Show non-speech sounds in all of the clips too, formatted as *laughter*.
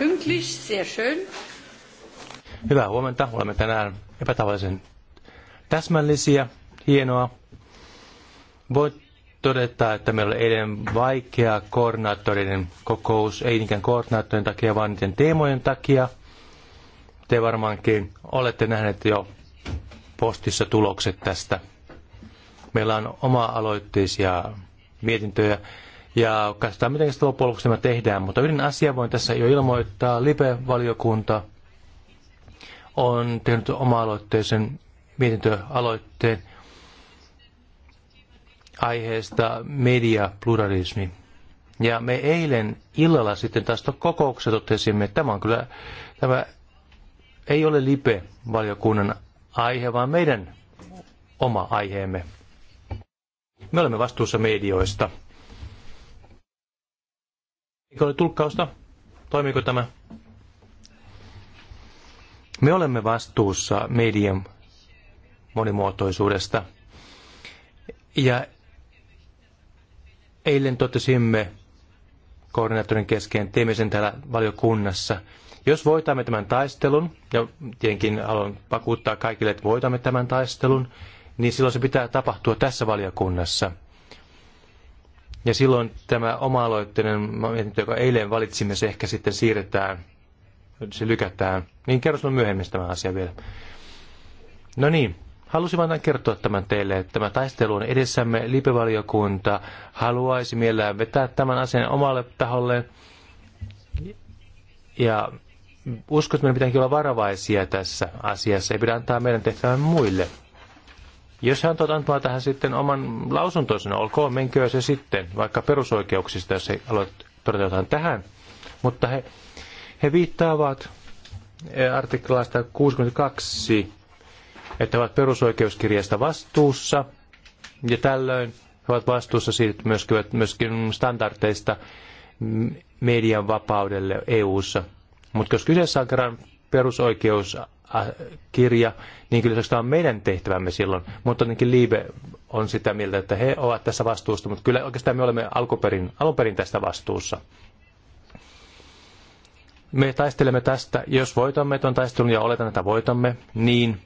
pünktlich, sehr schön. Hyvää huomenta. Olemme tänään epätavallisen täsmällisiä. Hienoa. Voit todeta, että meillä oli eilen vaikea koordinaattorien kokous, ei niinkään koordinaattorin takia, vaan niiden teemojen takia. Te varmaankin olette nähneet jo postissa tulokset tästä. Meillä on oma-aloitteisia mietintöjä ja katsotaan, miten sitä loppujen lopuksi tämä tehdään. Mutta yhden asian voin tässä jo ilmoittaa. Lipe valiokunta on tehnyt oma-aloitteisen mietintöaloitteen aiheesta mediapluralismi. Ja me eilen illalla sitten taas kokouksessa totesimme, että tämä on kyllä, tämä ei ole LIPE-valiokunnan aihe, vaan meidän oma aiheemme. Me olemme vastuussa medioista. Eikö ole tulkkausta? Toimiiko tämä? Me olemme vastuussa median monimuotoisuudesta. Ja eilen totesimme koordinaattorin kesken, teemme sen täällä valiokunnassa. Jos voitamme tämän taistelun, ja tietenkin haluan vakuuttaa kaikille, että voitamme tämän taistelun, niin silloin se pitää tapahtua tässä valiokunnassa – ja silloin tämä oma-aloitteinen mietintö, joka eilen valitsimme, se ehkä sitten siirretään, se lykätään. Niin kerro sinulle myöhemmin tämä asia vielä. No niin, halusin vain kertoa tämän teille, että tämä taistelu on edessämme. Lipevaliokunta haluaisi mielellään vetää tämän asian omalle taholle. Ja uskon, että meidän pitääkin olla varovaisia tässä asiassa. Ei pidä antaa meidän tehtävän muille jos hän antaa tähän sitten oman lausuntonsa, no olkoon, menkö se sitten, vaikka perusoikeuksista, jos aloit todeta tähän. Mutta he, he viittaavat eh, artiklaista 62, että ovat perusoikeuskirjasta vastuussa, ja tällöin he ovat vastuussa siitä myöskin, myöskin standardeista mm, median vapaudelle EU-ssa. Mutta jos kyseessä on kerran perusoikeus Äh, kirja, niin kyllä se on meidän tehtävämme silloin. Mutta tietenkin Liibe on sitä mieltä, että he ovat tässä vastuussa, mutta kyllä oikeastaan me olemme alkuperin, alunperin tästä vastuussa. Me taistelemme tästä, jos voitamme tuon taistelun ja oletan, että voitamme, niin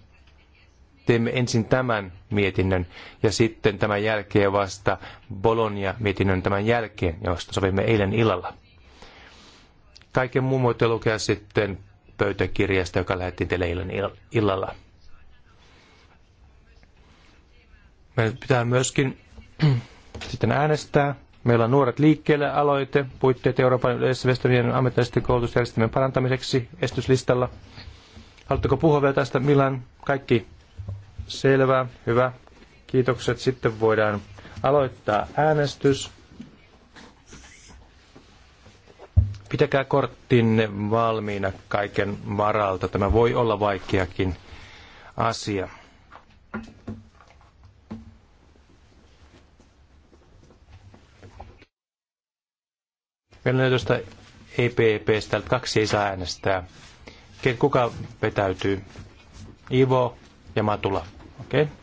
teemme ensin tämän mietinnön ja sitten tämän jälkeen vasta Bologna-mietinnön tämän jälkeen, josta sovimme eilen illalla. Kaiken muun voitte lukea sitten pöytäkirjasta, joka lähettiin teille illan illalla. Meidän pitää myöskin *clears throat* sitten äänestää. Meillä on Nuoret liikkeelle aloite, puitteet Euroopan yleisvestävien ammattilaisten koulutusjärjestelmän parantamiseksi estyslistalla. Haluatteko puhua vielä tästä, millään kaikki selvää, hyvä, kiitokset. Sitten voidaan aloittaa äänestys. Pitäkää korttinne valmiina kaiken varalta. Tämä voi olla vaikeakin asia. Meillä on tuosta EPPstä, kaksi ei saa äänestää. Kuka vetäytyy? Ivo ja Matula. Okei. Okay.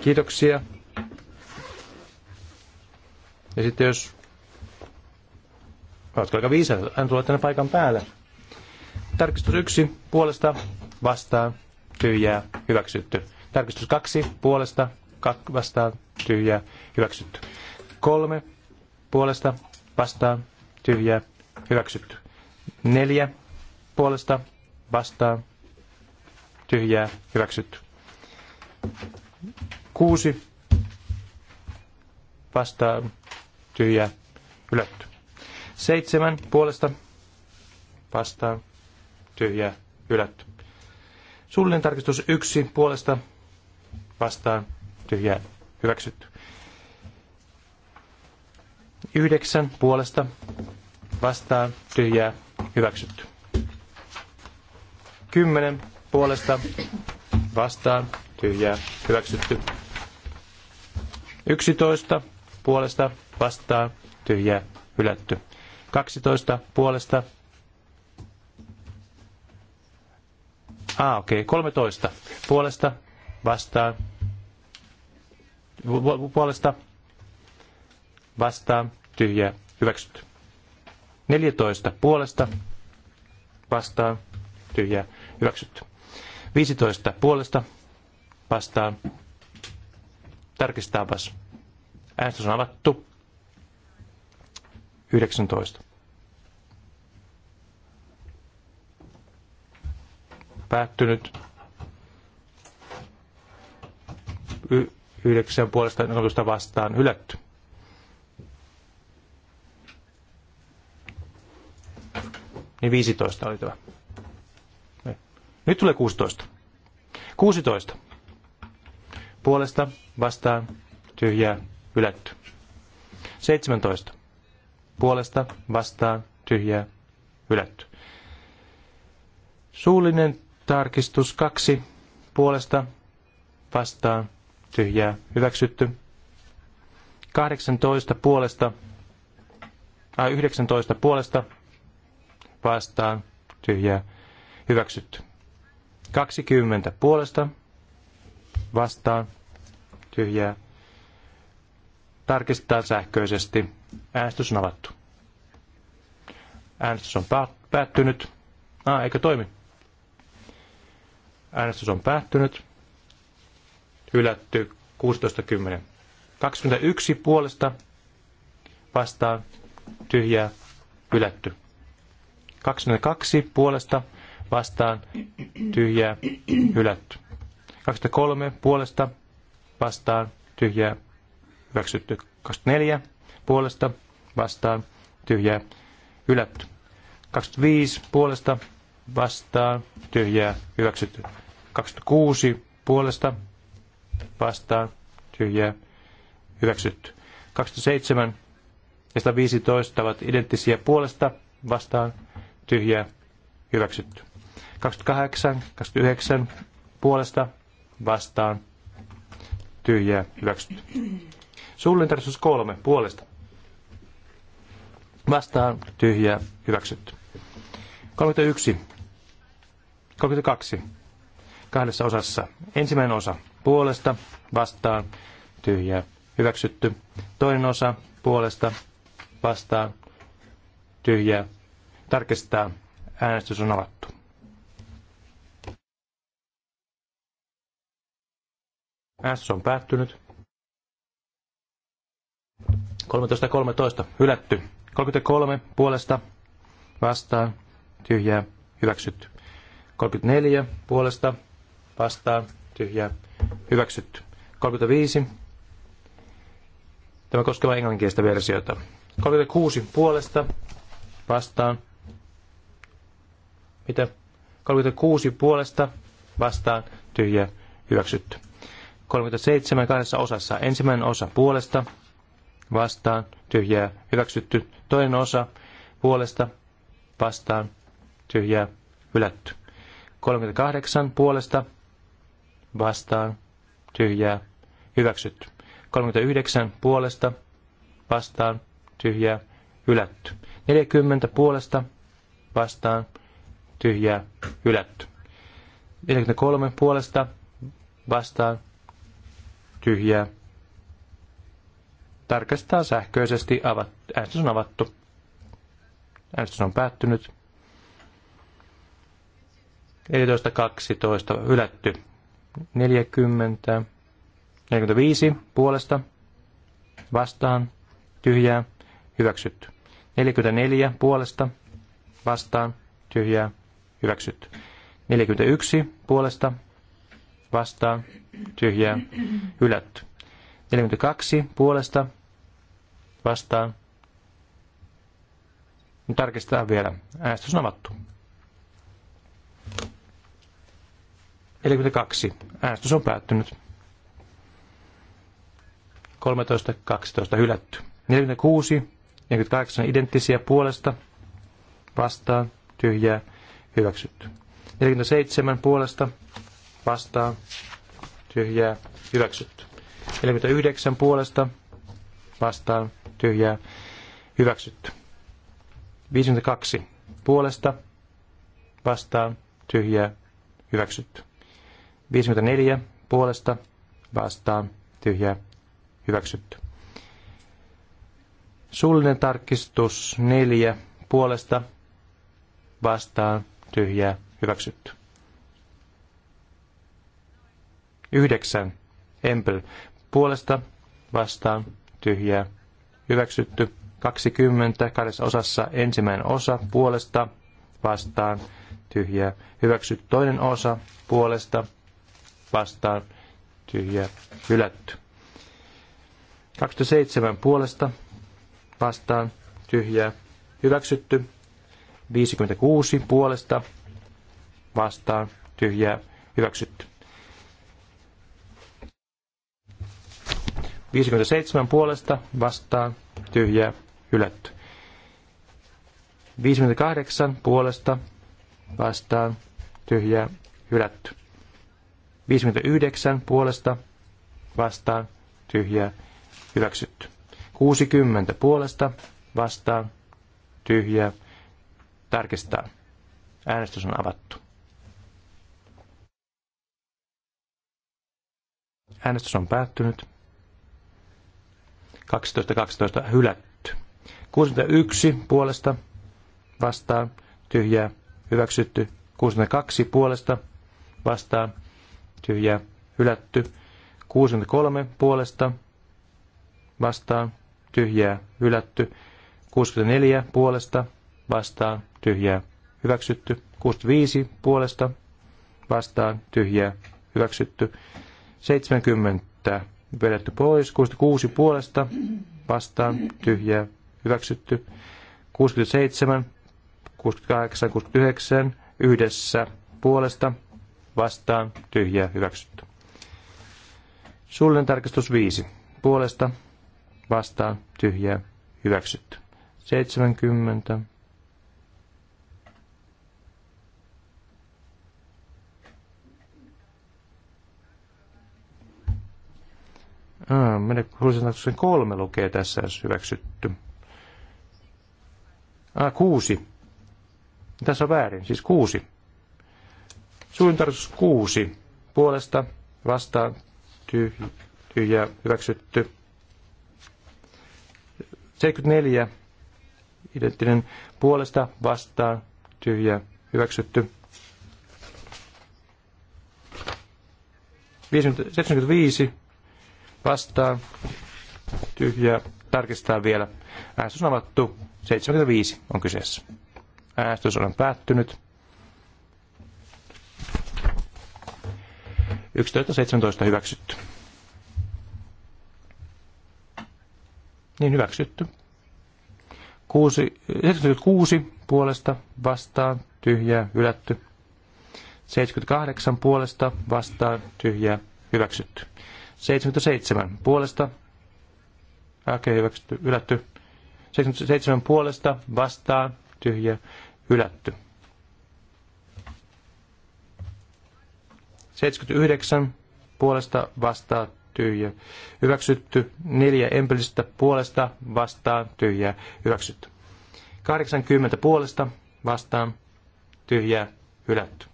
Kiitoksia. Ja sitten jos Oletko aika viisa, Hän tulee tänne paikan päälle. Tarkistus yksi puolesta vastaan tyhjää hyväksytty. Tarkistus kaksi puolesta kak, vastaan tyhjää hyväksytty. Kolme puolesta vastaan tyhjää hyväksytty. Neljä puolesta vastaan tyhjää hyväksytty. Kuusi vastaan tyhjää hylätty. Seitsemän puolesta vastaan tyhjä hylätty. Suullinen tarkistus yksi puolesta vastaan tyhjä hyväksytty. Yhdeksän puolesta vastaan tyhjä hyväksytty. Kymmenen puolesta vastaan tyhjä hyväksytty. Yksitoista puolesta vastaan tyhjä hylätty. 12 puolesta. Ah, okei, okay. 13 puolesta vastaan. Puolesta vastaan tyhjä hyväksytty. 14 puolesta vastaan tyhjä hyväksytty. 15 puolesta vastaan. Tarkistaapas. Äänestys on avattu. 19. Päättynyt. Y- 9 puolesta 14 vastaan hylätty. Niin 15 oli tämä. Niin. Nyt tulee 16. 16. Puolesta vastaan tyhjää hylätty. 17 puolesta vastaan tyhjää hylätty. Suullinen tarkistus kaksi puolesta vastaan tyhjää hyväksytty. 18 puolesta, äh, 19 puolesta vastaan tyhjää hyväksytty. 20 puolesta vastaan tyhjää tarkistetaan sähköisesti Äänestys on avattu. Äänestys on päättynyt. Ah, eikö toimi? Äänestys on päättynyt. Hylätty 16.10. 21 puolesta vastaan tyhjää hylätty. 22 puolesta vastaan tyhjää hylätty. 23 puolesta vastaan tyhjää hyväksytty. 24 puolesta vastaan tyhjää hylätty. 25 puolesta vastaan tyhjää hyväksytty. 26 puolesta vastaan tyhjää hyväksytty. 27 ja 115 ovat identtisiä puolesta vastaan tyhjää hyväksytty. 28, 29 puolesta vastaan tyhjää hyväksytty. Suullinen tarkistus kolme puolesta vastaan tyhjä hyväksytty. 31. 32. Kahdessa osassa. Ensimmäinen osa puolesta vastaan tyhjä hyväksytty. Toinen osa puolesta vastaan tyhjä Tarkistetaan. Äänestys on avattu. Äänestys on päättynyt. 13.13. 13. Hylätty. 33 puolesta vastaan tyhjää hyväksytty. 34 puolesta vastaan tyhjää hyväksytty. 35. Tämä koskeva englanninkielistä versiota. 36 puolesta vastaan. Mitä? 36 puolesta vastaan tyhjä hyväksytty. 37 kahdessa osassa. Ensimmäinen osa puolesta vastaan, tyhjää, hyväksytty. Toinen osa puolesta, vastaan, tyhjää, hylätty. 38 puolesta, vastaan, tyhjää, hyväksytty. 39 puolesta, vastaan, tyhjää, hylätty. 40 puolesta, vastaan, tyhjää, hylätty. 43 puolesta, vastaan, tyhjää, tarkastaa sähköisesti. Avat, äänestys on avattu. Äänestys on päättynyt. 14.12. Hylätty. 40. 45 puolesta. Vastaan. Tyhjää. Hyväksytty. 44 puolesta. Vastaan. Tyhjää. Hyväksytty. 41 puolesta. Vastaan. Tyhjää. Hylätty. 42 puolesta vastaan. Nyt tarkistetaan vielä. Äänestys on avattu. 42. Äänestys on päättynyt. 13, 12 hylätty. 46, 48 identtisiä puolesta vastaan, tyhjää, hyväksytty. 47 puolesta vastaan, tyhjää, hyväksytty. 49 puolesta vastaan tyhjää hyväksytty. 52 puolesta vastaan tyhjää hyväksytty. 54 puolesta vastaan tyhjää hyväksytty. Suullinen tarkistus 4 puolesta vastaan tyhjää hyväksytty. 9. Empel puolesta vastaan tyhjää hyväksytty. 20 kahdessa osassa ensimmäinen osa puolesta vastaan tyhjää hyväksytty. Toinen osa puolesta vastaan tyhjää hylätty. 27 puolesta vastaan tyhjää hyväksytty. 56 puolesta vastaan tyhjää hyväksytty. 57 puolesta vastaan tyhjää hylätty. 58 puolesta vastaan tyhjää hylätty. 59 puolesta vastaan tyhjää hyväksytty. 60 puolesta vastaan tyhjää tarkistaa. Äänestys on avattu. Äänestys on päättynyt. 12.12 hylätty. 61 puolesta vastaan tyhjää hyväksytty. 62 puolesta vastaan tyhjää hylätty. 63 puolesta vastaan tyhjää hylätty. 64 puolesta vastaan tyhjää hyväksytty. 65 puolesta vastaan tyhjää hyväksytty. 70 vedetty pois. 66 puolesta vastaan tyhjää hyväksytty. 67, 68, 69 yhdessä puolesta vastaan tyhjää hyväksytty. Suullinen tarkistus 5 puolesta vastaan tyhjää hyväksytty. 70 Mene ah, meidän huolisanatuksen kolme lukee tässä, jos hyväksytty. A, ah, kuusi. Tässä on väärin, siis kuusi. Suuntarus kuusi. Puolesta vastaan tyhjä, tyhjä hyväksytty. 74. Identtinen puolesta vastaan tyhjä hyväksytty. 75 vastaan. tyhjä Tarkistetaan vielä. Äänestys on avattu. 75 on kyseessä. Äänestys on päättynyt. 11.17 hyväksytty. Niin hyväksytty. 6, 76 puolesta vastaan tyhjää hylätty. 78 puolesta vastaan tyhjää hyväksytty. 77 puolesta. Okei, hyväksytty, hylätty. 77 puolesta vastaan, tyhjä, ylätty. 79 puolesta vastaan, tyhjä, hyväksytty. 4 empelistä puolesta vastaan, tyhjä, hyväksytty. 80 puolesta vastaan, tyhjä, hylätty.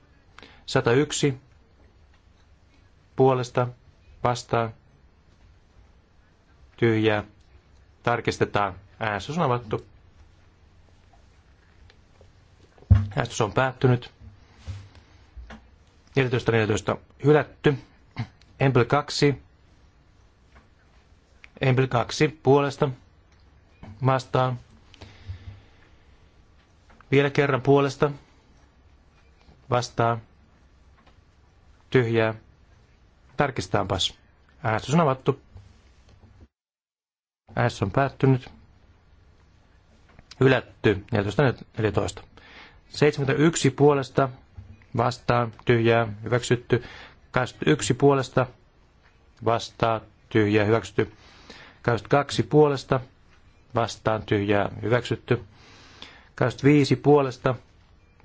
101 puolesta vastaan tyhjää. Tarkistetaan. Äänestys on avattu. Äänestys on päättynyt. 14.14 14. hylätty. Empel 2. Empel 2 puolesta vastaan. Vielä kerran puolesta vastaan. Tyhjää. Tarkistetaanpas. Äänestys on avattu. Äänestys on päättynyt. Hylätty 14. 71 puolesta vastaan tyhjää hyväksytty. 21 puolesta vastaan tyhjää hyväksytty. 22 puolesta vastaan tyhjää hyväksytty. 25 puolesta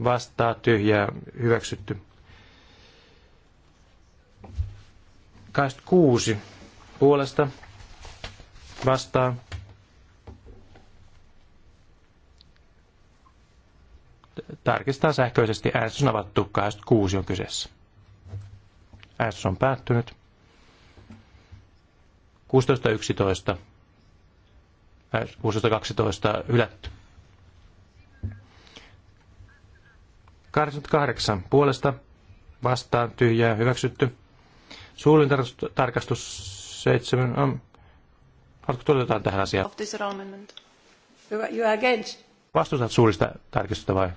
vastaan tyhjää hyväksytty. 26 puolesta vastaan. Tarkistetaan sähköisesti. Äänestys on avattu. 26 on kyseessä. Äänestys on päättynyt. 16.11. 16.12 hylätty. 88 puolesta vastaan tyhjää hyväksytty. Suullinen tarkastus 7. Um, haluatko tuotetaan tähän asiaan? Of this amendment. You are against. Vastustat suullista tarkistusta vai?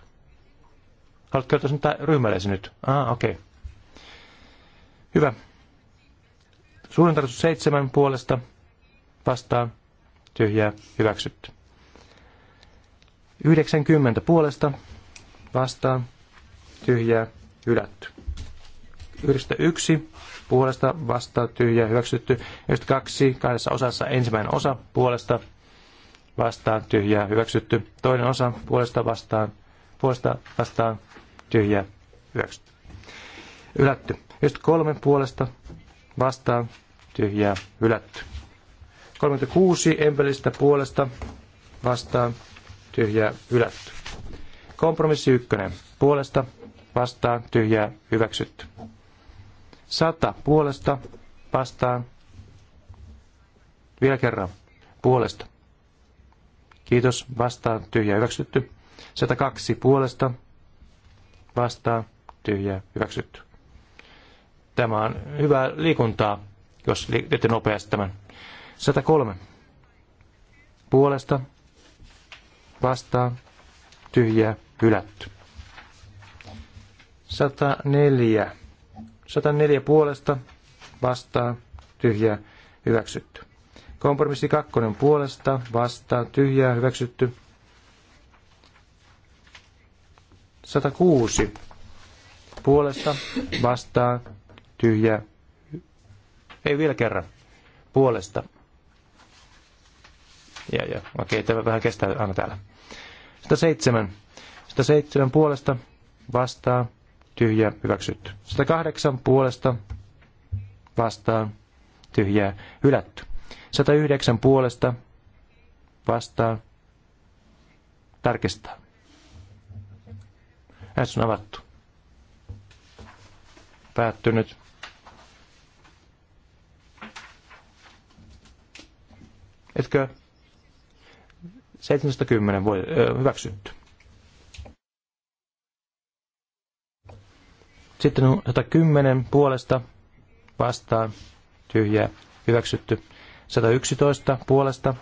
Haluatko kertoa sen ryhmällesi nyt? Ah, okei. Okay. Hyvä. Suurin tarkastus seitsemän puolesta vastaan tyhjää hyväksytty. 90 puolesta vastaan tyhjää hylätty. 91 puolesta vastaan tyhjä hyväksytty. 92 kahdessa osassa ensimmäinen osa puolesta vastaan tyhjää hyväksytty. Toinen osa puolesta vastaan, puolesta vastaan tyhjää hyväksytty. Ylätty. kolmen puolesta vastaan tyhjää hylätty. 36 empelistä puolesta vastaan tyhjää hylätty. Kompromissi ykkönen puolesta vastaan tyhjää hyväksytty. 100 puolesta vastaan. Vielä kerran. Puolesta. Kiitos. Vastaan. Tyhjä hyväksytty. 102 puolesta. Vastaan. Tyhjä hyväksytty. Tämä on hyvää liikuntaa, jos teette nopeasti tämän. 103 puolesta. Vastaan. Tyhjä hylätty. 104 104 puolesta vastaa tyhjää hyväksytty. Kompromissi 2 puolesta vastaa tyhjää hyväksytty. 106 puolesta vastaa tyhjää. Ei vielä kerran. Puolesta. Ja, ja. Okei, tämä vähän kestää aina täällä. 107. 107 puolesta vastaa tyhjä, hyväksytty. 108 puolesta vastaan, tyhjää, hylätty. 109 puolesta vastaan, tarkistaa. Äänestys on avattu. Päättynyt. Etkö 710 voi, ö, hyväksytty. Sitten on 110 puolesta vastaan tyhjää hyväksytty. 111 puolesta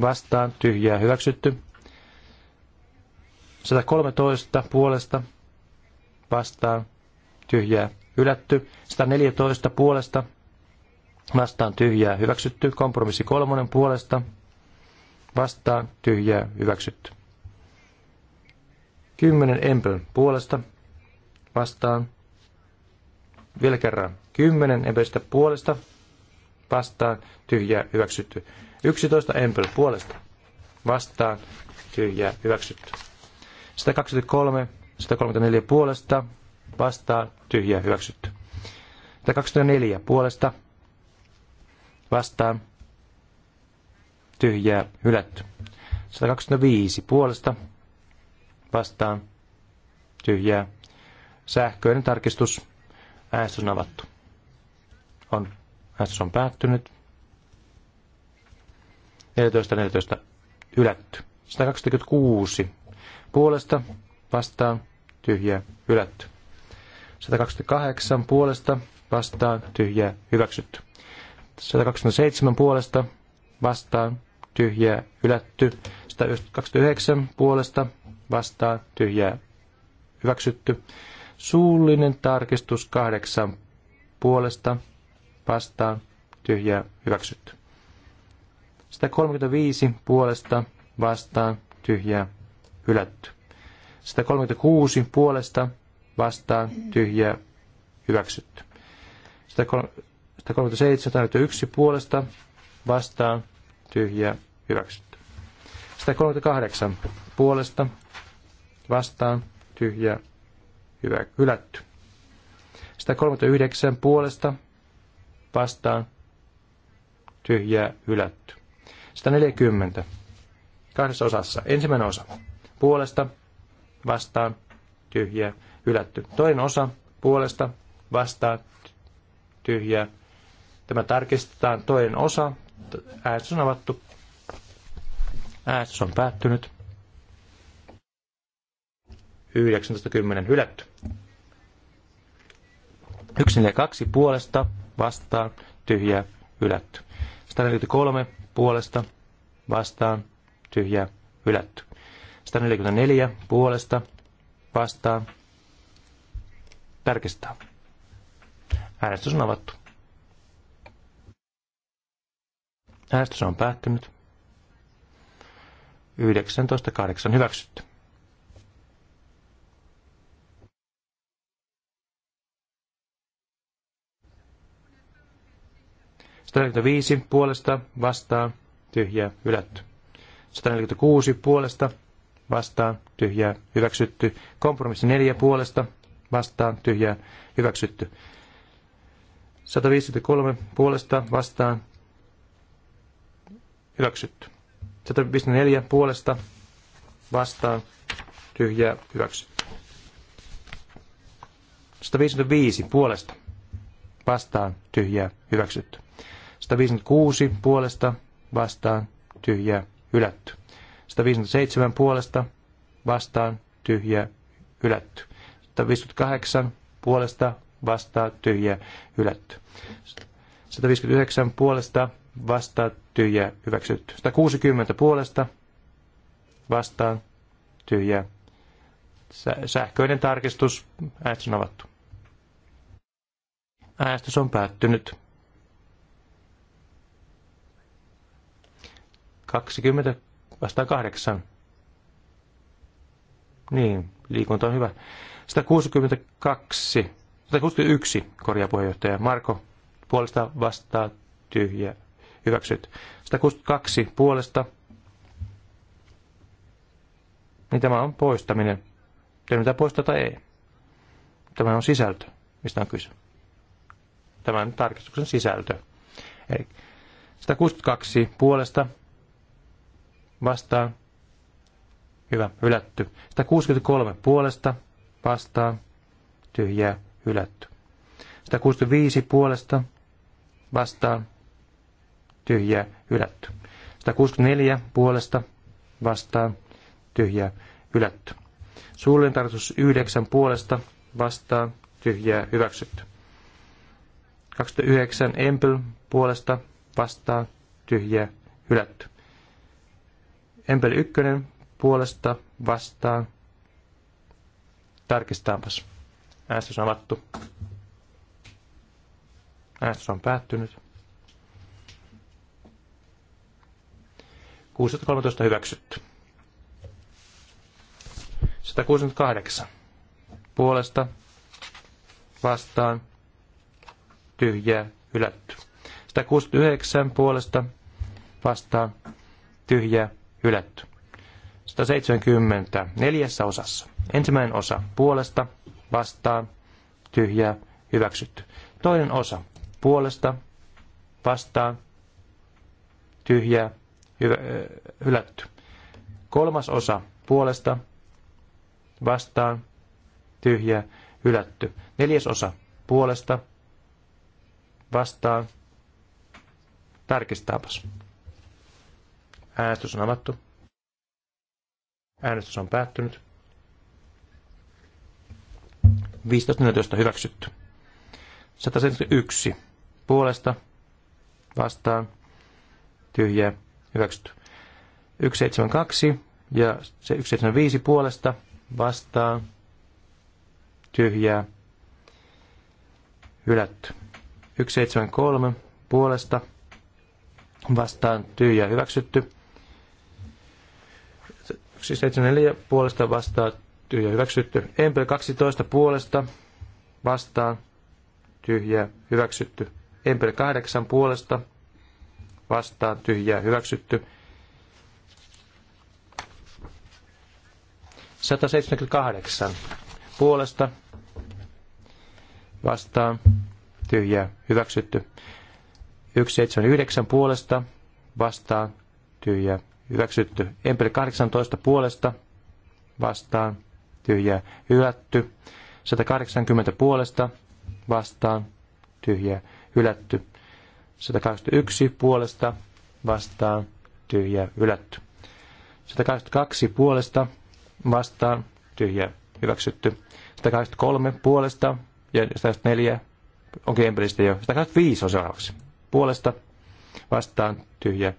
vastaan tyhjää hyväksytty. 113 puolesta vastaan tyhjää hylätty. 114 puolesta vastaan tyhjää hyväksytty. Kompromissi kolmonen puolesta vastaan tyhjää hyväksytty. 10 Empel puolesta vastaan. Vielä kerran 10 empelistä puolesta vastaan, tyhjä hyväksytty. 11 empel puolesta vastaan, tyhjä hyväksytty. 123, 134 puolesta vastaan, tyhjä hyväksytty. 124 puolesta vastaan, tyhjää hylätty. 125 puolesta vastaan, tyhjää Sähköinen tarkistus. Äänestys on avattu. On. Äänestys on päättynyt. 14, 14. Hylätty. 126. Puolesta vastaan tyhjä hylätty. 128 puolesta vastaan tyhjä hyväksytty. 127 puolesta vastaan tyhjä hylätty. 129 puolesta vastaan tyhjä hyväksytty. Suullinen tarkistus kahdeksan puolesta vastaan tyhjä hyväksytty. 135 puolesta vastaan tyhjä hylätty. 136 puolesta vastaan tyhjä hyväksytty. 137 puolesta vastaan tyhjä hyväksytty. 138 puolesta vastaan tyhjä hyvä, hylätty. 139 puolesta vastaan tyhjää hylätty. 140 kahdessa osassa. Ensimmäinen osa puolesta vastaan tyhjää hylätty. Toinen osa puolesta vastaan tyhjää. Tämä tarkistetaan toinen osa. Äänestys on avattu. Äänestys on päättynyt. 19.10 hylätty. 142 puolesta vastaan tyhjä hylätty. 143 puolesta vastaan tyhjä hylätty. 144 puolesta vastaan tarkistaa. Äänestys on avattu. Äänestys on päättynyt. 19.8. hyväksytty. 145 puolesta vastaan tyhjä hylätty. 146 puolesta vastaan tyhjä hyväksytty. Kompromissi 4 puolesta vastaan tyhjä hyväksytty. 153 puolesta vastaan hyväksytty. 154 puolesta vastaan tyhjä hyväksytty. 155 puolesta vastaan tyhjä hyväksytty. 156 puolesta vastaan tyhjä hylätty. 157 puolesta vastaan tyhjä hylätty. 158 puolesta vastaan tyhjä hylätty. 159 puolesta vastaan tyhjä hyväksytty. 160 puolesta vastaan tyhjä Sähköinen tarkistus, äänestys on avattu. Äänestys on päättynyt. 20 vastaan 8. Niin, liikunta on hyvä. 162, 161 korjaa puheenjohtaja. Marko, puolesta vastaa tyhjä. Hyväksyt. 162 puolesta. Niin tämä on poistaminen. Teidän mitä poistaa tai ei. Tämä on sisältö, mistä on kyse. Tämän tarkistuksen sisältö. Eli 162 puolesta vastaan. Hyvä, hylätty. 163 puolesta vastaan. Tyhjää, hylätty. 165 puolesta vastaan. Tyhjää, hylätty. 164 puolesta vastaan. Tyhjää, hylätty. Suullinen tarkoitus 9 puolesta vastaan. Tyhjää, hyväksytty. 29 Empel puolesta vastaan. Tyhjää, hylätty. Empel 1 puolesta vastaan. Tarkistaanpas. Äänestys on avattu. Äänestys on päättynyt. 613 hyväksytty. 168. Puolesta vastaan tyhjää hylätty. 169 puolesta vastaan tyhjää hylätty. 170 neljässä osassa. Ensimmäinen osa puolesta, vastaan, tyhjää, hyväksytty. Toinen osa puolesta, vastaan, tyhjää, hyvä, hylätty. Kolmas osa puolesta, vastaan, tyhjää, hylätty. Neljäs osa puolesta, vastaan, tarkistaapas. Äänestys on avattu. Äänestys on päättynyt. 15.14 hyväksytty. 171 puolesta vastaan tyhjää hyväksytty. 172 ja se 175 puolesta vastaan tyhjää hylätty. 173 puolesta vastaan tyhjää hyväksytty. 174 siis puolesta vastaan tyhjä hyväksytty. Empel 12 puolesta vastaan tyhjä hyväksytty. Empel 8 puolesta vastaan tyhjä hyväksytty. 178 puolesta vastaan tyhjä hyväksytty. 179 puolesta vastaan tyhjä hyväksytty. Empel 18 puolesta vastaan, tyhjää hylätty. 180 puolesta vastaan, tyhjää hylätty. 181 puolesta vastaan, tyhjää hylätty. 182 puolesta vastaan, tyhjää hyväksytty. 183 puolesta ja 184 onkin Empelistä jo. 185 on seuraavaksi. Puolesta vastaan tyhjä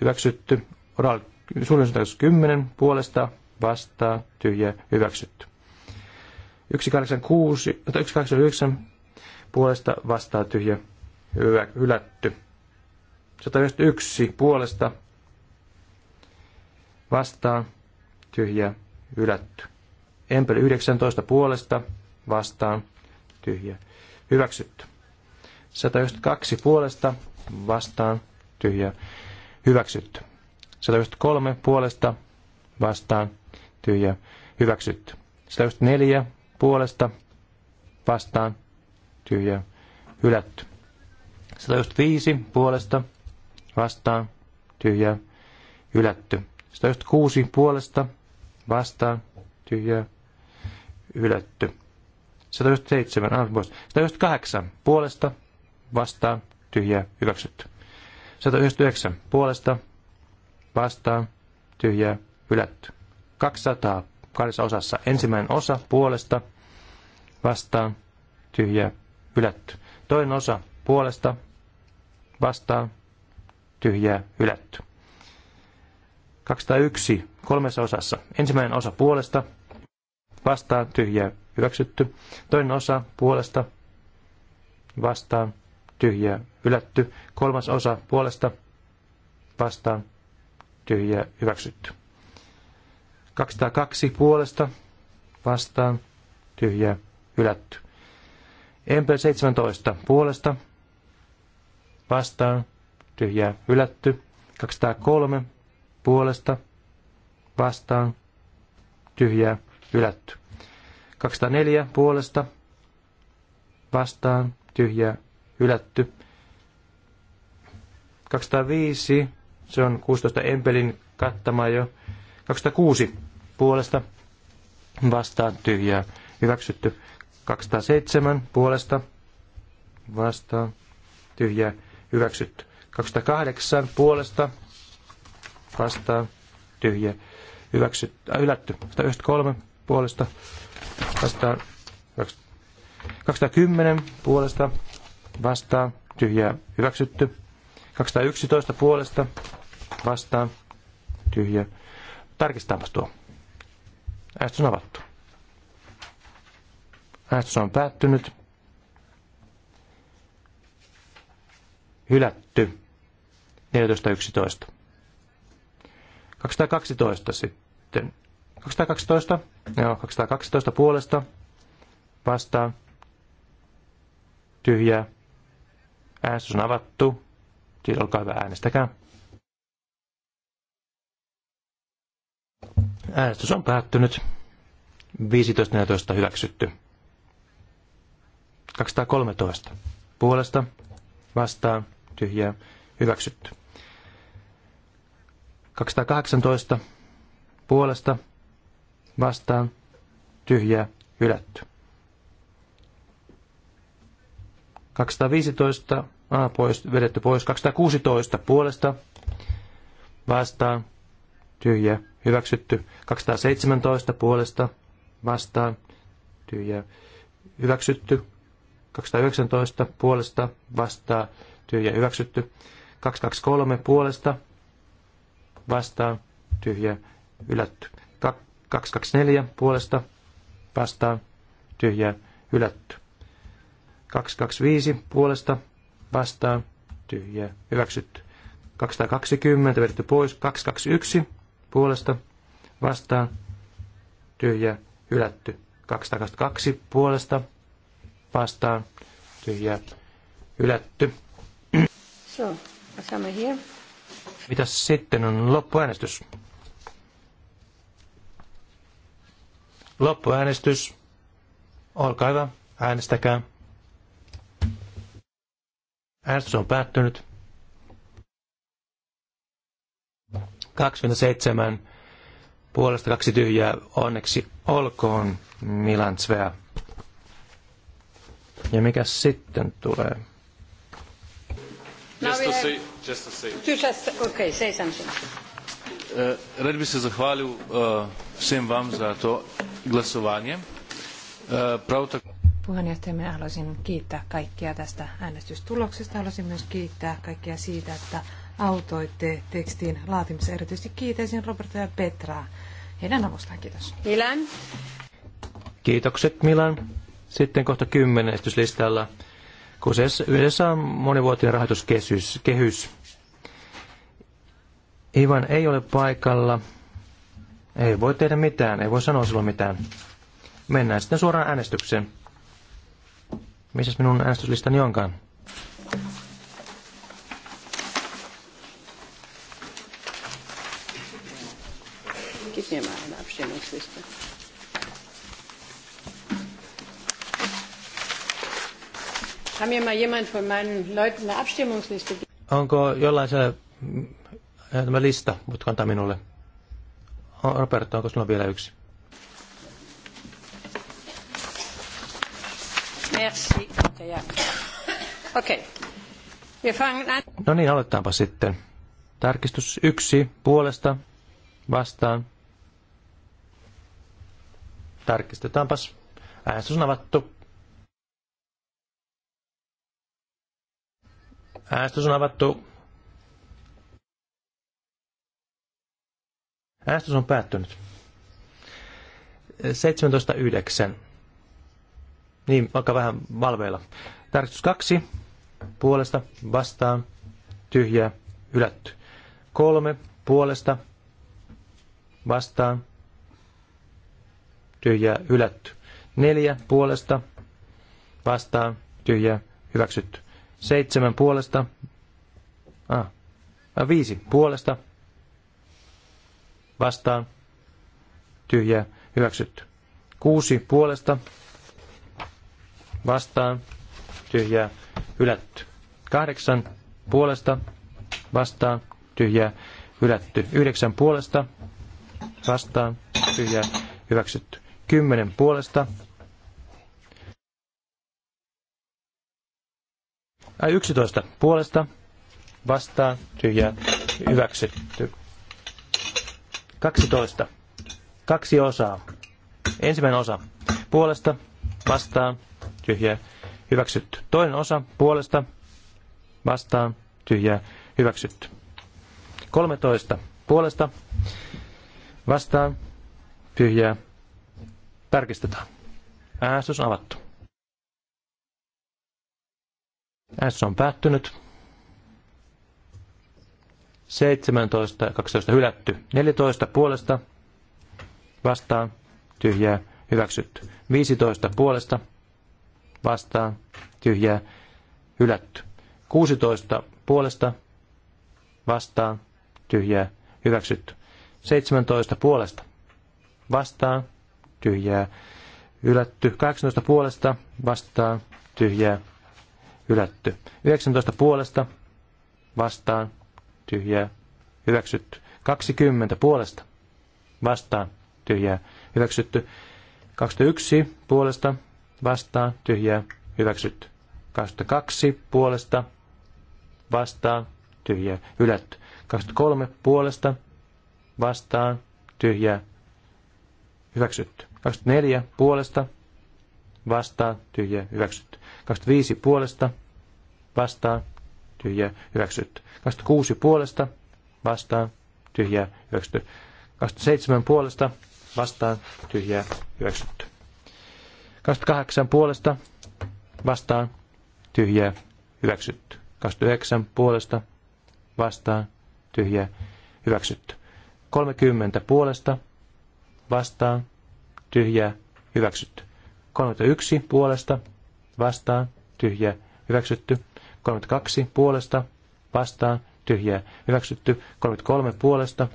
hyväksytty. Oral suunnilleen 10 puolesta vastaa tyhjä hyväksytty. 186, 189 puolesta vastaa tyhjä hyvä, hylätty. 191 puolesta vastaa tyhjä hylätty. Empeli 19 puolesta vastaan tyhjä hyväksytty. 192 puolesta vastaan tyhjä hyväksytty. 193 puolesta vastaan tyhjä hyväksytty. 194 puolesta vastaan tyhjä hylätty. 105 puolesta vastaan tyhjä hylätty. 106 puolesta vastaan tyhjä hylätty. 107 arvoista. 108 puolesta vastaan tyhjä hyväksytty. 109 puolesta vastaan, tyhjää, hylätty. 200 kahdessa osassa. Ensimmäinen osa puolesta, vastaan, tyhjää, hylätty. Toinen osa puolesta, vastaan, tyhjää, hylätty. 201 kolmessa osassa. Ensimmäinen osa puolesta, vastaan, tyhjää, hyväksytty. Toinen osa puolesta, vastaan, tyhjää, hylätty. Kolmas osa puolesta, vastaan, tyhjää hyväksytty. 202 puolesta vastaan tyhjää hylätty. MP 17 puolesta vastaan tyhjää hylätty. 203 puolesta vastaan tyhjää hylätty. 204 puolesta vastaan tyhjää hylätty. 205 se on 16 Empelin kattama jo 206 puolesta vastaan tyhjää. Hyväksytty 207 puolesta vastaan tyhjää. Hyväksytty 208 puolesta vastaan tyhjää. Hyväksytty, äh, hylätty 193 puolesta vastaan 210 puolesta vastaan tyhjää. Hyväksytty 211 puolesta vastaan, tyhjä. Tarkistetaanpas tuo. Äänestys on avattu. Äänestys on päättynyt. Hylätty. 14.11. 212 sitten. 212? Joo, 212 puolesta. Vastaan. Tyhjää. Äänestys on avattu. Siis olkaa hyvä, äänestäkää. Äänestys on päättynyt. 15.14 hyväksytty. 213. Puolesta, vastaan, tyhjää, hyväksytty. 218. Puolesta, vastaan, tyhjää, hylätty. 215, a, pois, vedetty pois. 216, puolesta, vastaan, tyhjää, hyväksytty. 217 puolesta vastaan tyhjää hyväksytty. 219 puolesta vastaan tyhjää hyväksytty. 223 puolesta vastaan tyhjää ylätty. 224 puolesta vastaan tyhjää ylätty 225 puolesta vastaan tyhjä hyväksytty. 220 vedetty pois. 221 puolesta vastaan tyhjä hylätty. 222 puolesta vastaan tyhjä hylätty. So, asamme here. Mitäs sitten on loppuäänestys? Loppuäänestys. Olkaa hyvä, äänestäkää. Äänestys on päättynyt. 27 puolesta kaksi tyhjää. Onneksi olkoon Milan Zvea. Ja mikä sitten tulee? Just to see, just to see. Just, Okay, say something. Eh, rad bi se zahvalil uh, vsem vam za to glasovanje. Uh, prav tako puheenjohtaja, minä haluaisin kiittää kaikkia tästä äänestystuloksesta. Haluaisin myös kiittää kaikkia siitä, että autoitte tekstin laatimisessa. Erityisesti kiitäisin Roberta ja Petraa heidän avustaan. Kiitos. Milan. Kiitokset Milan. Sitten kohta kymmenen esityslistalla. Kuseessa yhdessä on monivuotinen rahoituskehys. Kehys. Ivan ei ole paikalla. Ei voi tehdä mitään, ei voi sanoa silloin mitään. Mennään sitten suoraan äänestykseen. Missäs minun äänestyslistani onkaan? päätöksistä. Onko jollain se äh, tämä lista, mutta kantaa minulle? Roberto, onko sinulla vielä yksi? Merci. Okei. Okay. No niin, aloitetaanpa sitten. Tarkistus yksi puolesta vastaan Tarkistetaanpas. Äänestys on avattu. Äänestys on avattu. Äänestys on päättynyt. 17.9. Niin, alkaa vähän valveilla. Tarkistus 2. Puolesta, vastaan, tyhjää, hylätty. 3. Puolesta, vastaan, tyhjää, hylätty. Neljä puolesta, vastaan, tyhjää, hyväksytty. Seitsemän puolesta, ah, ah viisi puolesta, vastaan, tyhjää, hyväksytty. Kuusi puolesta, vastaan, tyhjää, hylätty. Kahdeksan puolesta, vastaan, tyhjää, hylätty. Yhdeksän puolesta, vastaan, tyhjää, hyväksytty. 10 puolesta. Ai 11 puolesta. Vastaan. Tyhjää. Hyväksytty. 12. Kaksi osaa. Ensimmäinen osa. Puolesta. Vastaan. Tyhjää. Hyväksytty. Toinen osa. Puolesta. Vastaan. Tyhjää. Hyväksytty. 13. Puolesta. Vastaan. Tyhjää Tarkistetaan. Äänestys on avattu. Äänestys on päättynyt. 17 ja 12 hylätty. 14 puolesta vastaan tyhjää hyväksytty. 15 puolesta vastaan tyhjää hylätty. 16 puolesta vastaan tyhjää hyväksytty. 17 puolesta vastaan tyhjää, ylätty. 18 puolesta vastaan, tyhjää, ylätty. 19 puolesta vastaan, tyhjää, hyväksytty. 20 puolesta vastaan, tyhjää, hyväksytty. 21 puolesta vastaan, tyhjää, hyväksytty. 22 puolesta vastaan, tyhjää, ylätty. 23 puolesta vastaan, tyhjää, hyväksytty. 24 puolesta vastaan tyhjä hyväksytty. 25 puolesta vastaan tyhjä hyväksytty. 26 puolesta vastaan tyhjä hyväksytty. 27 puolesta vastaan tyhjä hyväksytty. 28 puolesta vastaan tyhjä hyväksytty. 29 puolesta vastaan tyhjä hyväksytty. 30 puolesta vastaan tyhjää, hyväksytty. 31 puolesta, vastaan, tyhjää, hyväksytty. 32 puolesta, vastaan, tyhjää, hyväksytty. 33 puolesta,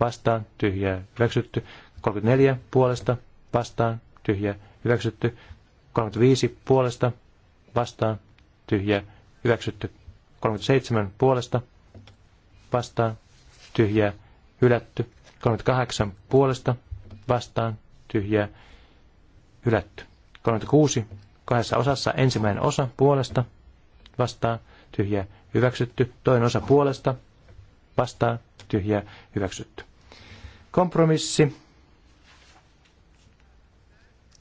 vastaan, tyhjää, hyväksytty. 34 puolesta, vastaan, tyhjää, hyväksytty. 35 puolesta, vastaan, tyhjää, hyväksytty. 37 puolesta, vastaan, tyhjää, hylätty. 38 puolesta, vastaan, tyhjää hylätty. 36 kahdessa osassa ensimmäinen osa puolesta vastaa tyhjää hyväksytty, toinen osa puolesta vastaa tyhjää hyväksytty. Kompromissi.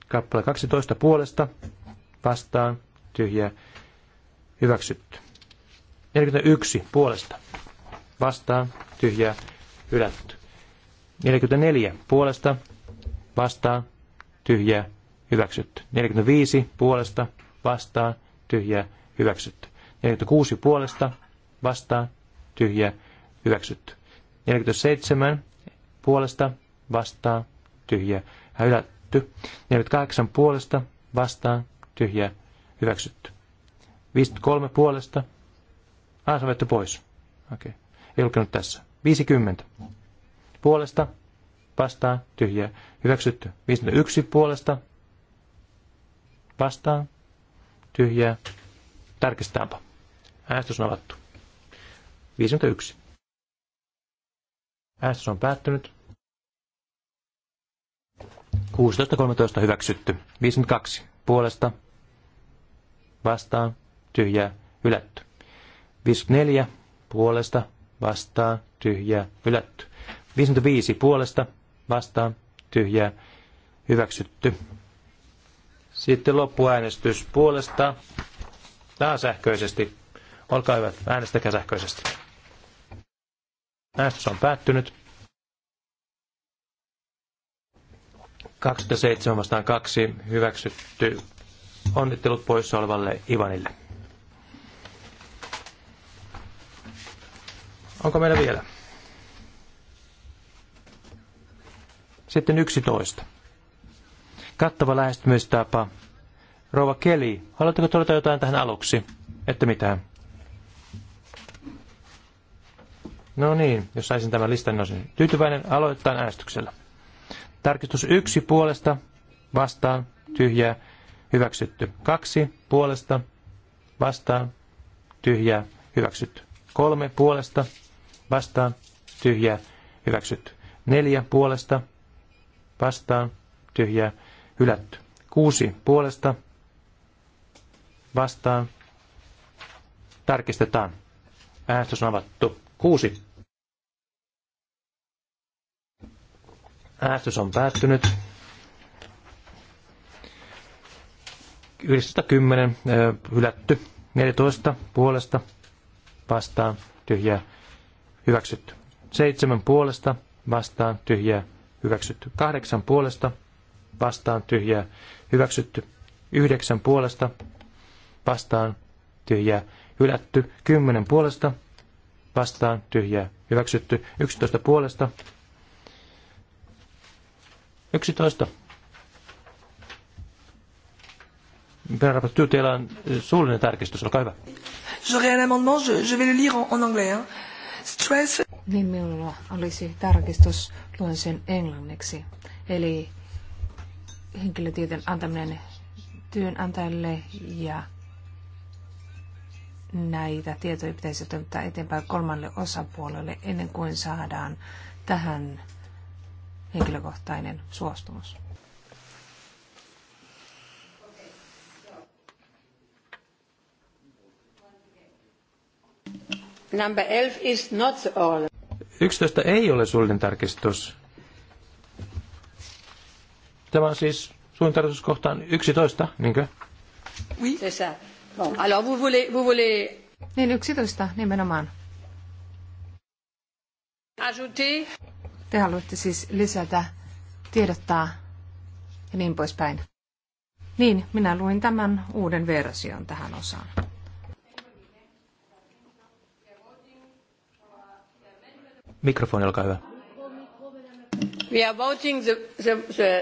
Kappale 12 puolesta vastaa tyhjää hyväksytty. 41 puolesta vastaa tyhjää hylätty. 44 puolesta vastaan, tyhjää, hyväksytty. 45 puolesta, vastaan, tyhjää, hyväksytty. 46 puolesta, vastaan, tyhjää, hyväksytty. 47 puolesta, vastaan, tyhjää, hylätty. 48 puolesta, vastaan, tyhjää, hyväksytty. 53 puolesta, aina ah, pois. Okei, okay. ei lukenut tässä. 50 puolesta, vastaan, tyhjä, hyväksytty. 51 puolesta, vastaan, tyhjä, tarkistetaanpa. Äänestys on avattu. 51. Äänestys on päättynyt. 16.13 hyväksytty. 52 puolesta, vastaan, tyhjä, hylätty. 54 puolesta, vastaan, tyhjä, hylätty. 55 puolesta, vastaan tyhjää hyväksytty. Sitten loppuäänestys puolesta. Tämä sähköisesti. Olkaa hyvät, äänestäkää sähköisesti. Äänestys on päättynyt. 27 vastaan 2 hyväksytty. Onnittelut poissa olevalle Ivanille. Onko meillä vielä? Sitten 11. Kattava lähestymistapa. Rouva Keli, haluatteko todeta jotain tähän aluksi? Että mitään. No niin, jos saisin tämän listan, niin olisin tyytyväinen. Aloitetaan äänestyksellä. Tarkistus yksi puolesta, vastaan, tyhjää, hyväksytty. Kaksi puolesta, vastaan, tyhjää, hyväksytty. Kolme puolesta, vastaan, tyhjää, hyväksytty. Neljä puolesta, vastaan, tyhjää, hylätty. Kuusi puolesta, vastaan, tarkistetaan. Äänestys on avattu. Kuusi. Äänestys on päättynyt. 910 hylätty. 14 puolesta vastaan tyhjää hyväksytty. 7 puolesta vastaan tyhjää hyväksytty. Kahdeksan puolesta vastaan tyhjää, hyväksytty. Yhdeksän puolesta vastaan tyhjää, hylätty. Kymmenen puolesta vastaan tyhjää, hyväksytty. Yksitoista puolesta. Yksitoista. Teillä on suullinen tarkistus, olkaa hyvä. je, je vais le lire en, en anglais. Hein stress... Niin minulla olisi tarkistus, luen sen englanniksi. Eli henkilötietojen antaminen työnantajalle ja näitä tietoja pitäisi ottaa eteenpäin kolmalle osapuolelle ennen kuin saadaan tähän henkilökohtainen suostumus. Number 11 is not all. 11 ei ole suullinen tarkistus. Tämä on siis suullinen tarkistus kohtaan 11, niinkö? Oui. C'est ça. Bon, alors vous voulez, vous voulez... Niin 11 nimenomaan. Ajouter. Te haluatte siis lisätä, tiedottaa ja niin poispäin. Niin, minä luin tämän uuden version tähän osaan. Mikrofoni, olkaa hyvä. We are voting the, the,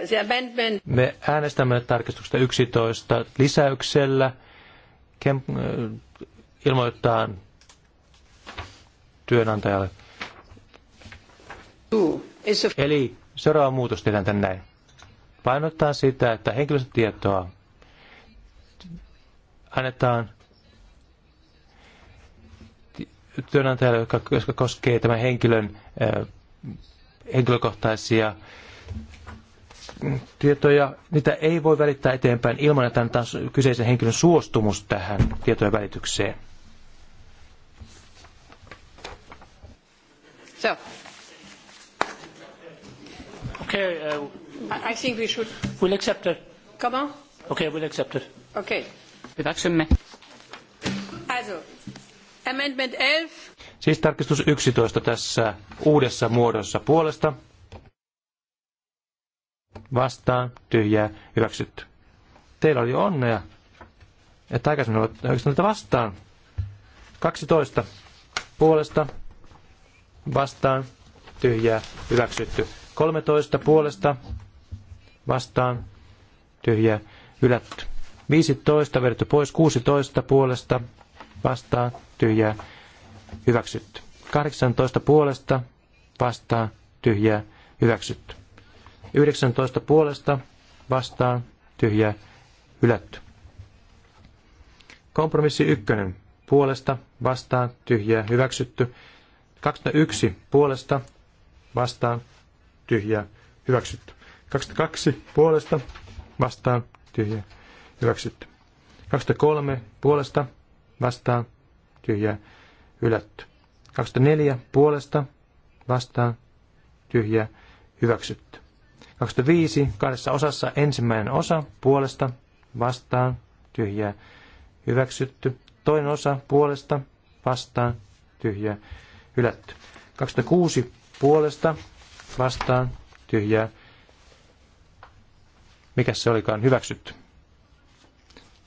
the, amendment. Me äänestämme tarkistuksesta 11 lisäyksellä. Kem, äh, ilmoittaa työnantajalle. Eli seuraava muutos tehdään tänne näin. Painottaa sitä, että henkilöstötietoa annetaan työnantajalle, joka, joka koskee tämän henkilön henkilökohtaisia tietoja, niitä ei voi välittää eteenpäin ilman, että antaa kyseisen henkilön suostumus tähän tietojen välitykseen. So. Okay, uh, I think we should... We'll accept it. Come on. Okay, we'll accept it. Okay. Hyväksymme. Also, Amendment 11. Siis tarkistus 11 tässä uudessa muodossa puolesta. Vastaan, tyhjää, hyväksytty. Teillä oli onnea, että aikaisemmin olet vastaan. 12 puolesta, vastaan, tyhjää, hyväksytty. 13 puolesta, vastaan, tyhjää, hylätty. 15 vedetty pois, 16 puolesta, vastaan, tyhjää, hyväksytty. 18 puolesta vastaan, tyhjää, hyväksytty. 19 puolesta vastaan, tyhjää, hylätty. Kompromissi 1 puolesta vastaan, tyhjää, hyväksytty. 21 puolesta vastaan, tyhjää, hyväksytty. 22 puolesta vastaan, tyhjää, hyväksytty. 23 puolesta vastaan, tyhjä hylätty. 24 puolesta vastaan, tyhjä hyväksytty. 25 kahdessa osassa ensimmäinen osa puolesta vastaan, tyhjä hyväksytty. Toinen osa puolesta vastaan, tyhjä hylätty. 26 puolesta vastaan, tyhjä mikä se olikaan, hyväksytty.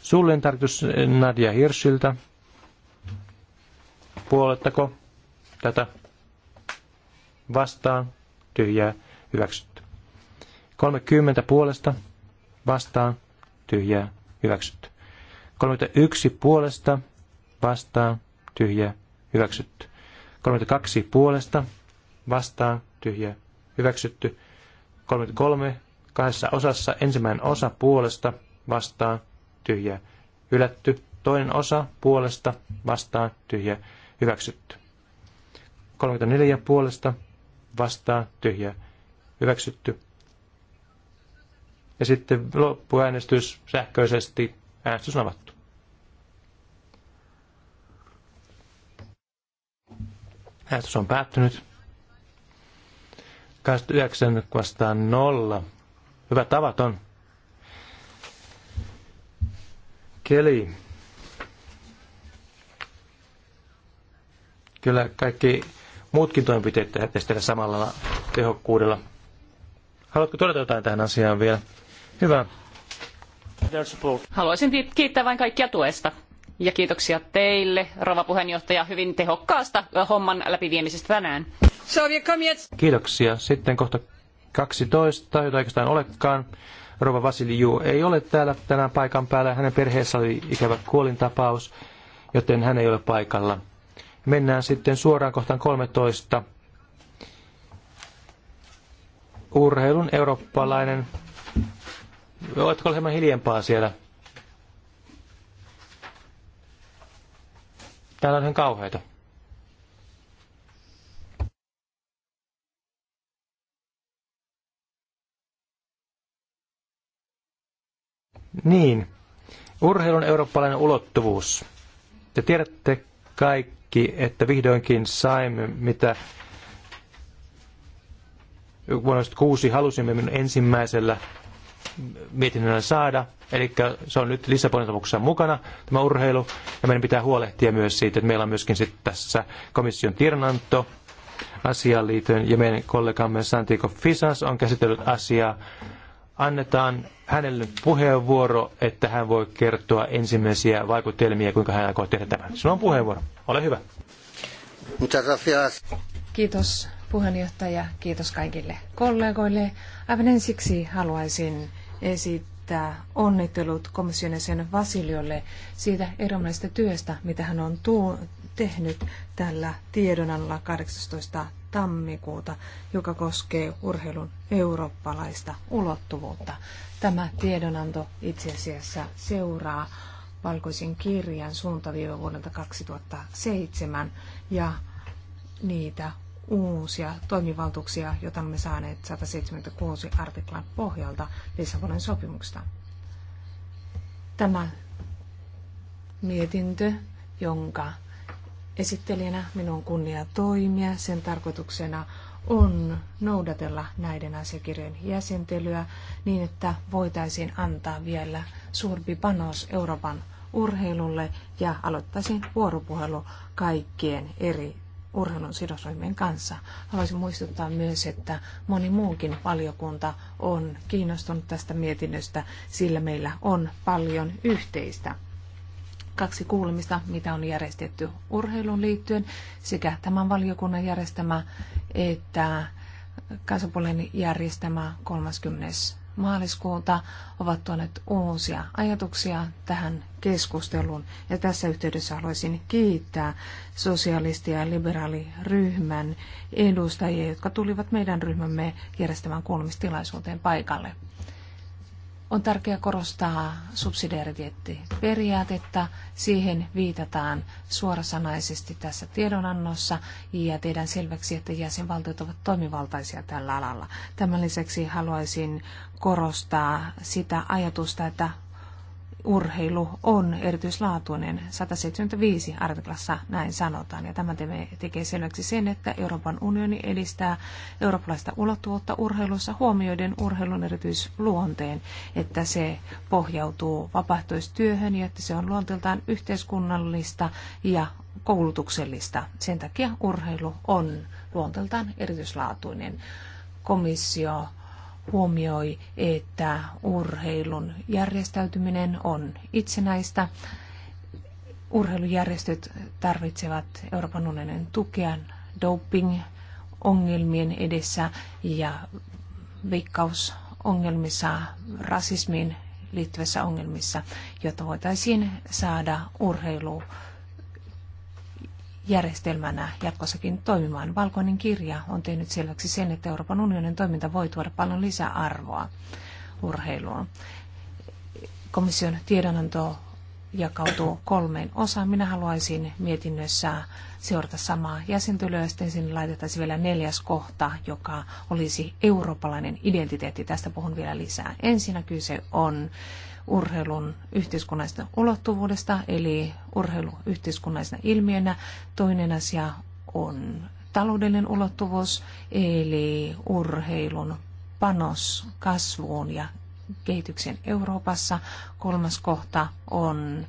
Sullen tarkoitus Nadia Hirschiltä. Puolettako tätä vastaan? Tyhjää hyväksytty. 30 puolesta vastaan tyhjää hyväksytty. 31 puolesta vastaan tyhjää hyväksytty. 32 puolesta vastaan tyhjää hyväksytty. 33 kahdessa osassa ensimmäinen osa puolesta vastaan tyhjää, ylätty, Toinen osa puolesta vastaan tyhjää, hyväksytty. 34 puolesta vastaan tyhjää, hyväksytty. Ja sitten loppuäänestys sähköisesti, äänestys on avattu. Äänestys on päättynyt. 29 vastaan nolla. Hyvä tavaton. keli. Kyllä kaikki muutkin toimenpiteet tehdään samalla tehokkuudella. Haluatko todeta jotain tähän asiaan vielä? Hyvä. Haluaisin kiittää vain kaikkia tuesta. Ja kiitoksia teille, rova puheenjohtaja, hyvin tehokkaasta homman läpiviemisestä tänään. Kiitoksia. Sitten kohta 12, jota oikeastaan olekaan. Rova Vasiliu ei ole täällä tänään paikan päällä. Hänen perheessä oli ikävä kuolintapaus, joten hän ei ole paikalla. Mennään sitten suoraan kohtaan 13. Urheilun eurooppalainen. Oletko hieman hiljempaa siellä? Täällä on ihan kauheita. Niin, urheilun eurooppalainen ulottuvuus. Te tiedätte kaikki, että vihdoinkin saimme, mitä vuonna 2006 halusimme minun ensimmäisellä mietinnöllä saada. Eli se on nyt Lissabonin mukana, tämä urheilu, ja meidän pitää huolehtia myös siitä, että meillä on myöskin sitten tässä komission tiedonanto asiaan liittyen, ja meidän kollegamme Santiago Fisas on käsitellyt asiaa annetaan hänelle puheenvuoro, että hän voi kertoa ensimmäisiä vaikutelmia, kuinka hän aikoo tehdä tämän. Sinulla on puheenvuoro. Ole hyvä. Kiitos puheenjohtaja, kiitos kaikille kollegoille. Aivan ensiksi haluaisin esittää onnittelut komission jäsen Vasiliolle siitä erilaisesta työstä, mitä hän on tehnyt tällä tiedonannolla 18. tammikuuta, joka koskee urheilun eurooppalaista ulottuvuutta. Tämä tiedonanto itse asiassa seuraa valkoisen kirjan suuntaviiva vuodelta 2007 ja niitä uusia toimivaltuuksia, joita me saaneet 176 artiklan pohjalta Lissabonin sopimuksesta. Tämä mietintö, jonka esittelijänä minun kunnia toimia. Sen tarkoituksena on noudatella näiden asiakirjojen jäsentelyä niin, että voitaisiin antaa vielä suurempi panos Euroopan urheilulle ja aloittaisin vuoropuhelu kaikkien eri urheilun sidosryhmien kanssa. Haluaisin muistuttaa myös, että moni muukin valiokunta on kiinnostunut tästä mietinnöstä, sillä meillä on paljon yhteistä kaksi kuulemista, mitä on järjestetty urheiluun liittyen, sekä tämän valiokunnan järjestämä että kansapuolen järjestämä 30 maaliskuuta ovat tuoneet uusia ajatuksia tähän keskusteluun. Ja tässä yhteydessä haluaisin kiittää sosialisti- ja liberaaliryhmän edustajia, jotka tulivat meidän ryhmämme järjestämään kuulemistilaisuuteen paikalle on tärkeää korostaa subsidiariteettiperiaatetta. Siihen viitataan suorasanaisesti tässä tiedonannossa ja tehdään selväksi, että jäsenvaltiot ovat toimivaltaisia tällä alalla. Tämän lisäksi haluaisin korostaa sitä ajatusta, että urheilu on erityislaatuinen. 175 artiklassa näin sanotaan. Ja tämä tekee selväksi sen, että Euroopan unioni edistää eurooppalaista ulottuvuutta urheilussa huomioiden urheilun erityisluonteen, että se pohjautuu vapaaehtoistyöhön ja että se on luonteeltaan yhteiskunnallista ja koulutuksellista. Sen takia urheilu on luonteeltaan erityislaatuinen. Komissio huomioi, että urheilun järjestäytyminen on itsenäistä. Urheilujärjestöt tarvitsevat Euroopan unionin tukea doping-ongelmien edessä ja veikkausongelmissa, rasismiin liittyvissä ongelmissa, jotta voitaisiin saada urheilu järjestelmänä jatkossakin toimimaan. Valkoinen kirja on tehnyt selväksi sen, että Euroopan unionin toiminta voi tuoda paljon lisäarvoa urheiluun. Komission tiedonanto jakautuu kolmeen osaan. Minä haluaisin mietinnössä seurata samaa jäsentelyä ja sitten sinne laitettaisiin vielä neljäs kohta, joka olisi eurooppalainen identiteetti. Tästä puhun vielä lisää. Ensinnäkin se on äh, urheilun yhteiskunnallisesta ulottuvuudesta, eli urheilu yhteiskunnallisena ilmiönä. Toinen asia on taloudellinen ulottuvuus, eli urheilun panos kasvuun ja kehityksen Euroopassa. Kolmas kohta on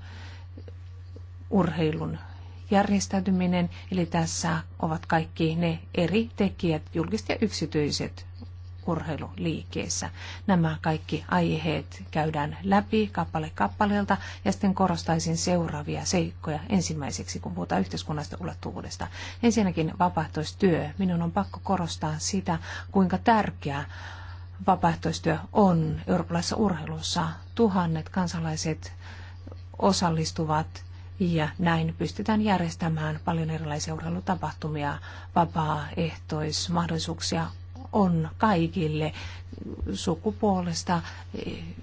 urheilun järjestäytyminen, eli tässä ovat kaikki ne eri tekijät, julkiset ja yksityiset, urheiluliikkeessä. Nämä kaikki aiheet käydään läpi kappale kappaleelta ja sitten korostaisin seuraavia seikkoja ensimmäiseksi, kun puhutaan yhteiskunnasta ulottuvuudesta. Ensinnäkin vapaaehtoistyö. Minun on pakko korostaa sitä, kuinka tärkeää vapaaehtoistyö on eurooppalaisessa urheilussa. Tuhannet kansalaiset osallistuvat ja näin pystytään järjestämään paljon erilaisia urheilutapahtumia, vapaaehtoismahdollisuuksia on kaikille sukupuolesta,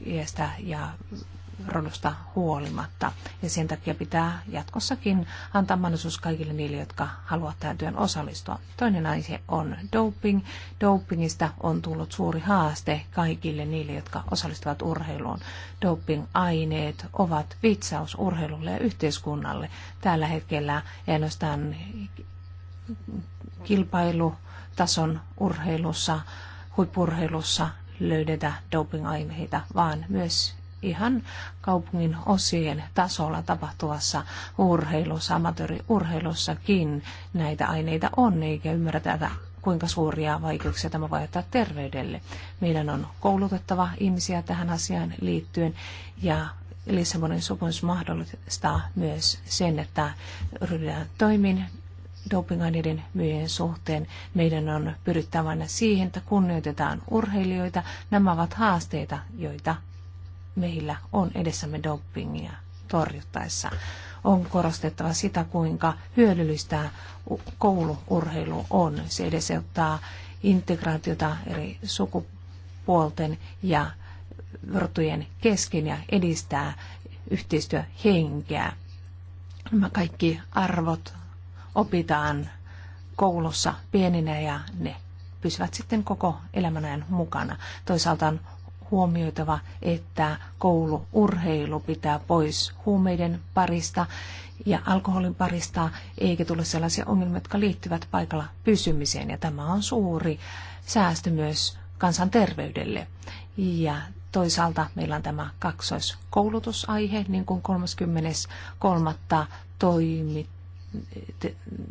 iästä ja rodosta huolimatta. Ja sen takia pitää jatkossakin antaa mahdollisuus kaikille niille, jotka haluavat tähän työn osallistua. Toinen aihe on doping. Dopingista on tullut suuri haaste kaikille niille, jotka osallistuvat urheiluun. Doping-aineet ovat vitsaus urheilulle ja yhteiskunnalle. Tällä hetkellä ei ainoastaan kilpailu tason urheilussa, huippurheilussa löydetä dopingaineita vaan myös ihan kaupungin osien tasolla tapahtuvassa urheilussa, amatööriurheilussakin näitä aineita on, eikä ymmärretä, kuinka suuria vaikeuksia tämä voi aiheuttaa terveydelle. Meidän on koulutettava ihmisiä tähän asiaan liittyen ja Lissabonin sopimus mahdollistaa myös sen, että ryhdytään toimin dopingaineiden myyjien suhteen. Meidän on pyrittävä siihen, että kunnioitetaan urheilijoita. Nämä ovat haasteita, joita meillä on edessämme dopingia torjuttaessa. On korostettava sitä, kuinka hyödyllistä kouluurheilu on. Se edesauttaa integraatiota eri sukupuolten ja rotujen kesken ja edistää yhteistyöhenkeä. Nämä kaikki arvot opitaan koulussa pieninä ja ne pysyvät sitten koko elämän ajan mukana. Toisaalta on huomioitava, että kouluurheilu pitää pois huumeiden parista ja alkoholin parista, eikä tule sellaisia ongelmia, jotka liittyvät paikalla pysymiseen. Ja tämä on suuri säästö myös kansanterveydelle. Ja toisaalta meillä on tämä kaksoiskoulutusaihe, niin kuin 33. toimit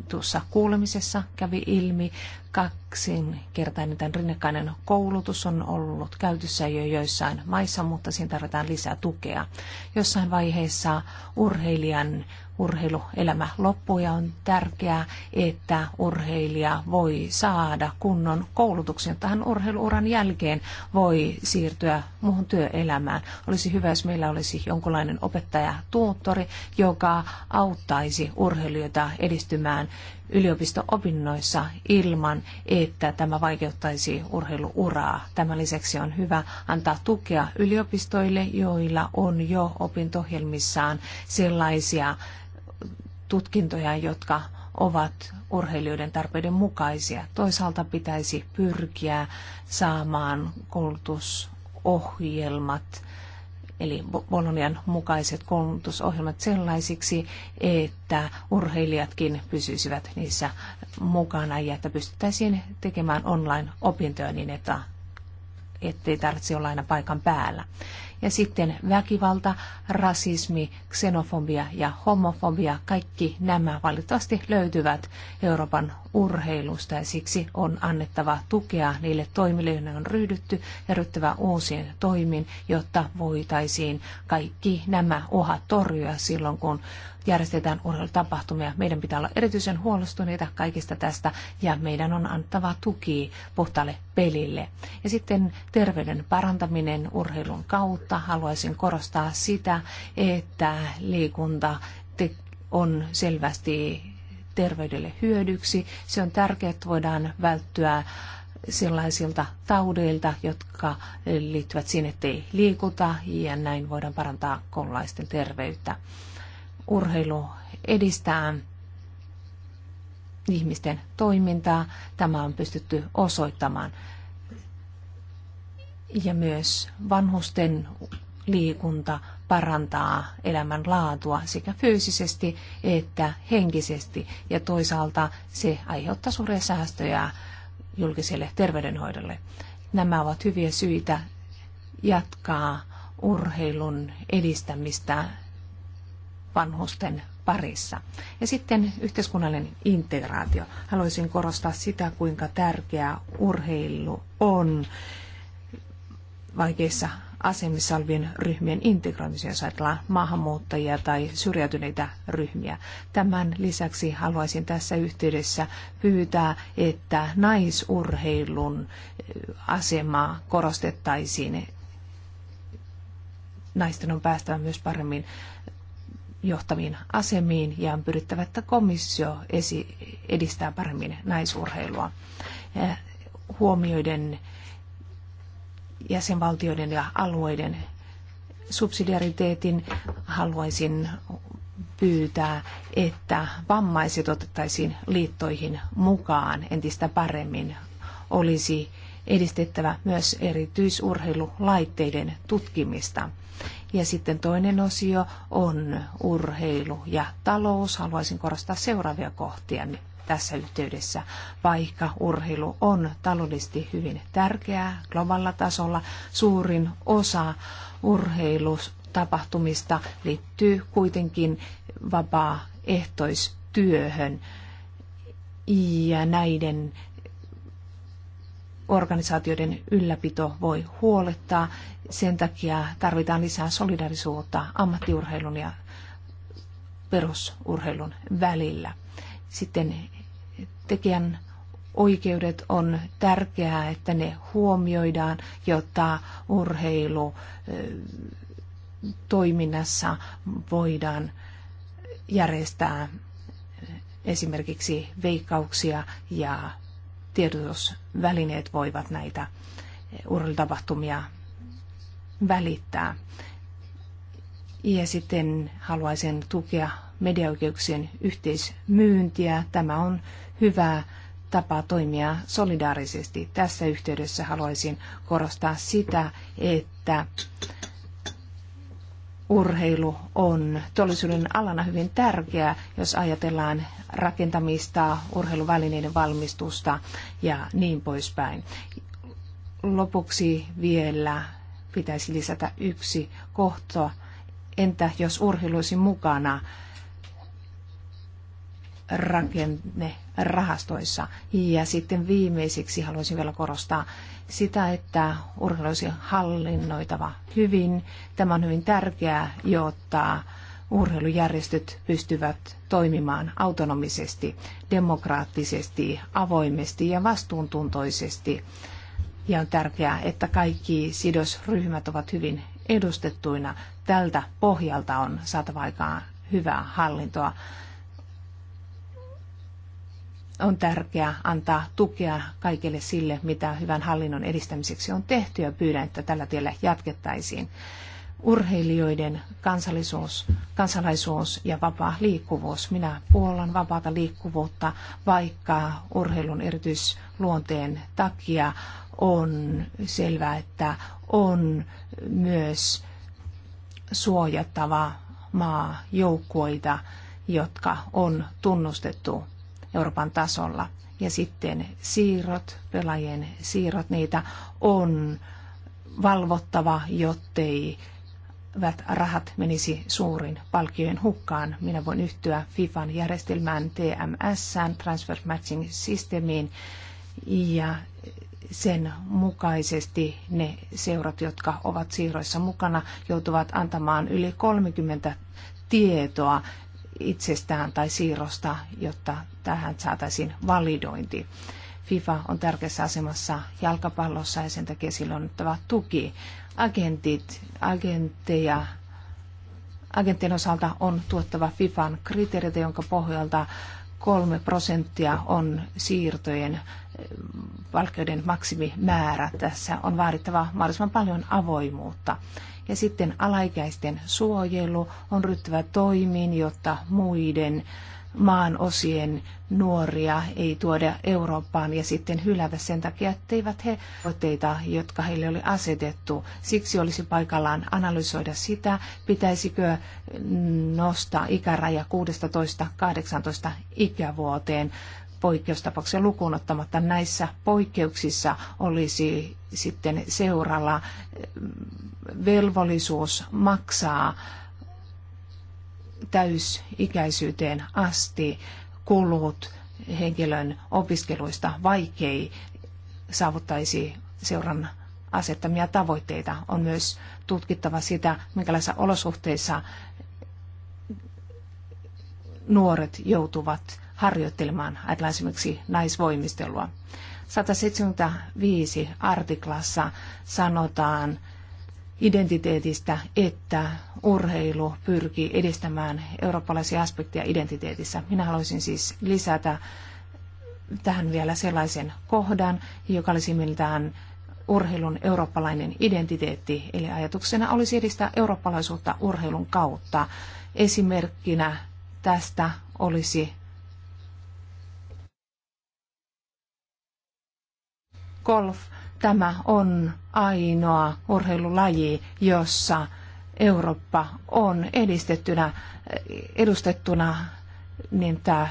tuossa kuulemisessa kävi ilmi, kaksinkertainen tämän rinnakkainen koulutus on ollut käytössä jo joissain maissa, mutta siinä tarvitaan lisää tukea. Jossain vaiheessa urheilijan urheiluelämä loppuu ja on tärkeää, että urheilija voi saada kunnon koulutuksen. Tähän urheiluuran jälkeen voi siirtyä muuhun työelämään. Olisi hyvä, jos meillä olisi jonkinlainen opettaja-tuottori, joka auttaisi urheilijoita edistymään yliopisto-opinnoissa ilman, että tämä vaikeuttaisi urheiluuraa. Tämän lisäksi on hyvä antaa tukea yliopistoille, joilla on jo opintohjelmissaan sellaisia tutkintoja, jotka ovat urheilijoiden tarpeiden mukaisia. Toisaalta pitäisi pyrkiä saamaan koulutusohjelmat eli Bolonian mukaiset koulutusohjelmat sellaisiksi, että urheilijatkin pysyisivät niissä mukana ja että pystyttäisiin tekemään online-opintoja niin, että ettei tarvitse olla aina paikan päällä. Ja sitten väkivalta, rasismi, xenofobia ja homofobia, kaikki nämä valitettavasti löytyvät Euroopan urheilusta ja siksi on annettava tukea niille toimille, joihin on ryhdytty ja ryhtyvä uusien toimiin, jotta voitaisiin kaikki nämä uhat torjua silloin, kun järjestetään urheilutapahtumia. Meidän pitää olla erityisen huolestuneita kaikista tästä ja meidän on antava tuki puhtaalle pelille. Ja sitten terveyden parantaminen urheilun kautta mutta haluaisin korostaa sitä, että liikunta on selvästi terveydelle hyödyksi. Se on tärkeää, että voidaan välttyä sellaisilta taudeilta, jotka liittyvät siihen, ei liikuta ja näin voidaan parantaa koululaisten terveyttä. Urheilu edistää ihmisten toimintaa. Tämä on pystytty osoittamaan ja myös vanhusten liikunta parantaa elämänlaatua sekä fyysisesti että henkisesti ja toisaalta se aiheuttaa suuria säästöjä julkiselle terveydenhoidolle. Nämä ovat hyviä syitä jatkaa urheilun edistämistä vanhusten parissa. Ja sitten yhteiskunnallinen integraatio. Haluaisin korostaa sitä, kuinka tärkeää urheilu on vaikeissa asemissa olevien ryhmien integroimisen, jos ajatellaan maahanmuuttajia tai syrjäytyneitä ryhmiä. Tämän lisäksi haluaisin tässä yhteydessä pyytää, että naisurheilun eh, asemaa korostettaisiin. Naisten on päästävä myös paremmin johtaviin asemiin ja on pyrittävä, että komissio edistää paremmin naisurheilua eh, huomioiden jäsenvaltioiden ja alueiden subsidiariteetin haluaisin pyytää, että vammaiset otettaisiin liittoihin mukaan entistä paremmin. Olisi edistettävä myös erityisurheilulaitteiden tutkimista. Ja sitten toinen osio on urheilu ja talous. Haluaisin korostaa seuraavia kohtia tässä yhteydessä, vaikka urheilu on taloudellisesti hyvin tärkeää globaalilla tasolla. Suurin osa urheilutapahtumista liittyy kuitenkin vapaaehtoistyöhön ja näiden organisaatioiden ylläpito voi huolettaa. Sen takia tarvitaan lisää solidarisuutta ammattiurheilun ja perusurheilun välillä. Sitten tekijän oikeudet on tärkeää, että ne huomioidaan, jotta urheilu toiminnassa voidaan järjestää esimerkiksi veikkauksia ja tiedotusvälineet voivat näitä urheilutapahtumia välittää. Ja sitten haluaisin tukea mediaoikeuksien yhteismyyntiä. Tämä on hyvä tapa toimia solidaarisesti. Tässä yhteydessä haluaisin korostaa sitä, että urheilu on teollisuuden alana hyvin tärkeä, jos ajatellaan rakentamista, urheiluvälineiden valmistusta ja niin poispäin. Lopuksi vielä pitäisi lisätä yksi kohta. Entä jos urheiluisi mukana rakennerahastoissa. Ja sitten viimeiseksi haluaisin vielä korostaa sitä, että urheilu olisi hallinnoitava hyvin. Tämä on hyvin tärkeää, jotta urheilujärjestöt pystyvät toimimaan autonomisesti, demokraattisesti, avoimesti ja vastuuntuntoisesti. Ja on tärkeää, että kaikki sidosryhmät ovat hyvin edustettuina. Tältä pohjalta on saatava aikaan hyvää hallintoa on tärkeää antaa tukea kaikille sille, mitä hyvän hallinnon edistämiseksi on tehty ja pyydän, että tällä tiellä jatkettaisiin. Urheilijoiden kansallisuus, kansalaisuus ja vapaa liikkuvuus. Minä puollan vapaata liikkuvuutta, vaikka urheilun erityisluonteen takia on selvää, että on myös suojattava maajoukkueita, jotka on tunnustettu Euroopan tasolla. Ja sitten siirrot, pelaajien siirrot, niitä on valvottava, jottei rahat menisi suurin palkkiojen hukkaan. Minä voin yhtyä FIFAn järjestelmään TMS, Transfer Matching Systemiin, ja sen mukaisesti ne seurat, jotka ovat siirroissa mukana, joutuvat antamaan yli 30 tietoa itsestään tai siirrosta, jotta tähän saataisiin validointi. FIFA on tärkeässä asemassa jalkapallossa ja sen takia sillä on ottava tuki. Agentit, agentteja, agenttien osalta on tuottava FIFAn kriteereitä, jonka pohjalta kolme prosenttia on siirtojen valkeuden maksimimäärä. Tässä on vaadittava mahdollisimman paljon avoimuutta. Ja sitten alaikäisten suojelu on ryhtyvä toimiin, jotta muiden maan osien nuoria ei tuoda Eurooppaan ja sitten hylätä sen takia, etteivät he otteita, jotka heille oli asetettu. Siksi olisi paikallaan analysoida sitä, pitäisikö nostaa ikäraja 16-18 ikävuoteen poikkeustapauksia lukuun ottamatta näissä poikkeuksissa olisi sitten seuralla mm, velvollisuus maksaa täysikäisyyteen asti kulut henkilön opiskeluista, vaikkei saavuttaisi seuran asettamia tavoitteita. On myös tutkittava sitä, minkälaisissa olosuhteissa nuoret joutuvat harjoittelemaan, ajatellaan esimerkiksi naisvoimistelua. 175 artiklassa sanotaan identiteetistä, että urheilu pyrkii edistämään eurooppalaisia aspekteja identiteetissä. Minä haluaisin siis lisätä tähän vielä sellaisen kohdan, joka olisi miltään urheilun eurooppalainen identiteetti, eli ajatuksena olisi edistää eurooppalaisuutta urheilun kautta. Esimerkkinä tästä olisi golf, tämä on ainoa urheilulaji, jossa Eurooppa on edistettynä, edustettuna niin tämä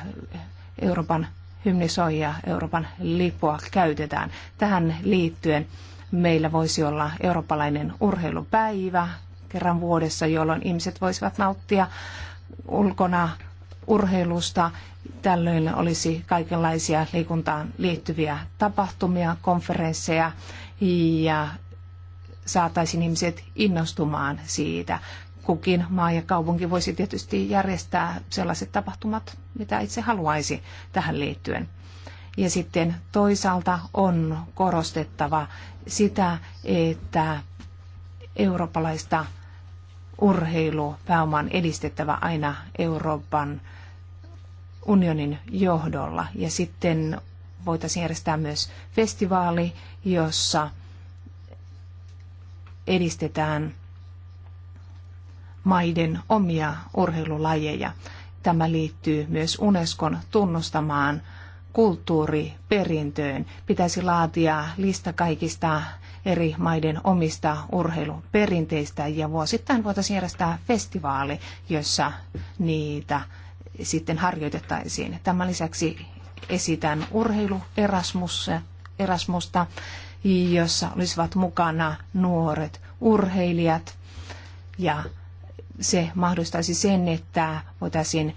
Euroopan hymnisoi ja Euroopan lipua käytetään. Tähän liittyen meillä voisi olla eurooppalainen urheilupäivä kerran vuodessa, jolloin ihmiset voisivat nauttia ulkona urheilusta. Tällöin olisi kaikenlaisia liikuntaan liittyviä tapahtumia, konferensseja ja saataisiin ihmiset innostumaan siitä. Kukin maa ja kaupunki voisi tietysti järjestää sellaiset tapahtumat, mitä itse haluaisi tähän liittyen. Ja sitten toisaalta on korostettava sitä, että eurooppalaista urheilupääoman edistettävä aina Euroopan unionin johdolla. Ja sitten voitaisiin järjestää myös festivaali, jossa edistetään maiden omia urheilulajeja. Tämä liittyy myös Unescon tunnustamaan kulttuuriperintöön. Pitäisi laatia lista kaikista eri maiden omista urheiluperinteistä ja vuosittain voitaisiin järjestää festivaali, jossa niitä sitten harjoitettaisiin. Tämän lisäksi esitän urheilu Erasmus, Erasmusta, jossa olisivat mukana nuoret urheilijat ja se mahdollistaisi sen, että voitaisiin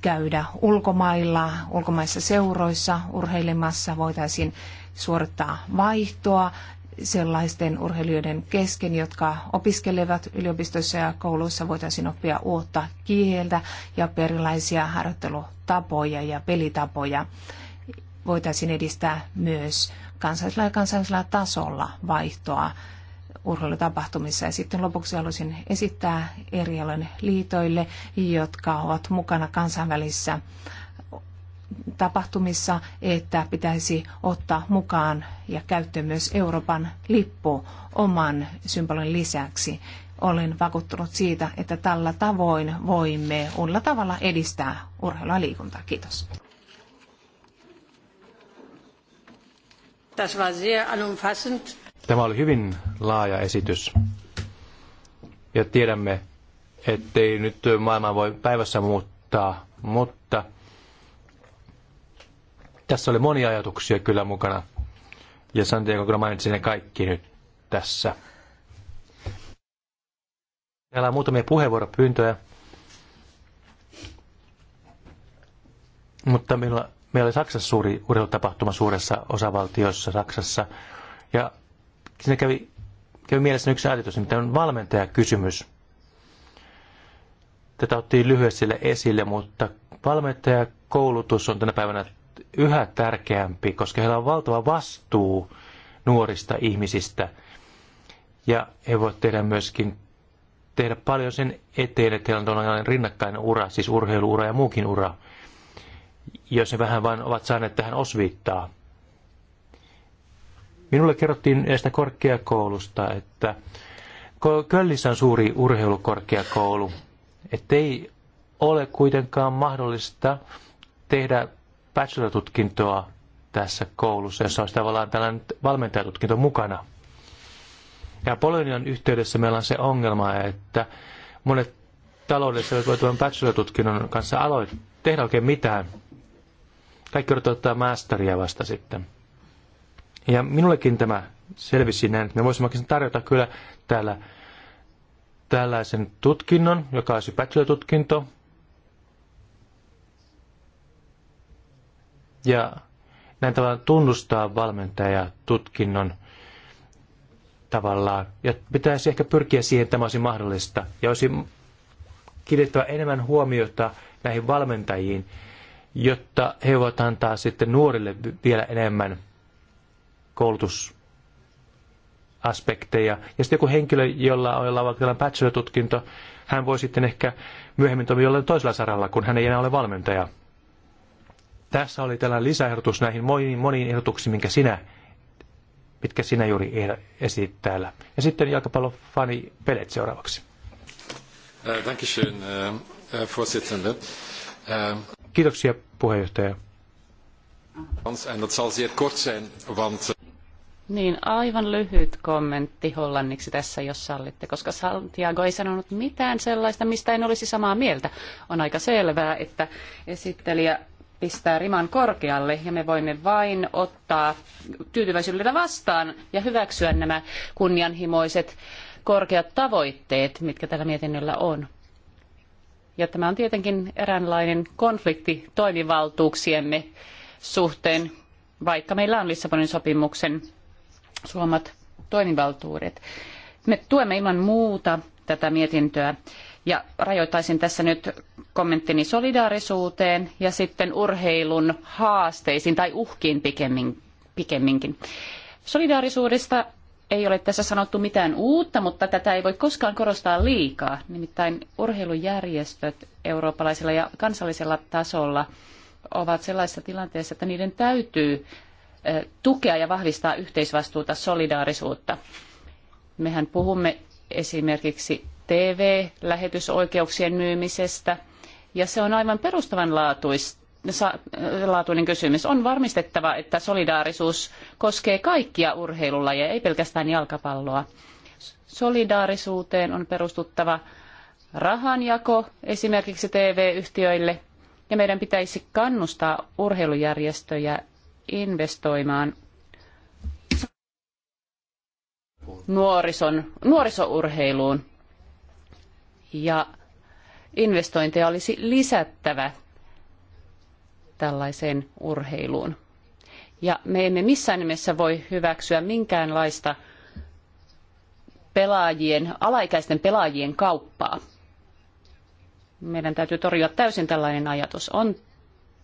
käydä ulkomailla, ulkomaissa seuroissa urheilemassa, voitaisiin suorittaa vaihtoa sellaisten urheilijoiden kesken, jotka opiskelevat yliopistoissa ja kouluissa, voitaisiin oppia uutta kieltä ja erilaisia harjoittelutapoja ja pelitapoja. Voitaisiin edistää myös kansallisella ja kansallisella tasolla vaihtoa urheilutapahtumissa. Ja sitten lopuksi haluaisin esittää eri liitoille, jotka ovat mukana kansainvälisissä tapahtumissa, että pitäisi ottaa mukaan ja käyttöön myös Euroopan lippu oman symbolin lisäksi. Olen vakuuttunut siitä, että tällä tavoin voimme uudella tavalla edistää urheilua ja liikuntaa. Kiitos. Tämä oli hyvin laaja esitys. Ja tiedämme, ettei nyt maailma voi päivässä muuttaa, mutta tässä oli monia ajatuksia kyllä mukana. Ja Santiago kyllä mainitsi ne kaikki nyt tässä. Täällä on muutamia puheenvuoropyyntöjä. Mutta meillä, meillä oli Saksassa suuri urheilutapahtuma suuressa osavaltiossa Saksassa. Ja siinä kävi, kävi mielessä yksi ajatus, mitä on valmentajakysymys. Tätä otti lyhyesti esille, mutta valmentajakoulutus on tänä päivänä yhä tärkeämpi, koska heillä on valtava vastuu nuorista ihmisistä. Ja he voivat tehdä myöskin tehdä paljon sen eteen, että heillä on tuollainen rinnakkainen ura, siis urheiluura ja muukin ura, jos he vähän vain ovat saaneet tähän osviittaa. Minulle kerrottiin näistä korkeakoulusta, että Köllissä on suuri urheilukorkeakoulu, ettei ole kuitenkaan mahdollista tehdä bachelor-tutkintoa tässä koulussa, jossa olisi tavallaan tällainen valmentajatutkinto mukana. Ja Polonian yhteydessä meillä on se ongelma, että monet taloudelliset voivat tämän bachelor-tutkinnon kanssa aloittaa, tehdä oikein mitään. Kaikki odottaa masteria vasta sitten. Ja minullekin tämä selvisi näin, että me voisimme tarjota kyllä täällä tällaisen tutkinnon, joka olisi bachelor-tutkinto, Ja näin tavallaan tunnustaa valmentaja tutkinnon tavallaan. Ja pitäisi ehkä pyrkiä siihen, että tämä olisi mahdollista. Ja olisi kiinnittävä enemmän huomiota näihin valmentajiin, jotta he voivat antaa sitten nuorille vielä enemmän koulutusaspekteja. Ja sitten joku henkilö, jolla on, jolla on vaikka bachelor-tutkinto, hän voi sitten ehkä myöhemmin toimia jollain toisella saralla, kun hän ei enää ole valmentaja. Tässä oli tällainen lisäehdotus näihin moniin, moniin ehdotuksiin, minkä sinä, mitkä sinä juuri esitit täällä. Ja sitten fani Pelet seuraavaksi. Äh, äh, äh, ähm, Kiitoksia puheenjohtaja. En Niin, aivan lyhyt kommentti hollanniksi tässä, jos sallitte, koska Santiago ei sanonut mitään sellaista, mistä en olisi samaa mieltä. On aika selvää, että esittelijä pistää riman korkealle ja me voimme vain ottaa tyytyväisyydellä vastaan ja hyväksyä nämä kunnianhimoiset korkeat tavoitteet, mitkä tällä mietinnöllä on. Ja tämä on tietenkin eräänlainen konflikti toimivaltuuksiemme suhteen, vaikka meillä on Lissabonin sopimuksen suomat toimivaltuudet. Me tuemme ilman muuta tätä mietintöä ja rajoittaisin tässä nyt kommenttini solidaarisuuteen ja sitten urheilun haasteisiin tai uhkiin pikemmin, pikemminkin. Solidaarisuudesta ei ole tässä sanottu mitään uutta, mutta tätä ei voi koskaan korostaa liikaa. Nimittäin urheilujärjestöt eurooppalaisella ja kansallisella tasolla ovat sellaisessa tilanteessa, että niiden täytyy tukea ja vahvistaa yhteisvastuuta, solidaarisuutta. Mehän puhumme esimerkiksi TV-lähetysoikeuksien myymisestä. Ja se on aivan perustavanlaatuinen kysymys. On varmistettava, että solidaarisuus koskee kaikkia urheilulajeja, ei pelkästään jalkapalloa. Solidaarisuuteen on perustuttava rahanjako esimerkiksi TV-yhtiöille, ja meidän pitäisi kannustaa urheilujärjestöjä investoimaan nuorison, nuorisourheiluun ja investointeja olisi lisättävä tällaiseen urheiluun. Ja me emme missään nimessä voi hyväksyä minkäänlaista pelaajien, alaikäisten pelaajien kauppaa. Meidän täytyy torjua täysin tällainen ajatus. On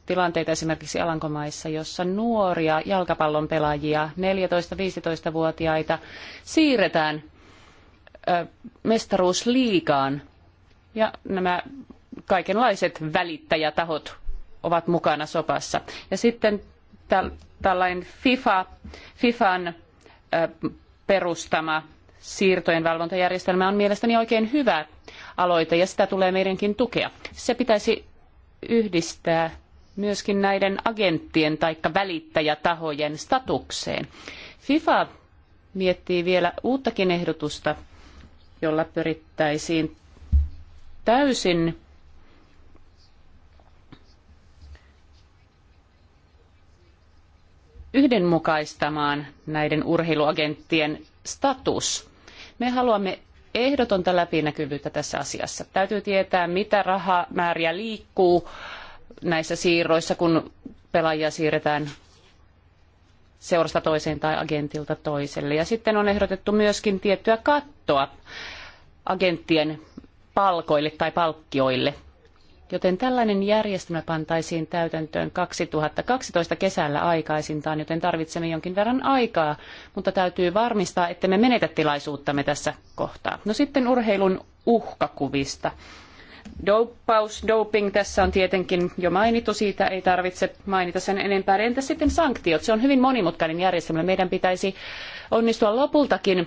tilanteita esimerkiksi Alankomaissa, jossa nuoria jalkapallon pelaajia, 14-15-vuotiaita, siirretään mestaruusliigaan ja nämä kaikenlaiset välittäjätahot ovat mukana sopassa. Ja sitten tällainen FIFA, FIFAn perustama siirtojen valvontajärjestelmä on mielestäni oikein hyvä aloite ja sitä tulee meidänkin tukea. Se pitäisi yhdistää myöskin näiden agenttien tai välittäjätahojen statukseen. FIFA miettii vielä uuttakin ehdotusta, jolla pyrittäisiin täysin yhdenmukaistamaan näiden urheiluagenttien status. Me haluamme ehdotonta läpinäkyvyyttä tässä asiassa. Täytyy tietää, mitä rahamääriä liikkuu näissä siirroissa, kun pelaajia siirretään seurasta toiseen tai agentilta toiselle. Ja sitten on ehdotettu myöskin tiettyä kattoa agenttien palkoille tai palkkioille. Joten tällainen järjestelmä pantaisiin täytäntöön 2012 kesällä aikaisintaan, joten tarvitsemme jonkin verran aikaa, mutta täytyy varmistaa, että me menetä tilaisuuttamme tässä kohtaa. No sitten urheilun uhkakuvista. Douppaus, doping tässä on tietenkin jo mainittu, siitä ei tarvitse mainita sen enempää. Entä sitten sanktiot? Se on hyvin monimutkainen järjestelmä. Meidän pitäisi onnistua lopultakin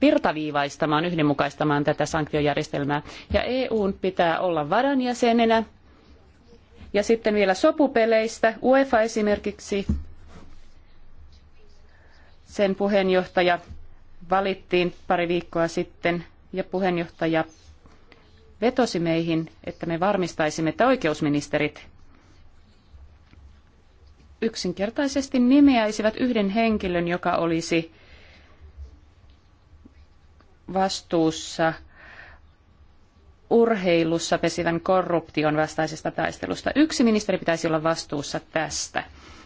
virtaviivaistamaan, yhdenmukaistamaan tätä sanktiojärjestelmää. Ja EUn pitää olla varanjäsenenä. Ja sitten vielä sopupeleistä. UEFA esimerkiksi, sen puheenjohtaja valittiin pari viikkoa sitten ja puheenjohtaja vetosi meihin, että me varmistaisimme, että oikeusministerit yksinkertaisesti nimeäisivät yhden henkilön, joka olisi vastuussa urheilussa pesivän korruption vastaisesta taistelusta. Yksi ministeri pitäisi olla vastuussa tästä.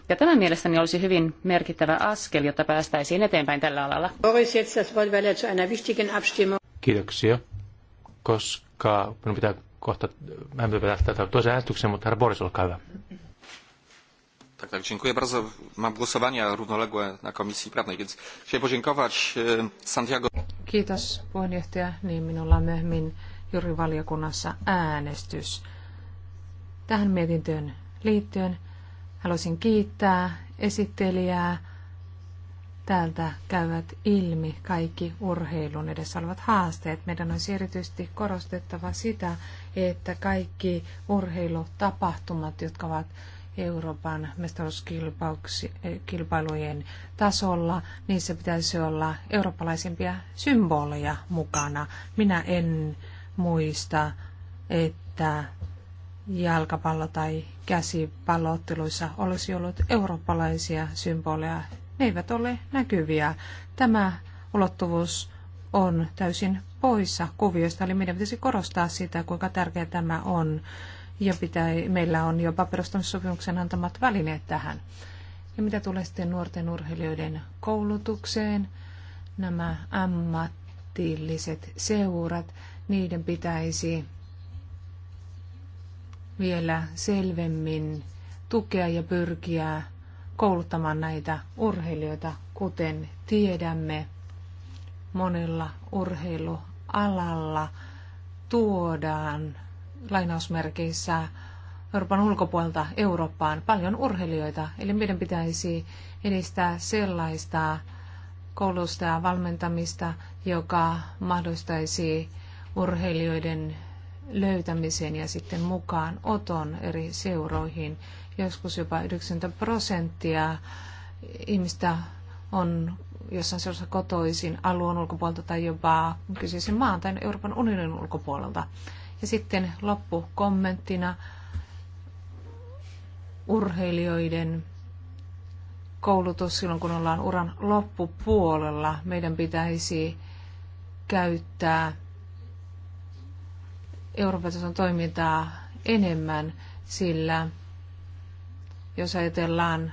Ja tämä mielestäni olisi hyvin merkittävä askel, jotta päästäisiin eteenpäin tällä alalla. Kiitoksia, koska minun pitää kohta, mä en pitää tätä toisen äänestyksen, mutta herra Boris, olkaa hyvä. Tak, tak, dziękuję bardzo. Mam głosowania równoległe na Komisji Prawnej, więc chciałem podziękować e, Santiago. Kiitos puheenjohtaja. Niin, minulla on myöhemmin juuri valiokunnassa äänestys. Tähän mietintöön liittyen haluaisin kiittää esittelijää. Täältä käyvät ilmi kaikki urheilun edessä olevat haasteet. Meidän olisi erityisesti korostettava sitä, että kaikki urheilutapahtumat, jotka ovat Euroopan mestaruuskilpailujen tasolla, niissä pitäisi olla eurooppalaisimpia symboleja mukana. Minä en muista, että jalkapallo- tai käsipallootteluissa olisi ollut eurooppalaisia symboleja. Ne eivät ole näkyviä. Tämä ulottuvuus on täysin poissa kuviosta, eli meidän pitäisi korostaa sitä, kuinka tärkeä tämä on ja pitää, meillä on jo perustamissopimuksen antamat välineet tähän. Ja mitä tulee sitten nuorten urheilijoiden koulutukseen, nämä ammattilliset seurat, niiden pitäisi vielä selvemmin tukea ja pyrkiä kouluttamaan näitä urheilijoita, kuten tiedämme monella urheilualalla tuodaan lainausmerkeissä Euroopan ulkopuolelta Eurooppaan paljon urheilijoita. Eli meidän pitäisi edistää sellaista koulusta ja valmentamista, joka mahdollistaisi urheilijoiden löytämisen ja sitten mukaan oton eri seuroihin. Joskus jopa 90 prosenttia ihmistä on jossain seurassa kotoisin alueen ulkopuolelta tai jopa kyseisen maan tai Euroopan unionin ulkopuolelta. Ja sitten loppukommenttina urheilijoiden koulutus silloin, kun ollaan uran loppupuolella. Meidän pitäisi käyttää Euroopan tason toimintaa enemmän, sillä jos ajatellaan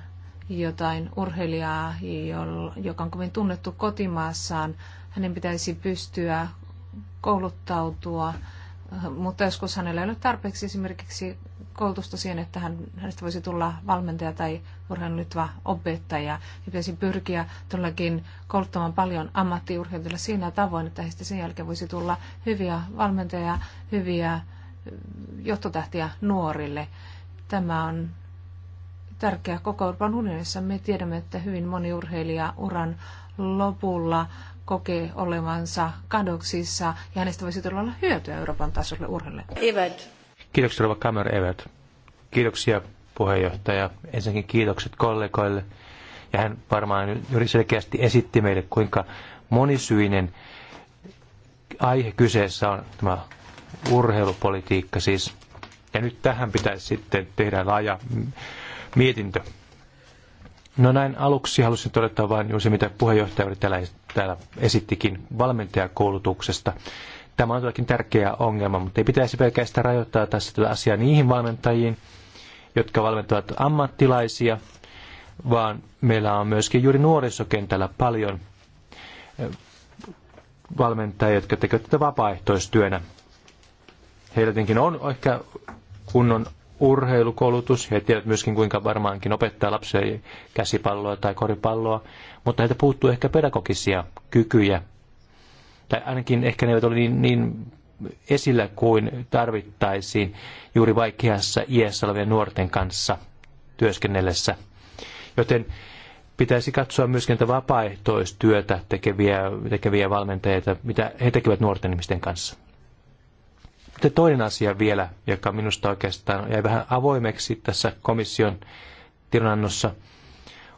jotain urheilijaa, joka on kovin tunnettu kotimaassaan, hänen pitäisi pystyä kouluttautua Äh, mutta joskus hänellä ei ole tarpeeksi esimerkiksi koulutusta siihen, että hän, hänestä voisi tulla valmentaja tai urheiluliittyvä opettaja. Ja pitäisi pyrkiä todellakin kouluttamaan paljon ammattiurheilijoita siinä tavoin, että heistä sen jälkeen voisi tulla hyviä valmentajia, hyviä äh, johtotähtiä nuorille. Tämä on tärkeää koko Euroopan unionissa. Me tiedämme, että hyvin moni urheilija uran lopulla kokee olevansa kadoksissa ja hänestä voisi tulla olla hyötyä Euroopan tasolle urheille. Evert. Kiitoksia Rova Kamer Evert. Kiitoksia puheenjohtaja. Ensinnäkin kiitokset kollegoille. Ja hän varmaan juuri selkeästi esitti meille, kuinka monisyinen aihe kyseessä on tämä urheilupolitiikka siis. Ja nyt tähän pitäisi sitten tehdä laaja mietintö. No näin aluksi halusin todeta vain juuri se, mitä puheenjohtaja täällä, täällä esittikin valmentajakoulutuksesta. Tämä on todellakin tärkeä ongelma, mutta ei pitäisi pelkästään rajoittaa tässä tätä asiaa niihin valmentajiin, jotka valmentavat ammattilaisia, vaan meillä on myöskin juuri nuorisokentällä paljon valmentajia, jotka tekevät tätä vapaaehtoistyönä. Heillä tietenkin on ehkä kunnon urheilukoulutus, he tiedät myöskin kuinka varmaankin opettaa lapsia käsipalloa tai koripalloa, mutta heiltä puuttuu ehkä pedagogisia kykyjä. Tai ainakin ehkä ne eivät ole niin, niin esillä kuin tarvittaisiin juuri vaikeassa iässä olevien nuorten kanssa työskennellessä. Joten pitäisi katsoa myöskin että vapaaehtoistyötä tekeviä, tekeviä valmentajia, mitä he tekevät nuorten ihmisten kanssa. Sitten toinen asia vielä, joka minusta oikeastaan jäi vähän avoimeksi tässä komission tiedonannossa.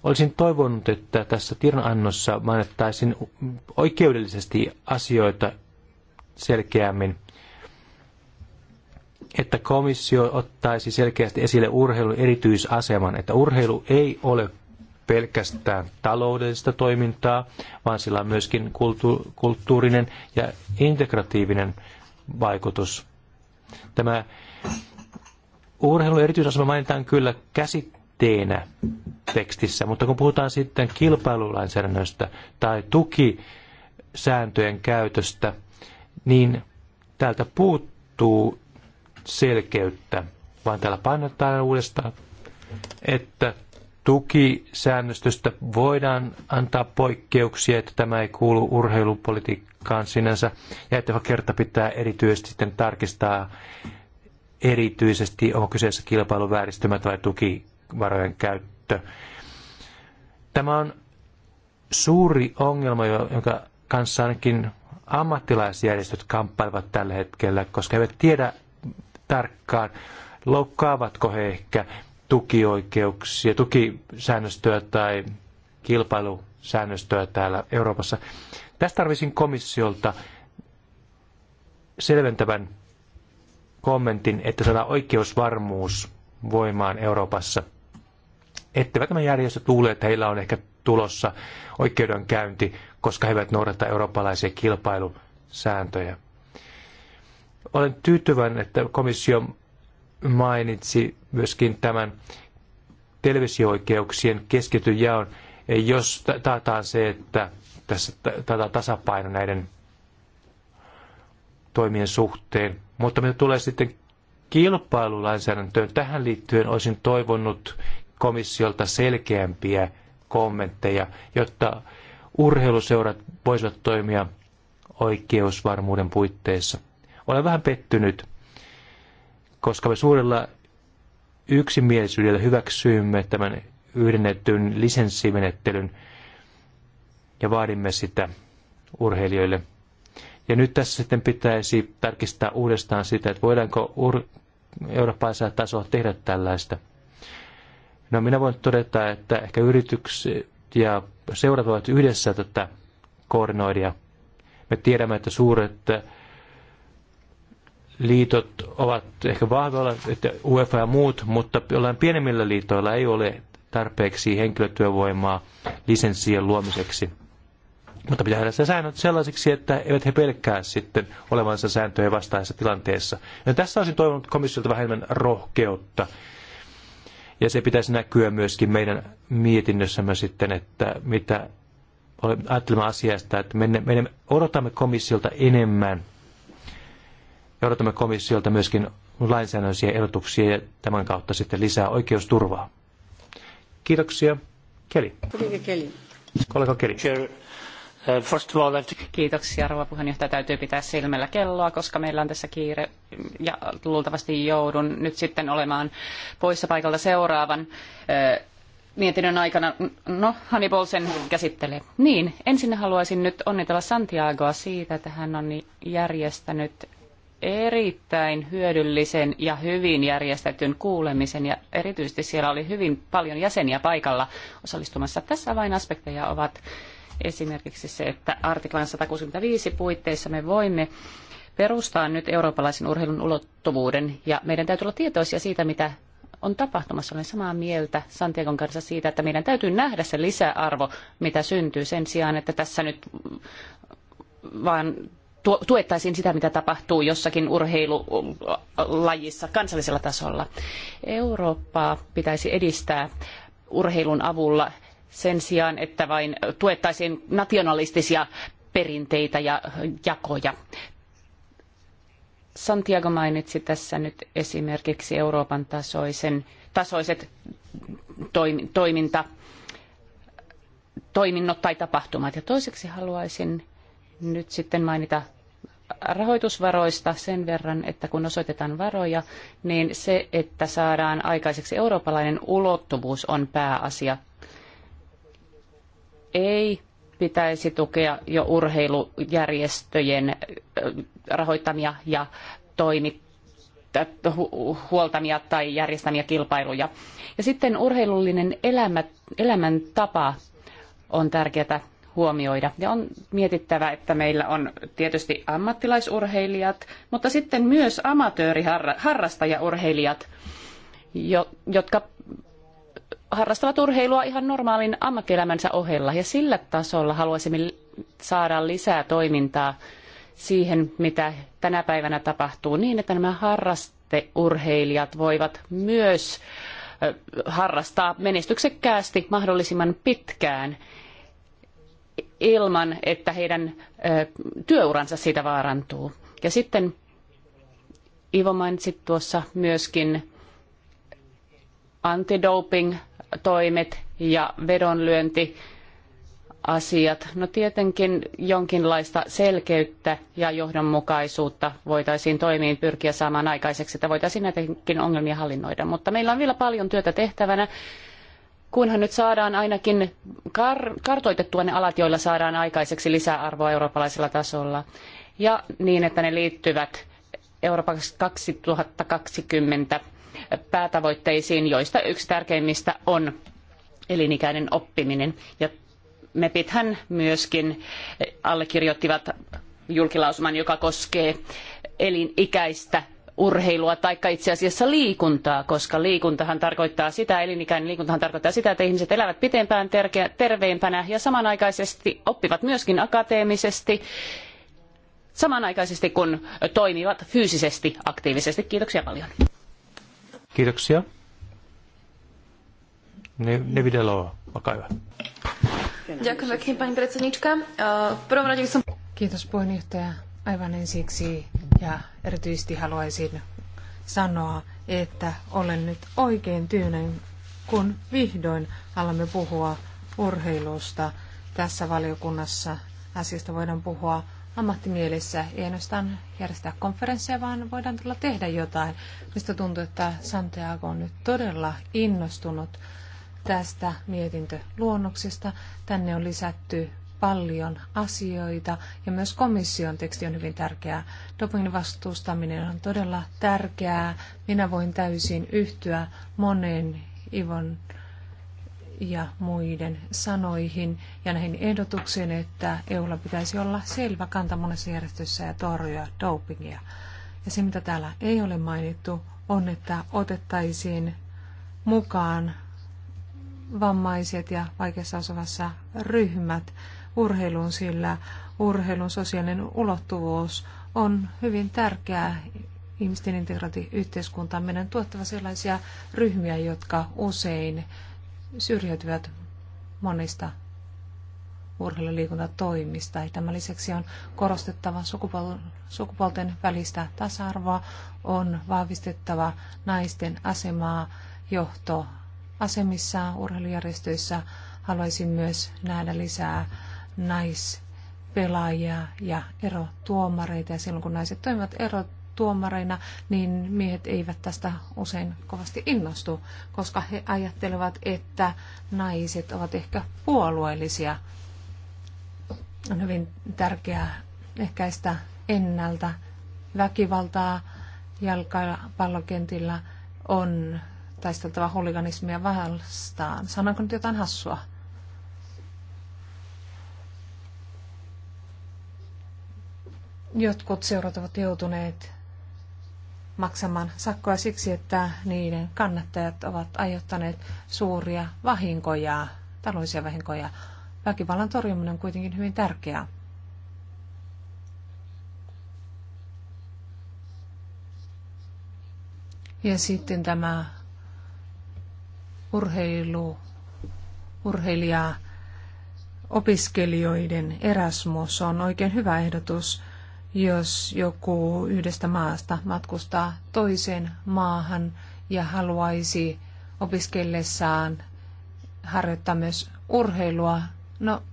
Olisin toivonut, että tässä tiedonannossa mainittaisiin oikeudellisesti asioita selkeämmin, että komissio ottaisi selkeästi esille urheilun erityisaseman, että urheilu ei ole pelkästään taloudellista toimintaa, vaan sillä on myöskin kulttuurinen ja integratiivinen vaikutus. Tämä urheilun erityisasema mainitaan kyllä käsitteenä tekstissä, mutta kun puhutaan sitten kilpailulainsäädännöstä tai tukisääntöjen käytöstä, niin täältä puuttuu selkeyttä, vaan täällä painotetaan uudestaan, että tukisäännöstöstä voidaan antaa poikkeuksia, että tämä ei kuulu urheilupolitiikkaan sinänsä. ja että kerta pitää erityisesti sitten tarkistaa erityisesti, onko kyseessä kilpailun vääristymä tai tukivarojen käyttö. Tämä on suuri ongelma, jonka kanssa ainakin ammattilaisjärjestöt kamppailevat tällä hetkellä, koska he eivät tiedä tarkkaan, loukkaavatko he ehkä tukioikeuksia, tukisäännöstöä tai kilpailusäännöstöä täällä Euroopassa. Tästä tarvisin komissiolta selventävän kommentin, että saadaan oikeusvarmuus voimaan Euroopassa. Etteivät nämä järjestöt luule, että heillä on ehkä tulossa oikeudenkäynti, koska he eivät noudata eurooppalaisia kilpailusääntöjä. Olen tyytyväinen, että komissio mainitsi myöskin tämän televisio-oikeuksien keskityn jaon, jos taataan se, että tässä tätä tasapaino näiden toimien suhteen. Mutta mitä tulee sitten kilpailulainsäädäntöön, tähän liittyen olisin toivonut komissiolta selkeämpiä kommentteja, jotta urheiluseurat voisivat toimia oikeusvarmuuden puitteissa. Olen vähän pettynyt, koska me suurella yksimielisyydellä hyväksyimme tämän yhdennetyn lisenssimenettelyn, ja vaadimme sitä urheilijoille. Ja nyt tässä sitten pitäisi tarkistaa uudestaan sitä, että voidaanko ur- eurooppalaisella tasolla tehdä tällaista. No minä voin todeta, että ehkä yritykset ja seurat voivat yhdessä tätä koordinoida. Me tiedämme, että suuret liitot ovat ehkä vahvoilla, että UEFA ja muut, mutta jollain pienemmillä liitoilla ei ole tarpeeksi henkilötyövoimaa lisenssien luomiseksi. Mutta pitää tehdä säännöt sellaisiksi, että eivät he pelkää sitten olevansa sääntöjen vastaisessa tilanteessa. Ja tässä olisin toivonut komissiolta vähän enemmän rohkeutta. Ja se pitäisi näkyä myöskin meidän mietinnössämme sitten, että mitä ajattelemme asiasta, että me, me odotamme komissiolta enemmän. Ja odotamme komissiolta myöskin lainsäädännöllisiä ehdotuksia ja tämän kautta sitten lisää oikeusturvaa. Kiitoksia. Keli. Kollega Keli. Kollega Keli. Uh, first of Kiitoksia, rouva puheenjohtaja. Täytyy pitää silmällä kelloa, koska meillä on tässä kiire ja luultavasti joudun nyt sitten olemaan poissa paikalta seuraavan uh, mietinnön aikana. No, Hannibal sen käsittelee. Niin, ensin haluaisin nyt onnitella Santiagoa siitä, että hän on järjestänyt erittäin hyödyllisen ja hyvin järjestetyn kuulemisen ja erityisesti siellä oli hyvin paljon jäseniä paikalla osallistumassa. Tässä avainaspekteja ovat Esimerkiksi se, että artiklan 165 puitteissa me voimme perustaa nyt eurooppalaisen urheilun ulottuvuuden ja meidän täytyy olla tietoisia siitä, mitä on tapahtumassa. Olen samaa mieltä Santiagon kanssa siitä, että meidän täytyy nähdä se lisäarvo, mitä syntyy sen sijaan, että tässä nyt vaan tuettaisiin sitä, mitä tapahtuu jossakin urheilulajissa kansallisella tasolla. Eurooppaa pitäisi edistää urheilun avulla sen sijaan, että vain tuettaisiin nationalistisia perinteitä ja jakoja. Santiago mainitsi tässä nyt esimerkiksi Euroopan tasoisen, tasoiset toim, toiminta, toiminnot tai tapahtumat. Ja toiseksi haluaisin nyt sitten mainita rahoitusvaroista sen verran, että kun osoitetaan varoja, niin se, että saadaan aikaiseksi eurooppalainen ulottuvuus on pääasia ei pitäisi tukea jo urheilujärjestöjen rahoittamia ja huoltamia tai järjestämiä kilpailuja. Ja sitten urheilullinen elämä, elämäntapa on tärkeää huomioida. Ja on mietittävä, että meillä on tietysti ammattilaisurheilijat, mutta sitten myös amatööriharrastajaurheilijat, jo, jotka harrastavat urheilua ihan normaalin ammattielämänsä ohella. Ja sillä tasolla haluaisimme saada lisää toimintaa siihen, mitä tänä päivänä tapahtuu, niin että nämä harrasteurheilijat voivat myös harrastaa menestyksekkäästi mahdollisimman pitkään ilman, että heidän työuransa siitä vaarantuu. Ja sitten Ivo mainitsi tuossa myöskin antidoping toimet ja vedonlyönti asiat. No tietenkin jonkinlaista selkeyttä ja johdonmukaisuutta voitaisiin toimiin pyrkiä saamaan aikaiseksi, että voitaisiin näitäkin ongelmia hallinnoida. Mutta meillä on vielä paljon työtä tehtävänä, kunhan nyt saadaan ainakin kar- kartoitettua ne alat, joilla saadaan aikaiseksi lisäarvoa eurooppalaisella tasolla. Ja niin, että ne liittyvät Euroopan 2020 päätavoitteisiin, joista yksi tärkeimmistä on elinikäinen oppiminen. Ja MEPithän myöskin allekirjoittivat julkilausuman, joka koskee elinikäistä urheilua tai itse asiassa liikuntaa, koska liikuntahan tarkoittaa sitä, elinikäinen liikuntahan tarkoittaa sitä, että ihmiset elävät pitempään terveempänä ja samanaikaisesti oppivat myöskin akateemisesti samanaikaisesti kun toimivat fyysisesti aktiivisesti. Kiitoksia paljon. Kiitoksia. Ne, Nevidelo, olkaa hyvä. E, Kiitos puheenjohtaja. Aivan ensiksi ja erityisesti haluaisin sanoa, että olen nyt oikein tyynen, kun vihdoin alamme puhua urheilusta tässä valiokunnassa. Asiasta voidaan puhua ammattimielessä. Ei ainoastaan järjestää konferensseja, vaan voidaan tulla tehdä jotain. Mistä tuntuu, että Santiago on nyt todella innostunut tästä mietintöluonnoksesta. Tänne on lisätty paljon asioita ja myös komission teksti on hyvin tärkeää. Dopingin vastustaminen on todella tärkeää. Minä voin täysin yhtyä monen Ivon ja muiden sanoihin ja näihin ehdotuksiin, että EUlla pitäisi olla selvä kanta monessa järjestössä ja torjua dopingia. Ja se, mitä täällä ei ole mainittu, on, että otettaisiin mukaan vammaiset ja vaikeassa osavassa ryhmät urheiluun, sillä urheilun sosiaalinen ulottuvuus on hyvin tärkeää ihmisten integraatiyhteiskuntaan Meidän tuottava sellaisia ryhmiä, jotka usein syrjäytyvät monista urheilu- liikuntatoimista. Ja tämän lisäksi on korostettava sukupuolten välistä tasa-arvoa, on vahvistettava naisten asemaa johtoasemissa urheilujärjestöissä. Haluaisin myös nähdä lisää naispelaajia ja erotuomareita. Ja silloin kun naiset toimivat erot tuomareina, niin miehet eivät tästä usein kovasti innostu, koska he ajattelevat, että naiset ovat ehkä puolueellisia. On hyvin tärkeää ehkäistä ennalta väkivaltaa jalkapallokentillä on taisteltava huliganismia vastaan. Sanonko nyt jotain hassua? Jotkut seurat ovat joutuneet maksamaan sakkoa siksi, että niiden kannattajat ovat aiheuttaneet suuria vahinkoja, taloudellisia vahinkoja. Väkivallan torjuminen on kuitenkin hyvin tärkeää. Ja sitten tämä urheilu, urheilija, opiskelijoiden Erasmus on oikein hyvä ehdotus jos joku yhdestä maasta matkustaa toiseen maahan ja haluaisi opiskellessaan harjoittaa myös urheilua, no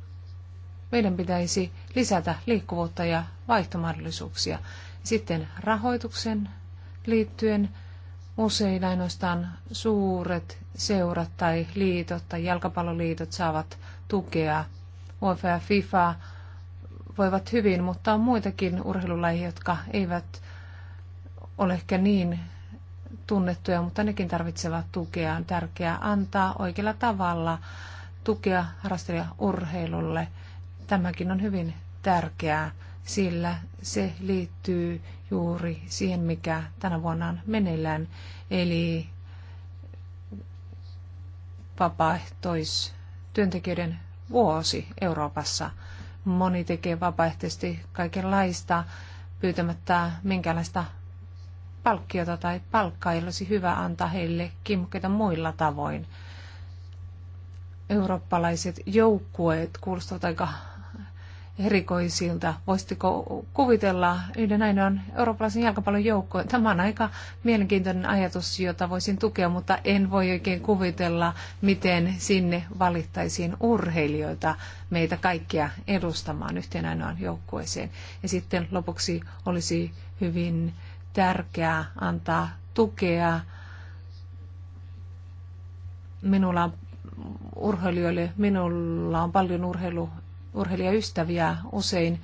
meidän pitäisi lisätä liikkuvuutta ja vaihtomahdollisuuksia. Sitten rahoituksen liittyen usein ainoastaan suuret seurat tai liitot tai jalkapalloliitot saavat tukea. UEFA ja FIFA voivat hyvin, mutta on muitakin urheilulajeja, jotka eivät ole ehkä niin tunnettuja, mutta nekin tarvitsevat tukea. On tärkeää antaa oikealla tavalla tukea harrastelija urheilulle. Tämäkin on hyvin tärkeää, sillä se liittyy juuri siihen, mikä tänä vuonna on meneillään, eli vapaaehtoistyöntekijöiden vuosi Euroopassa – moni tekee vapaaehtoisesti kaikenlaista pyytämättä minkäänlaista palkkiota tai palkkaa, ei olisi hyvä antaa heille kimmokkeita muilla tavoin. Eurooppalaiset joukkueet kuulostavat aika erikoisilta. Voisitteko kuvitella yhden ainoan eurooppalaisen jalkapallon joukkueen? Tämä on aika mielenkiintoinen ajatus, jota voisin tukea, mutta en voi oikein kuvitella, miten sinne valittaisiin urheilijoita meitä kaikkia edustamaan yhteen ainoan joukkueeseen. Ja sitten lopuksi olisi hyvin tärkeää antaa tukea. Minulla urheilijoille, minulla on paljon urheilu urheilijaystäviä usein.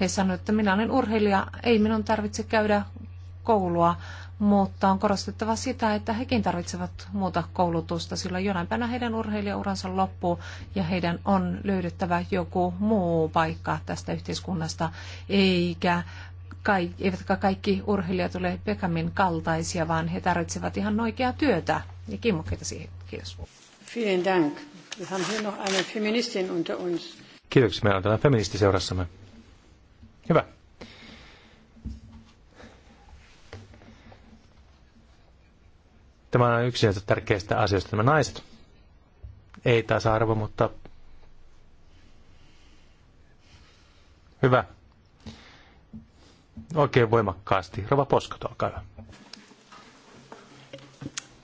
He sanoivat, että minä olen urheilija, ei minun tarvitse käydä koulua, mutta on korostettava sitä, että hekin tarvitsevat muuta koulutusta, sillä jonain päivänä heidän urheilijauransa loppuu ja heidän on löydettävä joku muu paikka tästä yhteiskunnasta, eikä kaikki, eivätkä kaikki urheilijat ole Pekamin kaltaisia, vaan he tarvitsevat ihan oikeaa työtä ja kimmokkeita siihen. Kiitos. Vielen Dank. Wir haben hier noch eine Feministin unter uns. Kiitoksia, meillä on täällä feministi seurassamme. Hyvä. Tämä on yksi näistä tärkeistä asioista, nämä naiset. Ei tasa-arvo, mutta hyvä. Oikein voimakkaasti. Rova Posko, olkaa hyvä.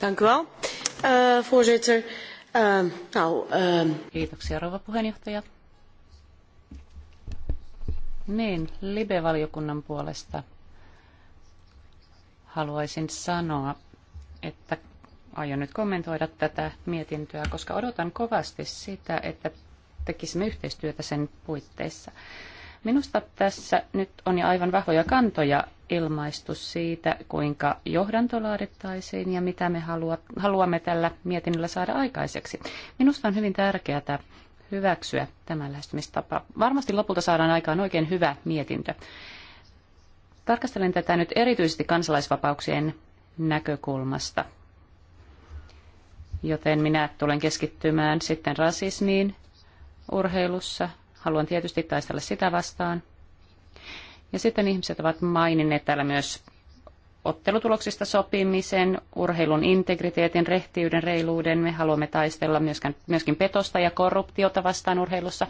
Dank u wel, eh, voorzitter. Eh, eh. Kiitoksia, rouva puheenjohtaja. Niin, Libe-valiokunnan puolesta haluaisin sanoa, että aion nyt kommentoida tätä mietintöä, koska odotan kovasti sitä, että tekisimme yhteistyötä sen puitteissa. Minusta tässä nyt on jo aivan vahvoja kantoja ilmaistu siitä, kuinka johdanto laadittaisiin ja mitä me haluamme tällä mietinnöllä saada aikaiseksi. Minusta on hyvin tärkeää hyväksyä tämä lähestymistapa. Varmasti lopulta saadaan aikaan oikein hyvä mietintö. Tarkastelen tätä nyt erityisesti kansalaisvapauksien näkökulmasta. Joten minä tulen keskittymään sitten rasismiin urheilussa. Haluan tietysti taistella sitä vastaan. Ja sitten ihmiset ovat maininneet täällä myös ottelutuloksista sopimisen, urheilun integriteetin, rehtiyden, reiluuden. Me haluamme taistella myöskin, myöskin petosta ja korruptiota vastaan urheilussa.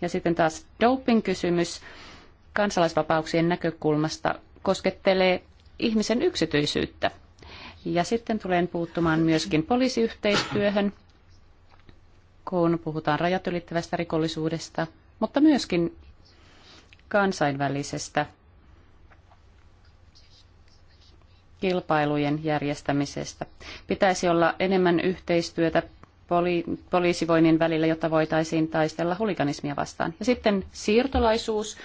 Ja sitten taas doping-kysymys kansalaisvapauksien näkökulmasta koskettelee ihmisen yksityisyyttä. Ja sitten tulen puuttumaan myöskin poliisiyhteistyöhön, kun puhutaan rajat ylittävästä rikollisuudesta, mutta myöskin kansainvälisestä kilpailujen järjestämisestä. Pitäisi olla enemmän yhteistyötä poli- poliisivoimien välillä, jotta voitaisiin taistella huliganismia vastaan. Ja sitten siirtolaisuus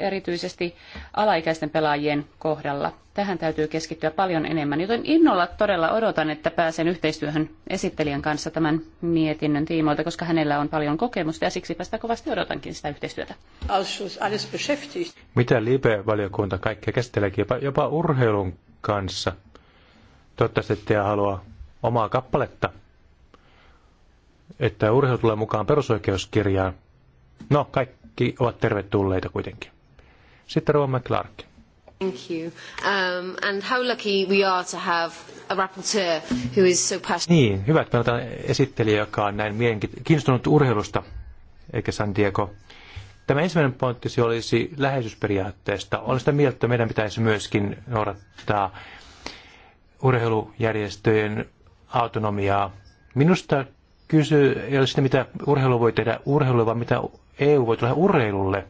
erityisesti alaikäisten pelaajien kohdalla. Tähän täytyy keskittyä paljon enemmän, joten innolla todella odotan, että pääsen yhteistyöhön esittelijän kanssa tämän mietinnön tiimoilta, koska hänellä on paljon kokemusta ja siksipä sitä kovasti odotankin sitä yhteistyötä. Mitä Libe-valiokunta kaikkea käsitteleekin, jopa, jopa urheilun kanssa? Toivottavasti ette halua omaa kappaletta, että urheilu tulee mukaan perusoikeuskirjaan. No, kaikki ovat tervetulleita kuitenkin. Sitten Rova McClark. Thank you. Um, and how lucky we are to have a rapporteur who is so passionate. Niin, hyvä, että meillä on esittelijä, joka on näin kiinnostunut urheilusta, eikä San Diego. Tämä ensimmäinen pointti olisi läheisyysperiaatteesta. Olen sitä mieltä, että meidän pitäisi myöskin noudattaa urheilujärjestöjen autonomiaa. Minusta kysy ei ole sitä, mitä urheilu voi tehdä urheilulle, vaan mitä EU voi tehdä urheilulle –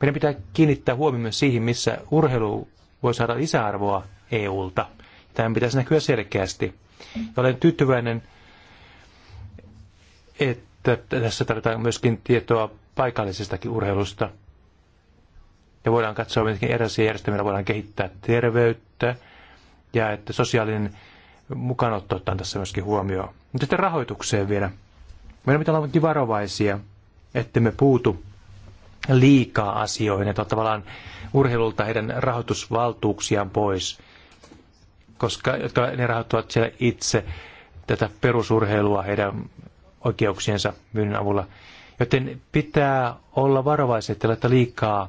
meidän pitää kiinnittää huomioon myös siihen, missä urheilu voi saada lisäarvoa EUlta. Tämä pitäisi näkyä selkeästi. Ja olen tyytyväinen, että tässä tarvitaan myöskin tietoa paikallisestakin urheilusta. Ja voidaan katsoa, miten erilaisia järjestelmiä voidaan kehittää terveyttä ja että sosiaalinen mukaanotto ottaa tässä myöskin huomioon. Mutta sitten rahoitukseen vielä. Meidän pitää olla varovaisia, että me puutu liikaa asioihin, että on tavallaan urheilulta heidän rahoitusvaltuuksiaan pois, koska jotka ne rahoittavat siellä itse tätä perusurheilua heidän oikeuksiensa myynnin avulla. Joten pitää olla varovaisia, että laittaa liikaa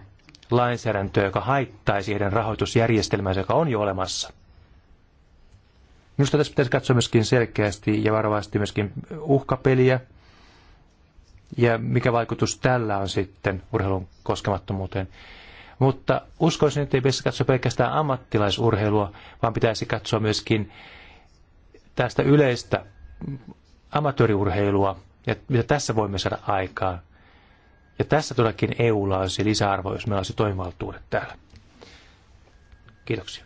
lainsäädäntöä, joka haittaisi heidän rahoitusjärjestelmänsä, joka on jo olemassa. Minusta tässä pitäisi katsoa myöskin selkeästi ja varovasti myöskin uhkapeliä, ja mikä vaikutus tällä on sitten urheilun koskemattomuuteen. Mutta uskoisin, että ei pitäisi katsoa pelkästään ammattilaisurheilua, vaan pitäisi katsoa myöskin tästä yleistä amatööriurheilua ja mitä tässä voimme saada aikaa, Ja tässä todellakin EUlla olisi lisäarvo, jos meillä olisi toimivaltuudet täällä. Kiitoksia.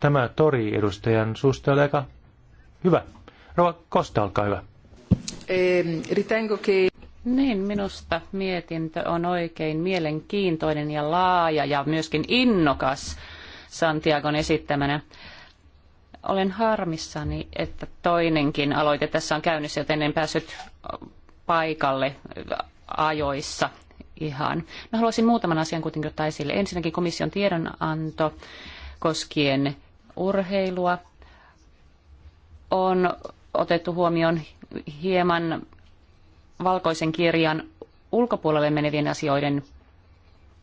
Tämä tori edustajan suusta oli aika hyvä. Rova Kosta, olkaa hyvä. Ehm, niin, minusta mietintö on oikein mielenkiintoinen ja laaja ja myöskin innokas Santiagon esittämänä. Olen harmissani, että toinenkin aloite tässä on käynnissä, joten en päässyt paikalle ajoissa ihan. Mä haluaisin muutaman asian kuitenkin ottaa esille. Ensinnäkin komission tiedonanto koskien urheilua on otettu huomioon hieman valkoisen kirjan ulkopuolelle menevien asioiden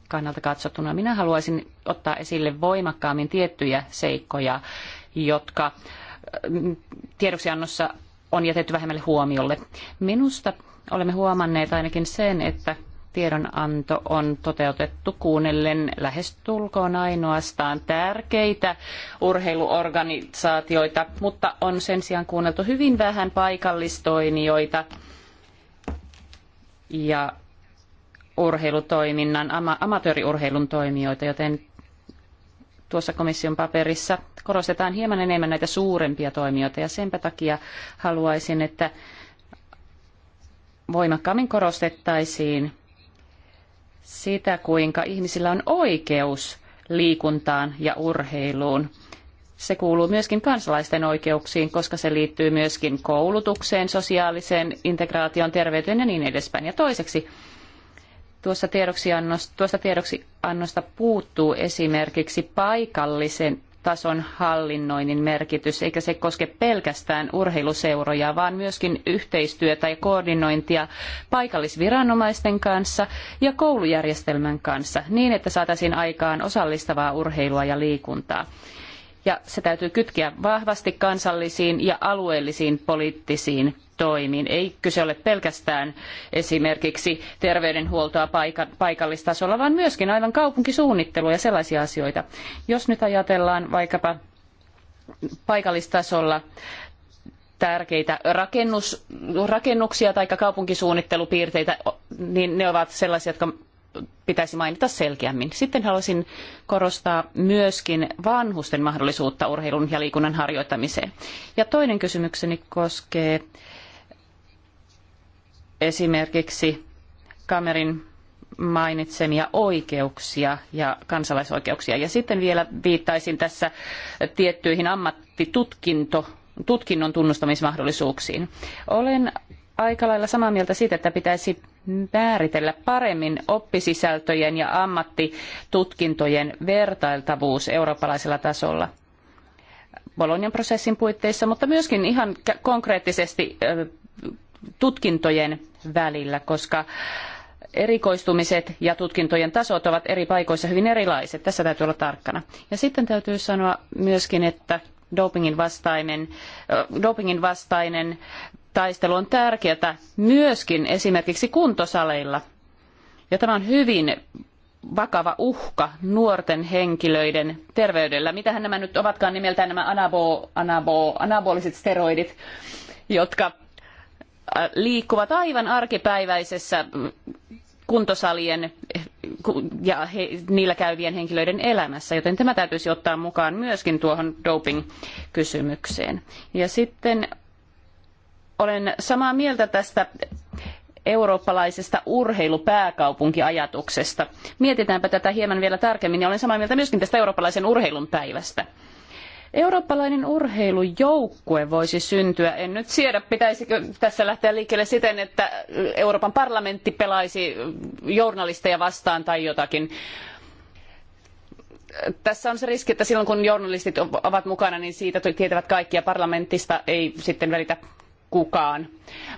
kannalta katsottuna. Minä haluaisin ottaa esille voimakkaammin tiettyjä seikkoja, jotka mm, tiedoksiannossa on jätetty vähemmälle huomiolle. Minusta olemme huomanneet ainakin sen, että tiedonanto on toteutettu kuunnellen lähestulkoon ainoastaan tärkeitä urheiluorganisaatioita, mutta on sen sijaan kuunneltu hyvin vähän paikallistoimijoita ja urheilutoiminnan, ama- amatööriurheilun toimijoita, joten tuossa komission paperissa korostetaan hieman enemmän näitä suurempia toimijoita ja senpä takia haluaisin, että voimakkaammin korostettaisiin sitä, kuinka ihmisillä on oikeus liikuntaan ja urheiluun. Se kuuluu myöskin kansalaisten oikeuksiin, koska se liittyy myöskin koulutukseen, sosiaaliseen integraation terveyteen ja niin edespäin. Ja toiseksi tuosta tiedoksiannosta, tuosta tiedoksiannosta puuttuu esimerkiksi paikallisen tason hallinnoinnin merkitys, eikä se koske pelkästään urheiluseuroja, vaan myöskin yhteistyötä ja koordinointia paikallisviranomaisten kanssa ja koulujärjestelmän kanssa, niin että saataisiin aikaan osallistavaa urheilua ja liikuntaa ja se täytyy kytkeä vahvasti kansallisiin ja alueellisiin poliittisiin toimiin. Ei kyse ole pelkästään esimerkiksi terveydenhuoltoa paikallistasolla, vaan myöskin aivan kaupunkisuunnittelua ja sellaisia asioita. Jos nyt ajatellaan vaikkapa paikallistasolla tärkeitä rakennus, rakennuksia tai kaupunkisuunnittelupiirteitä, niin ne ovat sellaisia, jotka pitäisi mainita selkeämmin. Sitten haluaisin korostaa myöskin vanhusten mahdollisuutta urheilun ja liikunnan harjoittamiseen. Ja toinen kysymykseni koskee esimerkiksi Kamerin mainitsemia oikeuksia ja kansalaisoikeuksia. Ja sitten vielä viittaisin tässä tiettyihin ammattitutkinto tutkinnon tunnustamismahdollisuuksiin. Olen aika lailla samaa mieltä siitä, että pitäisi määritellä paremmin oppisisältöjen ja ammattitutkintojen vertailtavuus eurooppalaisella tasolla. Bolognan prosessin puitteissa, mutta myöskin ihan konkreettisesti tutkintojen välillä, koska erikoistumiset ja tutkintojen tasot ovat eri paikoissa hyvin erilaiset. Tässä täytyy olla tarkkana. Ja sitten täytyy sanoa myöskin, että dopingin vastainen, dopingin vastainen taistelu on tärkeää myöskin esimerkiksi kuntosaleilla. Ja tämä on hyvin vakava uhka nuorten henkilöiden terveydellä. Mitähän nämä nyt ovatkaan nimeltään nämä anabo, anabo, anaboliset steroidit, jotka äh, liikkuvat aivan arkipäiväisessä kuntosalien ja he, niillä käyvien henkilöiden elämässä, joten tämä täytyisi ottaa mukaan myöskin tuohon doping-kysymykseen. Ja sitten olen samaa mieltä tästä eurooppalaisesta urheilupääkaupunkiajatuksesta. Mietitäänpä tätä hieman vielä tarkemmin ja olen samaa mieltä myöskin tästä eurooppalaisen urheilun päivästä. Eurooppalainen urheilujoukkue voisi syntyä. En nyt siedä, pitäisikö tässä lähteä liikkeelle siten, että Euroopan parlamentti pelaisi journalisteja vastaan tai jotakin. Tässä on se riski, että silloin kun journalistit ovat mukana, niin siitä tietävät kaikki ja parlamentista ei sitten välitä kukaan.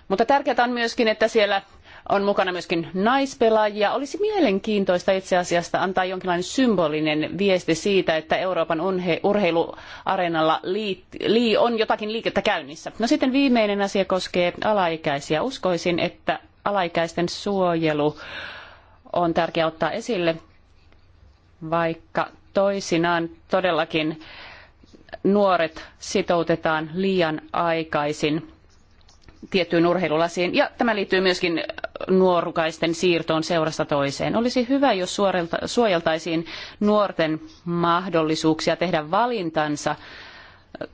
Mutta tärkeää on myöskin, että siellä on mukana myöskin naispelaajia. Olisi mielenkiintoista itse asiassa antaa jonkinlainen symbolinen viesti siitä, että Euroopan urheiluareenalla on jotakin liikettä käynnissä. No sitten viimeinen asia koskee alaikäisiä. Uskoisin, että alaikäisten suojelu on tärkeää ottaa esille, vaikka toisinaan todellakin nuoret sitoutetaan liian aikaisin tiettyyn urheilulasiin. Ja tämä liittyy myöskin nuorukaisten siirtoon seurasta toiseen. Olisi hyvä, jos suorilta, suojeltaisiin nuorten mahdollisuuksia tehdä valintansa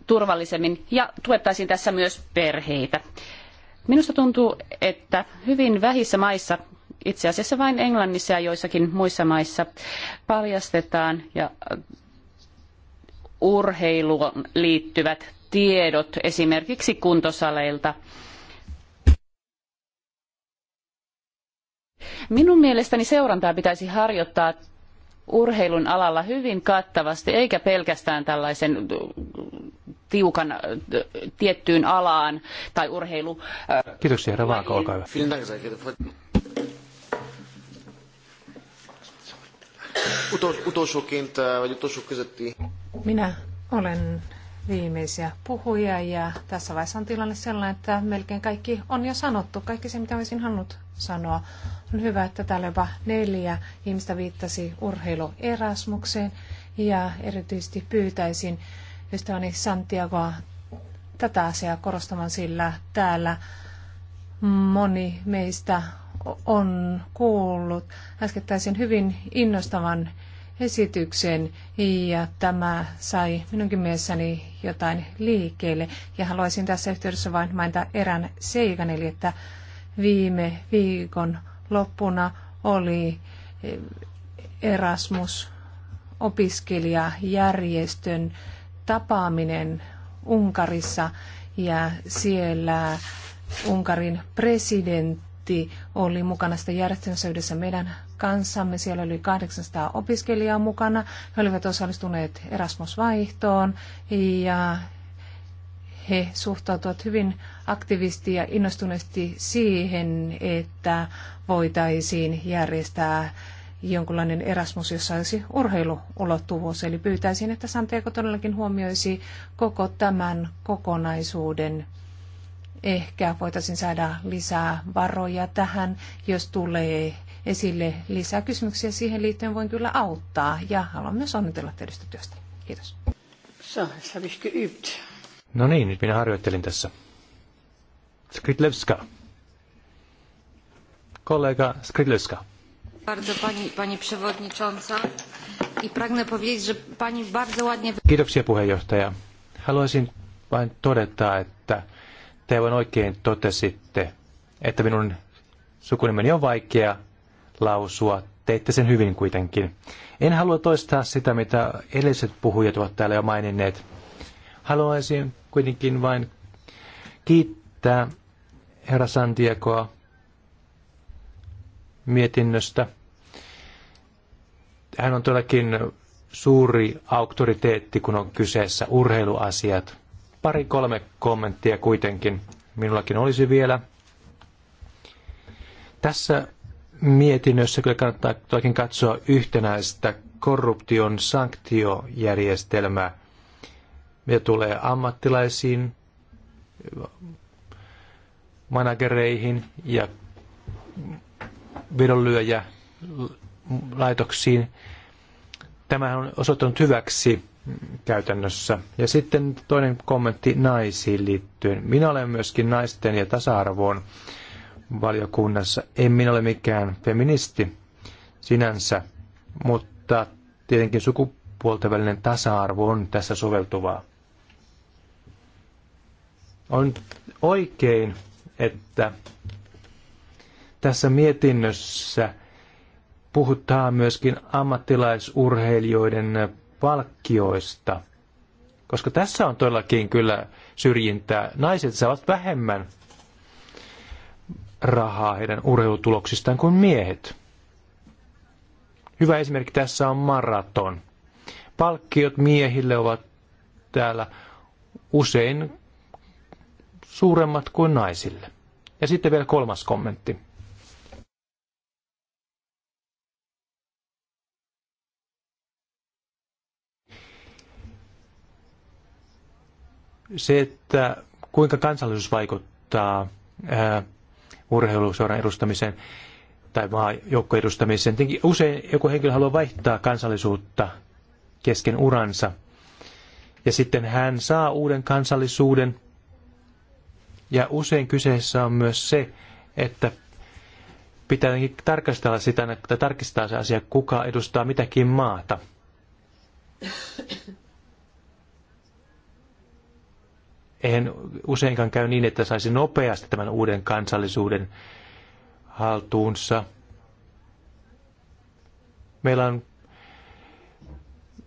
turvallisemmin ja tuettaisiin tässä myös perheitä. Minusta tuntuu, että hyvin vähissä maissa, itse asiassa vain Englannissa ja joissakin muissa maissa, paljastetaan ja urheiluun liittyvät tiedot esimerkiksi kuntosaleilta – Minun mielestäni seurantaa pitäisi harjoittaa urheilun alalla hyvin kattavasti, eikä pelkästään tällaisen äh, tiukan äh, tiettyyn alaan tai urheilu... Äh. Kiitoksia, herra Vaaka, olkaa hyvä. Minä olen viimeisiä puhujia ja tässä vaiheessa on tilanne sellainen, että melkein kaikki on jo sanottu, kaikki se mitä olisin halunnut sanoa. On hyvä, että täällä jopa neljä ihmistä viittasi urheilu Erasmukseen ja erityisesti pyytäisin ystäväni Santiagoa tätä asiaa korostamaan, sillä täällä moni meistä on kuullut äskettäisen hyvin innostavan esityksen ja tämä sai minunkin mielessäni jotain liikkeelle. Ja haluaisin tässä yhteydessä vain mainita erään seikan, eli että viime viikon loppuna oli eh, Erasmus opiskelijajärjestön tapaaminen Unkarissa ja siellä Unkarin presidentti oli mukana sitä järjestelmässä yhdessä meidän kanssamme. Siellä oli 800 opiskelijaa mukana. He olivat osallistuneet Erasmus-vaihtoon ja he suhtautuvat hyvin aktivisti ja innostuneesti siihen, että voitaisiin järjestää jonkunlainen Erasmus, jossa olisi urheiluulottuvuus. Eli pyytäisin, että Santiago todellakin huomioisi koko tämän kokonaisuuden. Ehkä voitaisiin saada lisää varoja tähän, jos tulee esille lisää kysymyksiä siihen liittyen, voin kyllä auttaa ja haluan myös onnitella teidän työstä. Kiitos. So, No niin, nyt minä harjoittelin tässä. Skritlevska. Kollega Skritlevska. Bardzo pani, pani przewodnicząca i pragnę powiedzieć, że pani bardzo ładnie... Kiitoksia puheenjohtaja. Haluaisin vain todeta, että te oikein totesitte, että minun sukunimeni on vaikea lausua. Teitte sen hyvin kuitenkin. En halua toistaa sitä, mitä edelliset puhujat ovat täällä jo maininneet. Haluaisin kuitenkin vain kiittää herra Santiakoa mietinnöstä. Hän on todellakin suuri auktoriteetti, kun on kyseessä urheiluasiat. Pari-kolme kommenttia kuitenkin minullakin olisi vielä. Tässä mietinnössä kyllä kannattaa toikin katsoa yhtenäistä korruption sanktiojärjestelmää, mitä tulee ammattilaisiin, managereihin ja vedonlyöjä laitoksiin. Tämähän on osoittanut hyväksi käytännössä. Ja sitten toinen kommentti naisiin liittyen. Minä olen myöskin naisten ja tasa-arvoon valiokunnassa. En minä ole mikään feministi sinänsä, mutta tietenkin sukupuolten välinen tasa-arvo on tässä soveltuvaa. On oikein, että tässä mietinnössä puhutaan myöskin ammattilaisurheilijoiden palkkioista, koska tässä on todellakin kyllä syrjintää. Naiset saavat vähemmän rahaa heidän urheilutuloksistaan kuin miehet. Hyvä esimerkki tässä on maraton. Palkkiot miehille ovat täällä usein suuremmat kuin naisille. Ja sitten vielä kolmas kommentti. Se, että kuinka kansallisuus vaikuttaa ää, urheiluseuran edustamiseen tai maajoukkojen edustamiseen. Tietenkin usein joku henkilö haluaa vaihtaa kansallisuutta kesken uransa. Ja sitten hän saa uuden kansallisuuden. Ja usein kyseessä on myös se, että pitää tarkastella sitä, että tarkistaa se asia, kuka edustaa mitäkin maata. eihän useinkaan käy niin, että saisi nopeasti tämän uuden kansallisuuden haltuunsa. Meillä on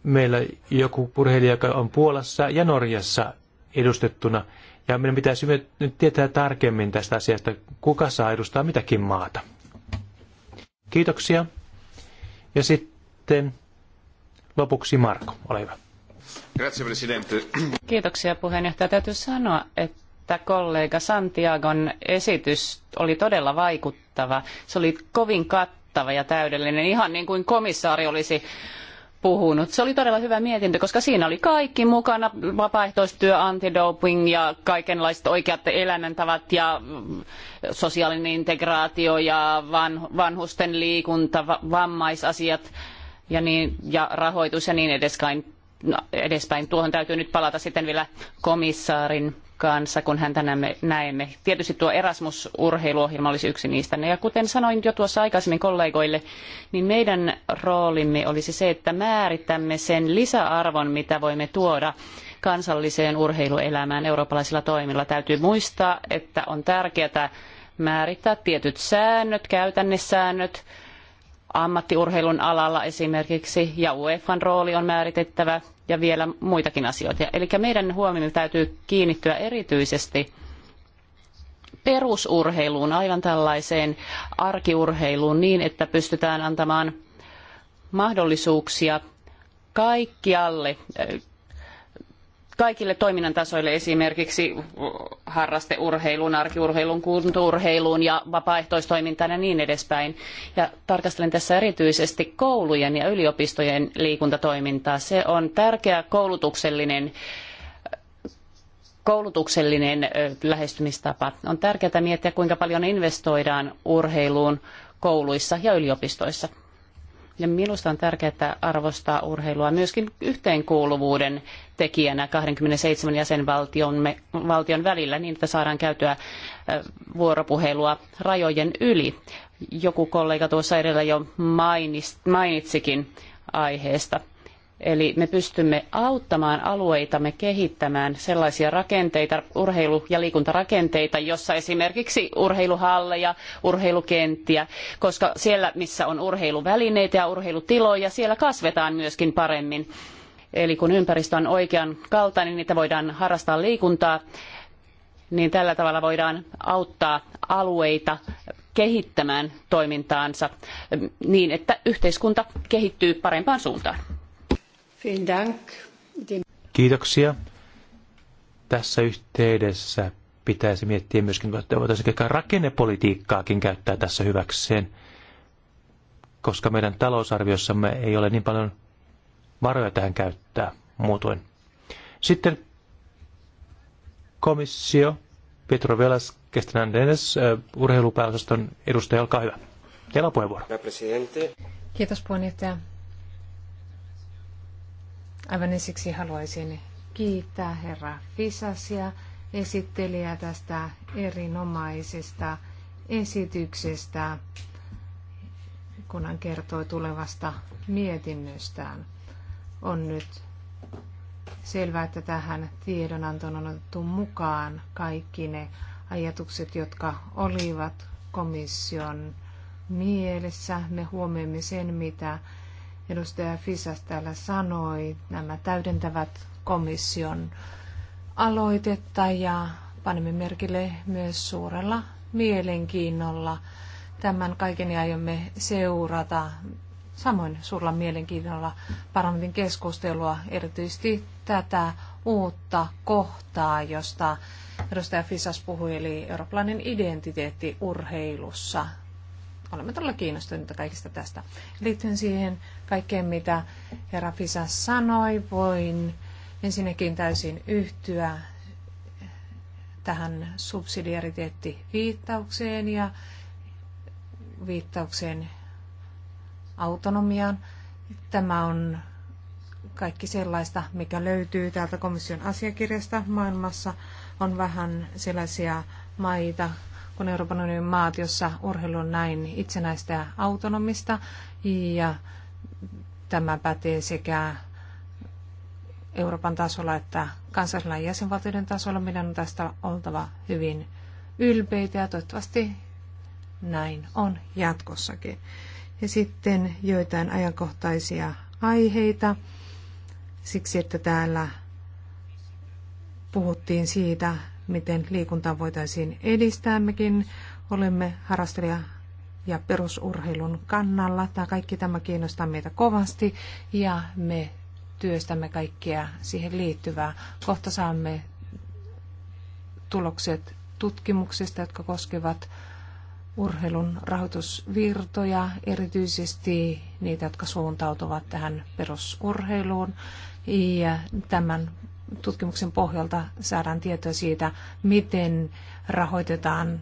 meillä joku urheilija, joka on Puolassa ja Norjassa edustettuna. Ja meidän pitäisi nyt tietää tarkemmin tästä asiasta, kuka saa edustaa mitäkin maata. Kiitoksia. Ja sitten lopuksi Marko, ole hyvä. Kiitoksia puheenjohtaja. Täytyy sanoa, että kollega Santiagon esitys oli todella vaikuttava. Se oli kovin kattava ja täydellinen, ihan niin kuin komissaari olisi puhunut. Se oli todella hyvä mietintö, koska siinä oli kaikki mukana, vapaaehtoistyö, antidoping ja kaikenlaiset oikeat elämäntavat ja sosiaalinen integraatio ja vanhusten liikunta, vammaisasiat ja, niin, ja rahoitus ja niin edespäin no, edespäin. Tuohon täytyy nyt palata sitten vielä komissaarin kanssa, kun häntä näemme. Tietysti tuo Erasmus-urheiluohjelma olisi yksi niistä. Ja kuten sanoin jo tuossa aikaisemmin kollegoille, niin meidän roolimme olisi se, että määritämme sen lisäarvon, mitä voimme tuoda kansalliseen urheiluelämään eurooppalaisilla toimilla. Täytyy muistaa, että on tärkeää määrittää tietyt säännöt, käytännessäännöt, ammattiurheilun alalla esimerkiksi, ja UEFan rooli on määritettävä ja vielä muitakin asioita. Eli meidän huomiomme täytyy kiinnittyä erityisesti perusurheiluun, aivan tällaiseen arkiurheiluun niin, että pystytään antamaan mahdollisuuksia kaikkialle kaikille toiminnan tasoille, esimerkiksi harrasteurheiluun, arkiurheiluun, kuntourheiluun ja vapaaehtoistoimintaan ja niin edespäin. Ja tarkastelen tässä erityisesti koulujen ja yliopistojen liikuntatoimintaa. Se on tärkeä koulutuksellinen koulutuksellinen lähestymistapa. On tärkeää miettiä, kuinka paljon investoidaan urheiluun kouluissa ja yliopistoissa. Ja minusta on tärkeää arvostaa urheilua myöskin yhteenkuuluvuuden tekijänä 27 jäsenvaltion valtion välillä niin, että saadaan käytyä vuoropuhelua rajojen yli. Joku kollega tuossa edellä jo mainitsikin aiheesta. Eli me pystymme auttamaan alueitamme kehittämään sellaisia rakenteita, urheilu- ja liikuntarakenteita, jossa esimerkiksi urheiluhalleja, urheilukenttiä, koska siellä missä on urheiluvälineitä ja urheilutiloja, siellä kasvetaan myöskin paremmin. Eli kun ympäristö on oikean kaltainen, niin niitä voidaan harrastaa liikuntaa, niin tällä tavalla voidaan auttaa alueita kehittämään toimintaansa niin, että yhteiskunta kehittyy parempaan suuntaan. Kiitoksia. Tässä yhteydessä pitäisi miettiä myöskin, että voitaisiin rakennepolitiikkaakin käyttää tässä hyväkseen, koska meidän talousarviossamme ei ole niin paljon varoja tähän käyttää muutoin. Sitten komissio, Petro Velas, Kestenandenes, urheilupääosaston edustaja, olkaa hyvä. Teillä on puheenvuoro. Kiitos puheenjohtaja. Aivan ensiksi niin haluaisin kiittää herra Fisasia esittelijä tästä erinomaisesta esityksestä, kun hän kertoi tulevasta mietinnöstään. On nyt selvää, että tähän tiedonantoon on otettu mukaan kaikki ne ajatukset, jotka olivat komission mielessä. Me huomioimme sen, mitä edustaja Fisas täällä sanoi, nämä täydentävät komission aloitetta ja panemme merkille myös suurella mielenkiinnolla. Tämän kaiken ja aiomme seurata samoin suurella mielenkiinnolla parlamentin keskustelua, erityisesti tätä uutta kohtaa, josta edustaja Fisas puhui, eli eurooppalainen identiteetti urheilussa olemme todella kiinnostuneita kaikista tästä. Liittyen siihen kaikkeen, mitä herra Fisa sanoi, voin ensinnäkin täysin yhtyä tähän subsidiariteettiviittaukseen ja viittaukseen autonomiaan. Tämä on kaikki sellaista, mikä löytyy täältä komission asiakirjasta. Maailmassa on vähän sellaisia maita, kun Euroopan unionin maat, jossa urheilu on näin itsenäistä ja autonomista. Ja tämä pätee sekä Euroopan tasolla että kansallisella jäsenvaltioiden tasolla. Meidän on tästä oltava hyvin ylpeitä ja toivottavasti näin on jatkossakin. Ja sitten joitain ajankohtaisia aiheita, siksi että täällä puhuttiin siitä, miten liikuntaa voitaisiin mekin Olemme harrastelija ja perusurheilun kannalla. Tämä kaikki tämä kiinnostaa meitä kovasti ja me työstämme kaikkia siihen liittyvää. Kohta saamme tulokset tutkimuksista, jotka koskevat urheilun rahoitusvirtoja, erityisesti niitä, jotka suuntautuvat tähän perusurheiluun. Ja tämän tutkimuksen pohjalta saadaan tietoa siitä, miten rahoitetaan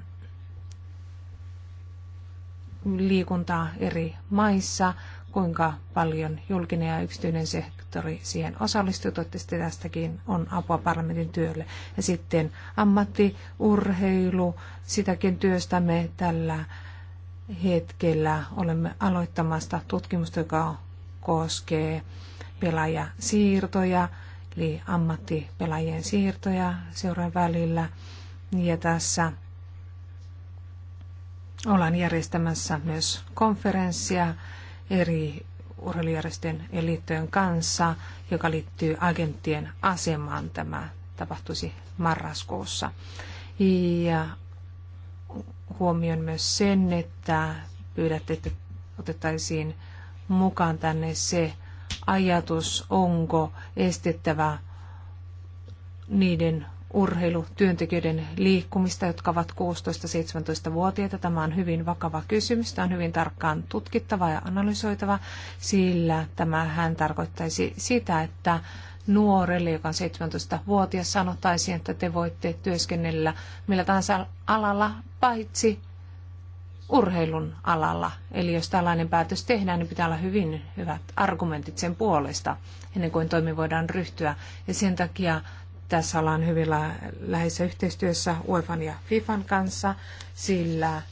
liikuntaa eri maissa, kuinka paljon julkinen ja yksityinen sektori siihen osallistuu. Toivottavasti tästäkin on apua parlamentin työlle. Ja sitten ammattiurheilu, sitäkin työstämme tällä hetkellä. Olemme aloittamasta tutkimusta, joka koskee pelaajasiirtoja siirtoja eli ammattipelaajien siirtoja seuran välillä. Ja tässä ollaan järjestämässä myös konferenssia eri urheilujärjestöjen liittojen kanssa, joka liittyy agenttien asemaan. Tämä tapahtuisi marraskuussa. Ja huomioon myös sen, että pyydätte, että otettaisiin mukaan tänne se ajatus, onko estettävä niiden urheilutyöntekijöiden liikkumista, jotka ovat 16-17-vuotiaita. Tämä on hyvin vakava kysymys. Tämä on hyvin tarkkaan tutkittava ja analysoitava, sillä tämähän tarkoittaisi sitä, että nuorelle, joka on 17-vuotias, sanottaisiin, että te voitte työskennellä millä tahansa alalla, paitsi urheilun alalla. Eli jos tällainen päätös tehdään, niin pitää olla hyvin hyvät argumentit sen puolesta, ennen kuin toimi voidaan ryhtyä. Ja sen takia tässä ollaan hyvin läheisessä yhteistyössä UEFan ja FIFan kanssa, sillä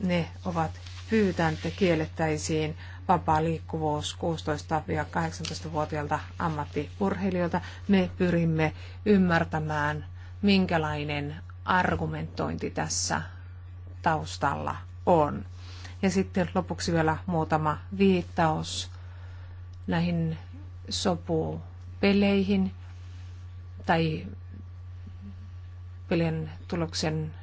ne ovat pyytäneet, että kiellettäisiin vapaa liikkuvuus 16-18-vuotiailta ammattipurheilijoilta. Me pyrimme ymmärtämään, minkälainen argumentointi tässä taustalla on. Ja sitten lopuksi vielä muutama viittaus näihin sopupeleihin tai pelien tuloksen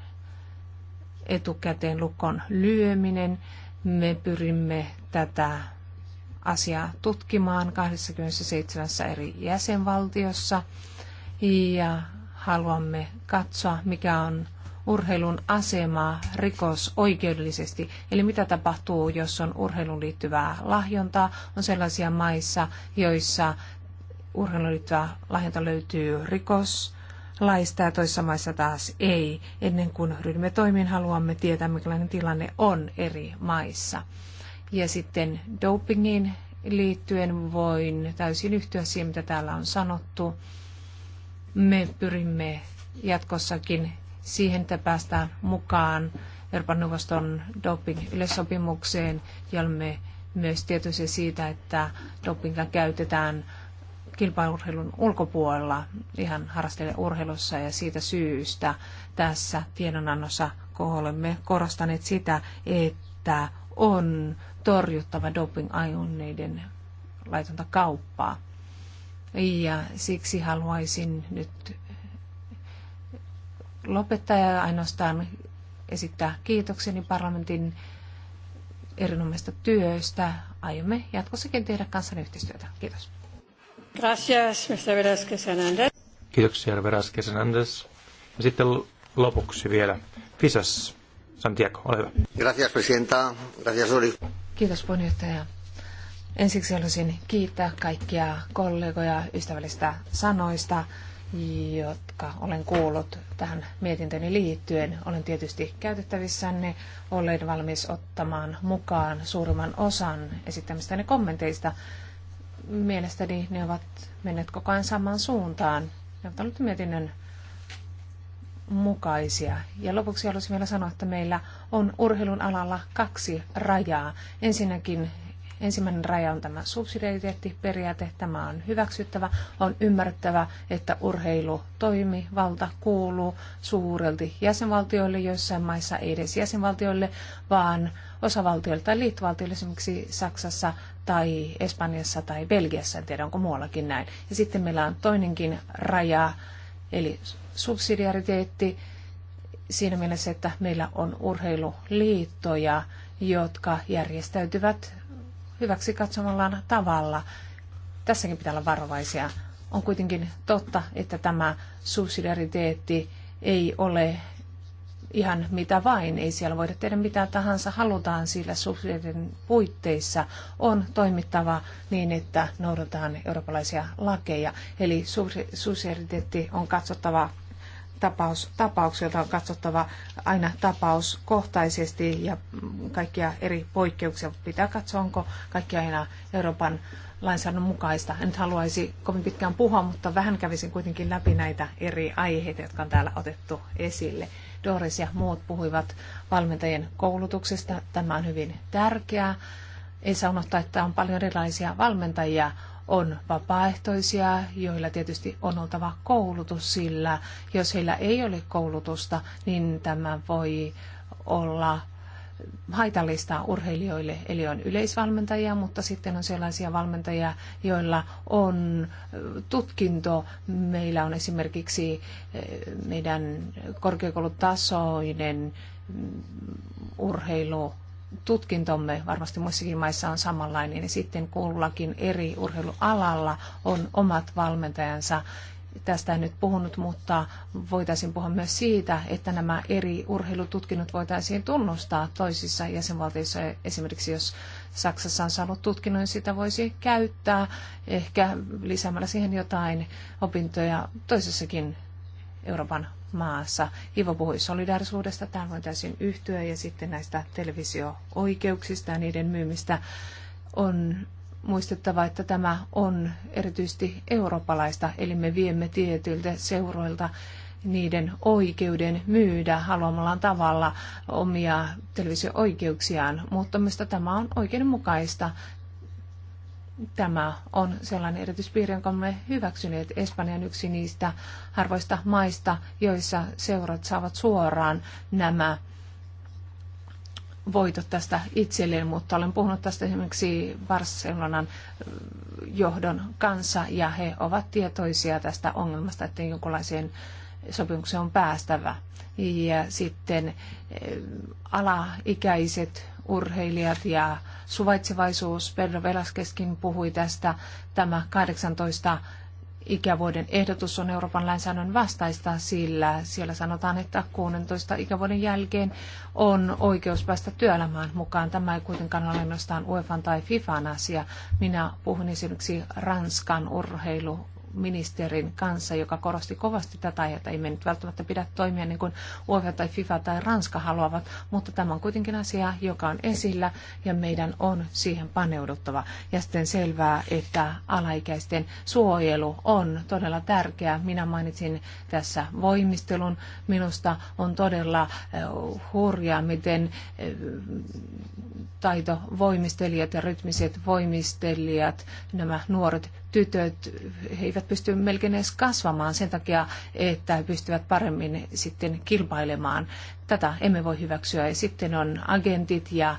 etukäteen lukon lyöminen. Me pyrimme tätä asiaa tutkimaan 27 eri jäsenvaltiossa ja haluamme katsoa, mikä on urheilun asemaa rikosoikeudellisesti. Eli mitä tapahtuu, jos on urheiluun liittyvää lahjontaa? On sellaisia maissa, joissa urheiluun liittyvää lahjonta löytyy rikos laista ja toisissa maissa taas ei. Ennen kuin ryhdymme toimiin, haluamme tietää, millainen tilanne on eri maissa. Ja sitten dopingiin liittyen voin täysin yhtyä siihen, mitä täällä on sanottu. Me pyrimme jatkossakin siihen, että päästään mukaan Euroopan neuvoston doping-yleissopimukseen ja olemme myös tietoisia siitä, että dopingia käytetään kilpailurheilun ulkopuolella ihan harrasteiden urheilussa ja siitä syystä tässä tiedonannossa, olemme korostaneet sitä, että on torjuttava doping-aineiden laitonta kauppaa. Ja siksi haluaisin nyt lopettaa ja ainoastaan esittää kiitokseni parlamentin erinomaisesta työstä. Aiomme jatkossakin tehdä kanssanne yhteistyötä. Kiitos. Gracias, Mr. Velázquez Hernández. Kiitoksia, Velázquez Hernández. sitten lopuksi vielä Fisas Santiago, ole hyvä. Gracias, presidenta. Gracias, Uri. Kiitos, puheenjohtaja. Ensiksi haluaisin kiittää kaikkia kollegoja ystävällistä sanoista jotka olen kuullut tähän mietintöni liittyen. Olen tietysti käytettävissänne olleet valmis ottamaan mukaan suurimman osan esittämistäni kommenteista. Mielestäni ne ovat menneet koko ajan samaan suuntaan. Ne ovat olleet mietinnön mukaisia. Ja lopuksi haluaisin vielä sanoa, että meillä on urheilun alalla kaksi rajaa. Ensinnäkin Ensimmäinen raja on tämä subsidiariteettiperiaate. Tämä on hyväksyttävä. On ymmärrettävä, että urheilu toimi, valta kuuluu suurelti jäsenvaltioille, joissain maissa ei edes jäsenvaltioille, vaan osavaltioille tai liittovaltioille, esimerkiksi Saksassa tai Espanjassa tai Belgiassa, en tiedä onko muuallakin näin. Ja sitten meillä on toinenkin raja, eli subsidiariteetti siinä mielessä, että meillä on urheiluliittoja, jotka järjestäytyvät hyväksi katsomallaan tavalla. Tässäkin pitää olla varovaisia. On kuitenkin totta, että tämä subsidiariteetti ei ole ihan mitä vain. Ei siellä voida tehdä mitä tahansa halutaan, sillä subsidiarin puitteissa on toimittava niin, että noudatetaan eurooppalaisia lakeja. Eli subsidiariteetti on katsottava tapaus, tapaukselta on katsottava aina tapauskohtaisesti ja kaikkia eri poikkeuksia pitää katsoa, onko kaikki aina Euroopan lainsäädännön mukaista. En nyt haluaisi kovin pitkään puhua, mutta vähän kävisin kuitenkin läpi näitä eri aiheita, jotka on täällä otettu esille. Doris ja muut puhuivat valmentajien koulutuksesta. Tämä on hyvin tärkeää. Ei saa unohtaa, että on paljon erilaisia valmentajia on vapaaehtoisia, joilla tietysti on oltava koulutus, sillä jos heillä ei ole koulutusta, niin tämä voi olla haitallista urheilijoille, eli on yleisvalmentajia, mutta sitten on sellaisia valmentajia, joilla on tutkinto. Meillä on esimerkiksi meidän korkeakoulutasoinen mm, urheilu tutkintomme varmasti muissakin maissa on samanlainen. Ja sitten kullakin eri urheilualalla on omat valmentajansa. Tästä en nyt puhunut, mutta voitaisiin puhua myös siitä, että nämä eri urheilututkinnot voitaisiin tunnustaa toisissa jäsenvaltioissa. Esimerkiksi jos Saksassa on saanut tutkinnon, niin sitä voisi käyttää ehkä lisäämällä siihen jotain opintoja toisessakin Euroopan maassa. Ivo puhui solidaarisuudesta, tähän voitaisiin yhtyä, ja sitten näistä televisio-oikeuksista ja niiden myymistä on muistettava, että tämä on erityisesti eurooppalaista, eli me viemme tietyiltä seuroilta niiden oikeuden myydä haluamallaan tavalla omia televisio-oikeuksiaan, mutta mistä tämä on oikeudenmukaista. Tämä on sellainen erityispiirre, jonka me hyväksyneet. Espanja on yksi niistä harvoista maista, joissa seurat saavat suoraan nämä voitot tästä itselleen, mutta olen puhunut tästä esimerkiksi Barcelonan eh, johdon kanssa ja he ovat tietoisia tästä ongelmasta, että jonkinlaiseen sopimukseen on päästävä. Ja sitten eh, alaikäiset urheilijat ja suvaitsevaisuus. Pedro Velaskeskin puhui tästä. Tämä 18 ikävuoden ehdotus on Euroopan lainsäädännön vastaista, sillä siellä sanotaan, että 16 ikävuoden jälkeen on oikeus päästä työelämään mukaan. Tämä ei kuitenkaan ole ainoastaan UEFA tai FIFAn asia. Minä puhun esimerkiksi Ranskan urheilu ministerin kanssa, joka korosti kovasti tätä aihetta. Ei me nyt välttämättä pidä toimia niin kuin UEFA tai FIFA tai Ranska haluavat, mutta tämä on kuitenkin asia, joka on esillä ja meidän on siihen paneuduttava. Ja sitten selvää, että alaikäisten suojelu on todella tärkeää. Minä mainitsin tässä voimistelun. Minusta on todella eh, hurjaa, miten eh, taitovoimistelijat ja rytmiset voimistelijat, nämä nuoret tytöt, he eivät eivät pysty melkein edes kasvamaan sen takia, että pystyvät paremmin sitten kilpailemaan. Tätä emme voi hyväksyä. Ja sitten on agentit ja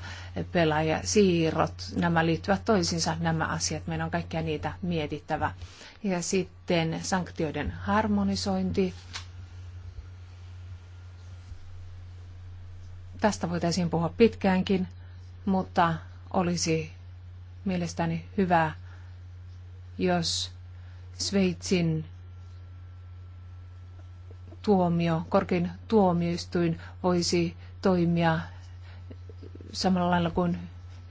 pelaajasiirrot. Nämä liittyvät toisiinsa nämä asiat. Meidän on kaikkia niitä mietittävä. Ja sitten sanktioiden harmonisointi. Tästä voitaisiin puhua pitkäänkin, mutta olisi mielestäni hyvä, jos Sveitsin tuomio, korkein tuomioistuin voisi toimia samalla lailla kuin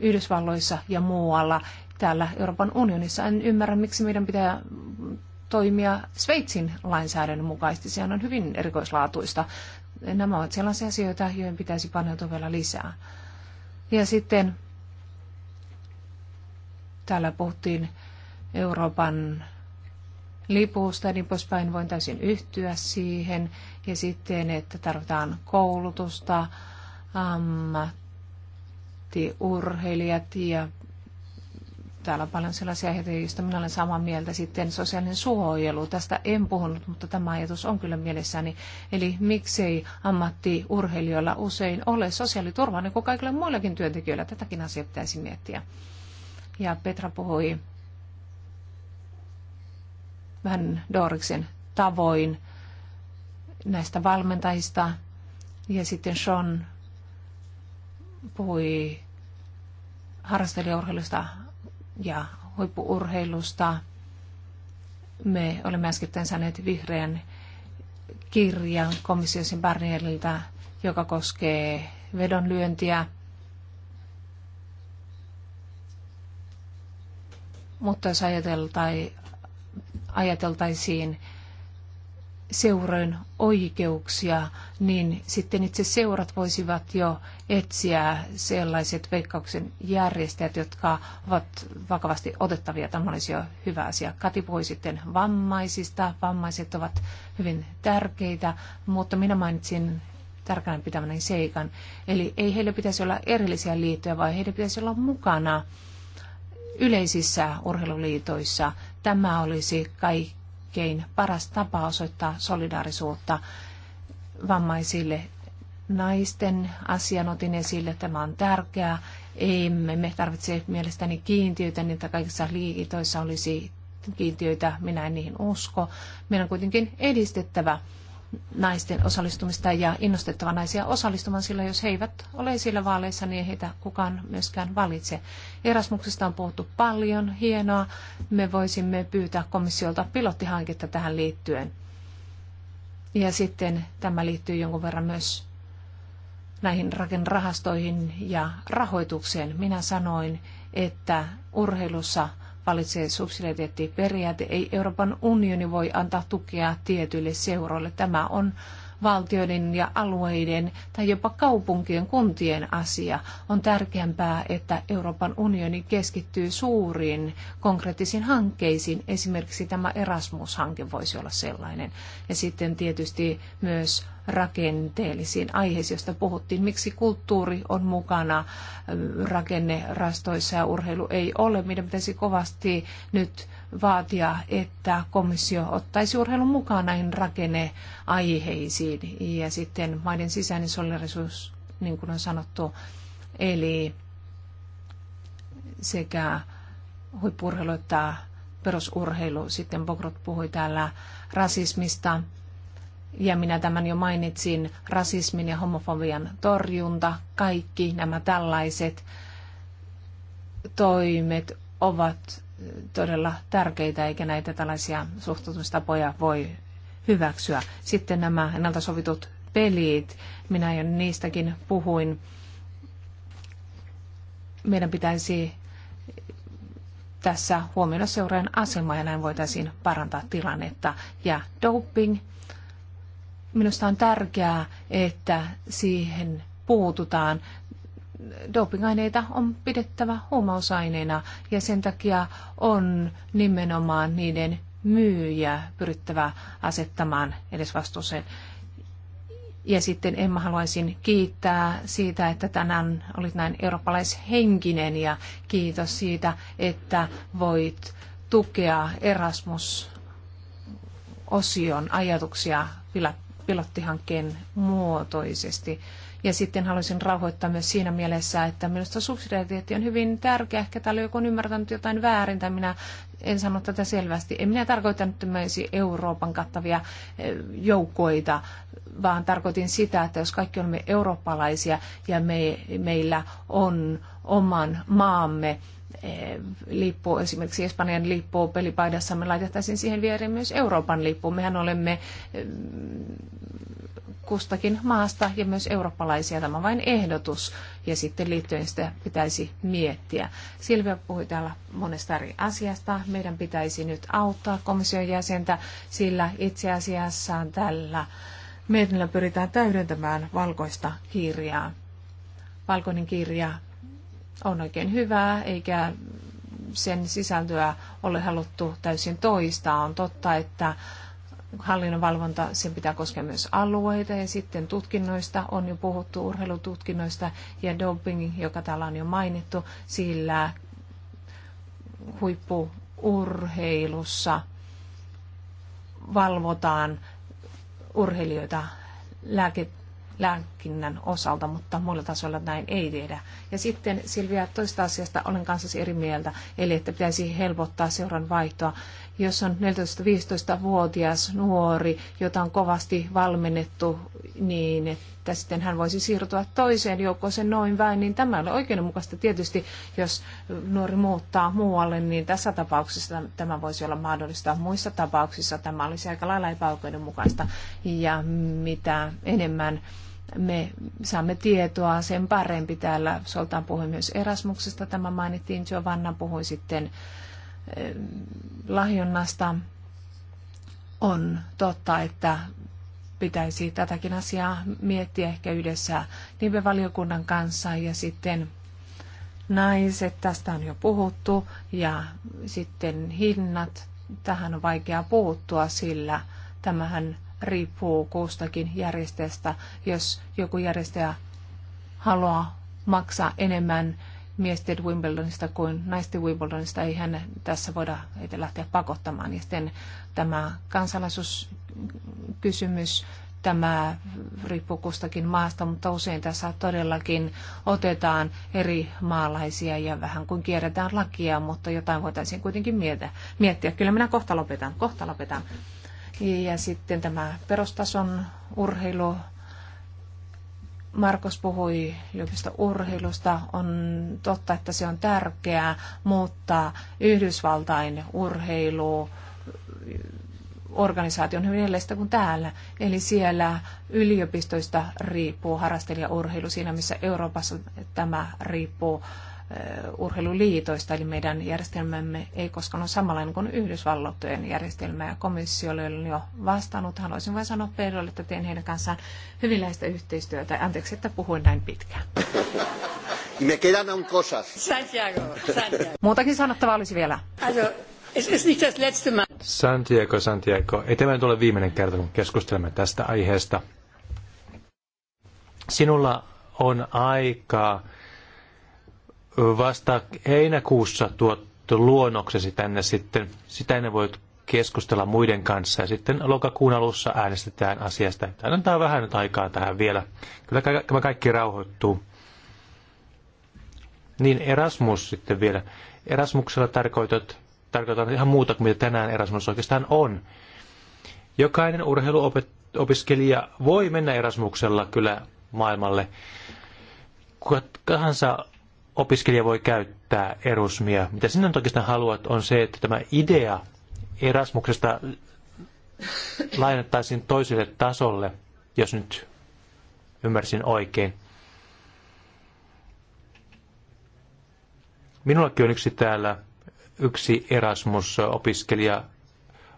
Yhdysvalloissa ja muualla täällä Euroopan unionissa. En ymmärrä, miksi meidän pitää toimia Sveitsin lainsäädännön mukaisesti. Sehän on hyvin erikoislaatuista. Nämä ovat sellaisia asioita, joihin pitäisi paneutua vielä lisää. Ja sitten täällä puhuttiin Euroopan lipusta ja niin poispäin. Voin täysin yhtyä siihen. Ja sitten, että tarvitaan koulutusta, ammattiurheilijat ja täällä on paljon sellaisia heitä, joista minä olen samaa mieltä. Sitten sosiaalinen suojelu, tästä en puhunut, mutta tämä ajatus on kyllä mielessäni. Eli miksei ammattiurheilijoilla usein ole sosiaaliturvaa, niin kuin kaikilla muillakin työntekijöillä. Tätäkin asiaa pitäisi miettiä. Ja Petra puhui vähän Doriksen tavoin näistä valmentajista. Ja sitten Sean puhui harrastelijaurheilusta ja huippuurheilusta. Me olemme äsken saaneet vihreän kirjan komissiosin Barnierilta, joka koskee vedonlyöntiä. Mutta jos ajatellaan tai ajateltaisiin seurojen oikeuksia, niin sitten itse seurat voisivat jo etsiä sellaiset veikkauksen järjestäjät, jotka ovat vakavasti otettavia. Tämä olisi jo hyvä asia. Kati puhui sitten vammaisista. Vammaiset ovat hyvin tärkeitä, mutta minä mainitsin tärkeän pitämäni seikan. Eli ei heillä pitäisi olla erillisiä liittoja, vaan heidän pitäisi olla mukana yleisissä urheiluliitoissa Tämä olisi kaikkein paras tapa osoittaa solidaarisuutta vammaisille naisten asian otin esille. Tämä on tärkeää. Emme me tarvitse mielestäni kiintiöitä, niin että kaikissa liitoissa olisi kiintiöitä. Minä en niihin usko. Meidän on kuitenkin edistettävä naisten osallistumista ja innostettava naisia osallistumaan, sillä jos he eivät ole esillä vaaleissa, niin heitä kukaan myöskään valitse. Erasmuksesta on puhuttu paljon, hienoa. Me voisimme pyytää komissiolta pilottihanketta tähän liittyen. Ja sitten tämä liittyy jonkun verran myös näihin rakenrahastoihin ja rahoitukseen. Minä sanoin, että urheilussa – valitsee subsidiariteettiperiaate. Ei Euroopan unioni voi antaa tukea tietyille seuroille. Tämä on valtioiden ja alueiden tai jopa kaupunkien kuntien asia. On tärkeämpää, että Euroopan unioni keskittyy suuriin konkreettisiin hankkeisiin. Esimerkiksi tämä Erasmus-hanke voisi olla sellainen. Ja sitten tietysti myös rakenteellisiin aiheisiin, joista puhuttiin. Miksi kulttuuri on mukana rakennerastoissa ja urheilu ei ole? Meidän pitäisi kovasti nyt vaatia, että komissio ottaisi urheilun mukaan näihin rakenneaiheisiin ja sitten maiden sisäinen solidarisuus, niin kuin on sanottu, eli sekä huippurheilu että perusurheilu. Sitten Bogrot puhui täällä rasismista ja minä tämän jo mainitsin, rasismin ja homofobian torjunta, kaikki nämä tällaiset toimet ovat todella tärkeitä, eikä näitä tällaisia suhtautumistapoja voi hyväksyä. Sitten nämä ennalta sovitut pelit, minä jo niistäkin puhuin. Meidän pitäisi tässä huomioida seuraajan asema ja näin voitaisiin parantaa tilannetta. Ja doping, minusta on tärkeää, että siihen puututaan dopingaineita on pidettävä huumausaineena ja sen takia on nimenomaan niiden myyjä pyrittävä asettamaan edes vastuuseen. Ja sitten Emma haluaisin kiittää siitä, että tänään olit näin eurooppalaishenkinen ja kiitos siitä, että voit tukea Erasmus-osion ajatuksia pilottihankkeen muotoisesti. Ja sitten haluaisin rauhoittaa myös siinä mielessä, että minusta subsidiariteetti on hyvin tärkeä. Ehkä täällä joku on ymmärtänyt jotain väärin, tai minä en sano tätä selvästi. En minä tarkoittanut tämmöisiä Euroopan kattavia eh, joukkoita, vaan tarkoitin sitä, että jos kaikki olemme eurooppalaisia ja me, meillä on oman maamme eh, lippu, esimerkiksi Espanjan lippu pelipaidassa, me laitettaisiin siihen viereen myös Euroopan lippu. Mehän olemme eh, kustakin maasta ja myös eurooppalaisia. Tämä on vain ehdotus ja sitten liittyen sitä pitäisi miettiä. Silvia puhui täällä monesta eri asiasta. Meidän pitäisi nyt auttaa komission jäsentä, sillä itse asiassa tällä mietinnöllä pyritään täydentämään valkoista kirjaa. Valkoinen kirja on oikein hyvää, eikä sen sisältöä ole haluttu täysin toistaa. On totta, että hallinnon valvonta, sen pitää koskea myös alueita ja sitten tutkinnoista, on jo puhuttu urheilututkinnoista ja doping, joka täällä on jo mainittu, sillä huippuurheilussa valvotaan urheilijoita lääke, lääkinnän osalta, mutta muilla tasoilla näin ei tehdä. Ja sitten Silvia, toista asiasta olen kanssasi eri mieltä, eli että pitäisi helpottaa seuran vaihtoa jos on 14-15-vuotias nuori, jota on kovasti valmennettu niin, että sitten hän voisi siirtyä toiseen joukkoon noin vain, niin tämä ei ole oikeudenmukaista. Tietysti jos nuori muuttaa muualle, niin tässä tapauksessa tämä voisi olla mahdollista. Muissa tapauksissa tämä olisi aika lailla epäoikeudenmukaista ja mitä enemmän me saamme tietoa, sen parempi täällä. Soltaan puhui myös Erasmuksesta, tämä mainittiin, Giovanna puhui sitten lahjonnasta. On totta, että pitäisi tätäkin asiaa miettiä ehkä yhdessä nimenvaliokunnan kanssa ja sitten naiset, tästä on jo puhuttu, ja sitten hinnat, tähän on vaikea puuttua, sillä tämähän riippuu kuustakin järjestäjästä. Jos joku järjestäjä haluaa maksaa enemmän miesten Wimbledonista kuin naisten Wimbledonista. Ei hän tässä voida heitä lähteä pakottamaan. Ja sitten tämä kansalaisuuskysymys, tämä riippuu kustakin maasta, mutta usein tässä todellakin otetaan eri maalaisia ja vähän kuin kierretään lakia, mutta jotain voitaisiin kuitenkin miettiä. Kyllä minä kohta lopetan, kohta lopetan. Ja sitten tämä perustason urheilu, Markus puhui yliopistourheilusta. On totta, että se on tärkeää, mutta Yhdysvaltain urheilu organisaatio on hyvin erilaista kuin täällä. Eli siellä yliopistoista riippuu harrastelijaurheilu siinä, missä Euroopassa tämä riippuu urheiluliitoista, eli meidän järjestelmämme ei koskaan ole samanlainen kuin Yhdysvaltojen järjestelmä, ja komissiolle on jo vastannut. Haluaisin vain sanoa Pedrolle, että teen heidän kanssaan hyvin läheistä yhteistyötä. Anteeksi, että puhuin näin pitkään. *laughs* Me quedan aún cosas. Santiago, Santiago. Muutakin sanottavaa olisi vielä. Santiago, Santiago. Ei tämä nyt ole viimeinen kerta, kun keskustelemme tästä aiheesta. Sinulla on aikaa vasta heinäkuussa tuot luonnoksesi tänne sitten. Sitä ennen voit keskustella muiden kanssa ja sitten lokakuun alussa äänestetään asiasta. Tämä antaa vähän nyt aikaa tähän vielä. Kyllä tämä kaikki rauhoittuu. Niin Erasmus sitten vielä. Erasmuksella tarkoitat, tarkoitan ihan muuta kuin mitä tänään Erasmus oikeastaan on. Jokainen urheiluopiskelija voi mennä Erasmuksella kyllä maailmalle. Kuka tahansa opiskelija voi käyttää Erasmia. Mitä sinä nyt oikeastaan haluat, on se, että tämä idea Erasmuksesta lainattaisiin toiselle tasolle, jos nyt ymmärsin oikein. Minullakin on yksi täällä, yksi Erasmus-opiskelija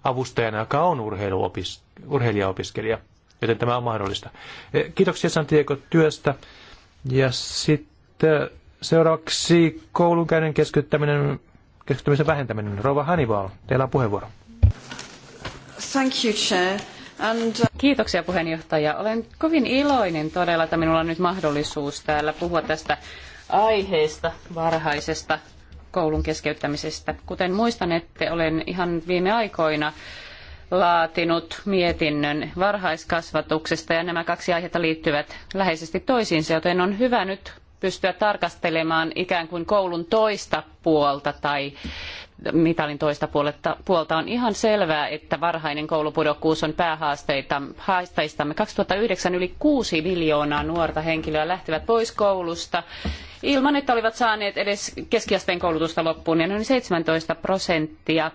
avustajana, joka on urheilijaopiskelija, joten tämä on mahdollista. Kiitoksia Santiago työstä ja sitten Seuraavaksi koulunkäynnin keskittäminen, keskittymisen vähentäminen. Rova Hannibal, teillä on puheenvuoro. Thank you, Chair. And... Uh, Kiitoksia puheenjohtaja. Olen kovin iloinen todella, että minulla on nyt mahdollisuus täällä puhua tästä aiheesta, varhaisesta koulun keskeyttämisestä. Kuten muistanette, olen ihan viime aikoina laatinut mietinnön varhaiskasvatuksesta ja nämä kaksi aihetta liittyvät läheisesti toisiinsa, joten on hyvä nyt pystyä tarkastelemaan ikään kuin koulun toista puolta tai mitalin toista puolta, puolta on ihan selvää, että varhainen koulupudokkuus on päähaasteita. Haasteistamme 2009 yli 6 miljoonaa nuorta henkilöä lähtivät pois koulusta ilman, että olivat saaneet edes keskiasteen koulutusta loppuun, ja noin 17 prosenttia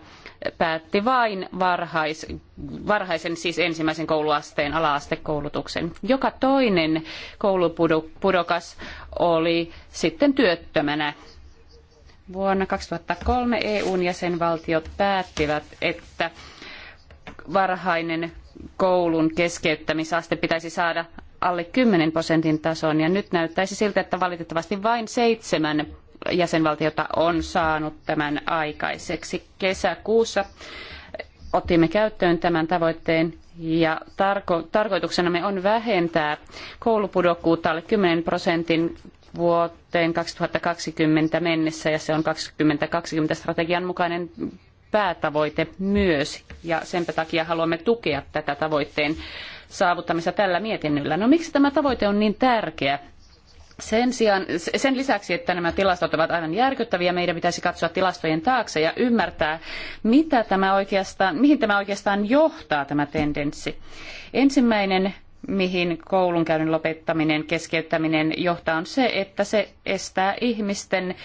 päätti vain varhais, varhaisen, siis ensimmäisen kouluasteen ala-astekoulutuksen. Joka toinen koulupudokas oli sitten työttömänä. Vuonna 2003 EUn jäsenvaltiot päättivät, että varhainen koulun keskeyttämisaste pitäisi saada alle 10 prosentin tasoon ja nyt näyttäisi siltä, että valitettavasti vain seitsemän jäsenvaltiota on saanut tämän aikaiseksi. Kesäkuussa otimme käyttöön tämän tavoitteen ja tarko- tarkoituksenamme on vähentää koulupudokkuutta alle 10 prosentin vuoteen 2020 mennessä ja se on 2020 strategian mukainen päätavoite myös ja senpä takia haluamme tukea tätä tavoitteen saavuttamista tällä mietinnöllä. No miksi tämä tavoite on niin tärkeä? Sen, sijaan, sen lisäksi, että nämä tilastot ovat aivan järkyttäviä, meidän pitäisi katsoa tilastojen taakse ja ymmärtää, mitä tämä oikeastaan, mihin tämä oikeastaan johtaa tämä tendenssi. Ensimmäinen mihin koulunkäynnin lopettaminen, keskeyttäminen johtaa, on se, että se estää ihmisten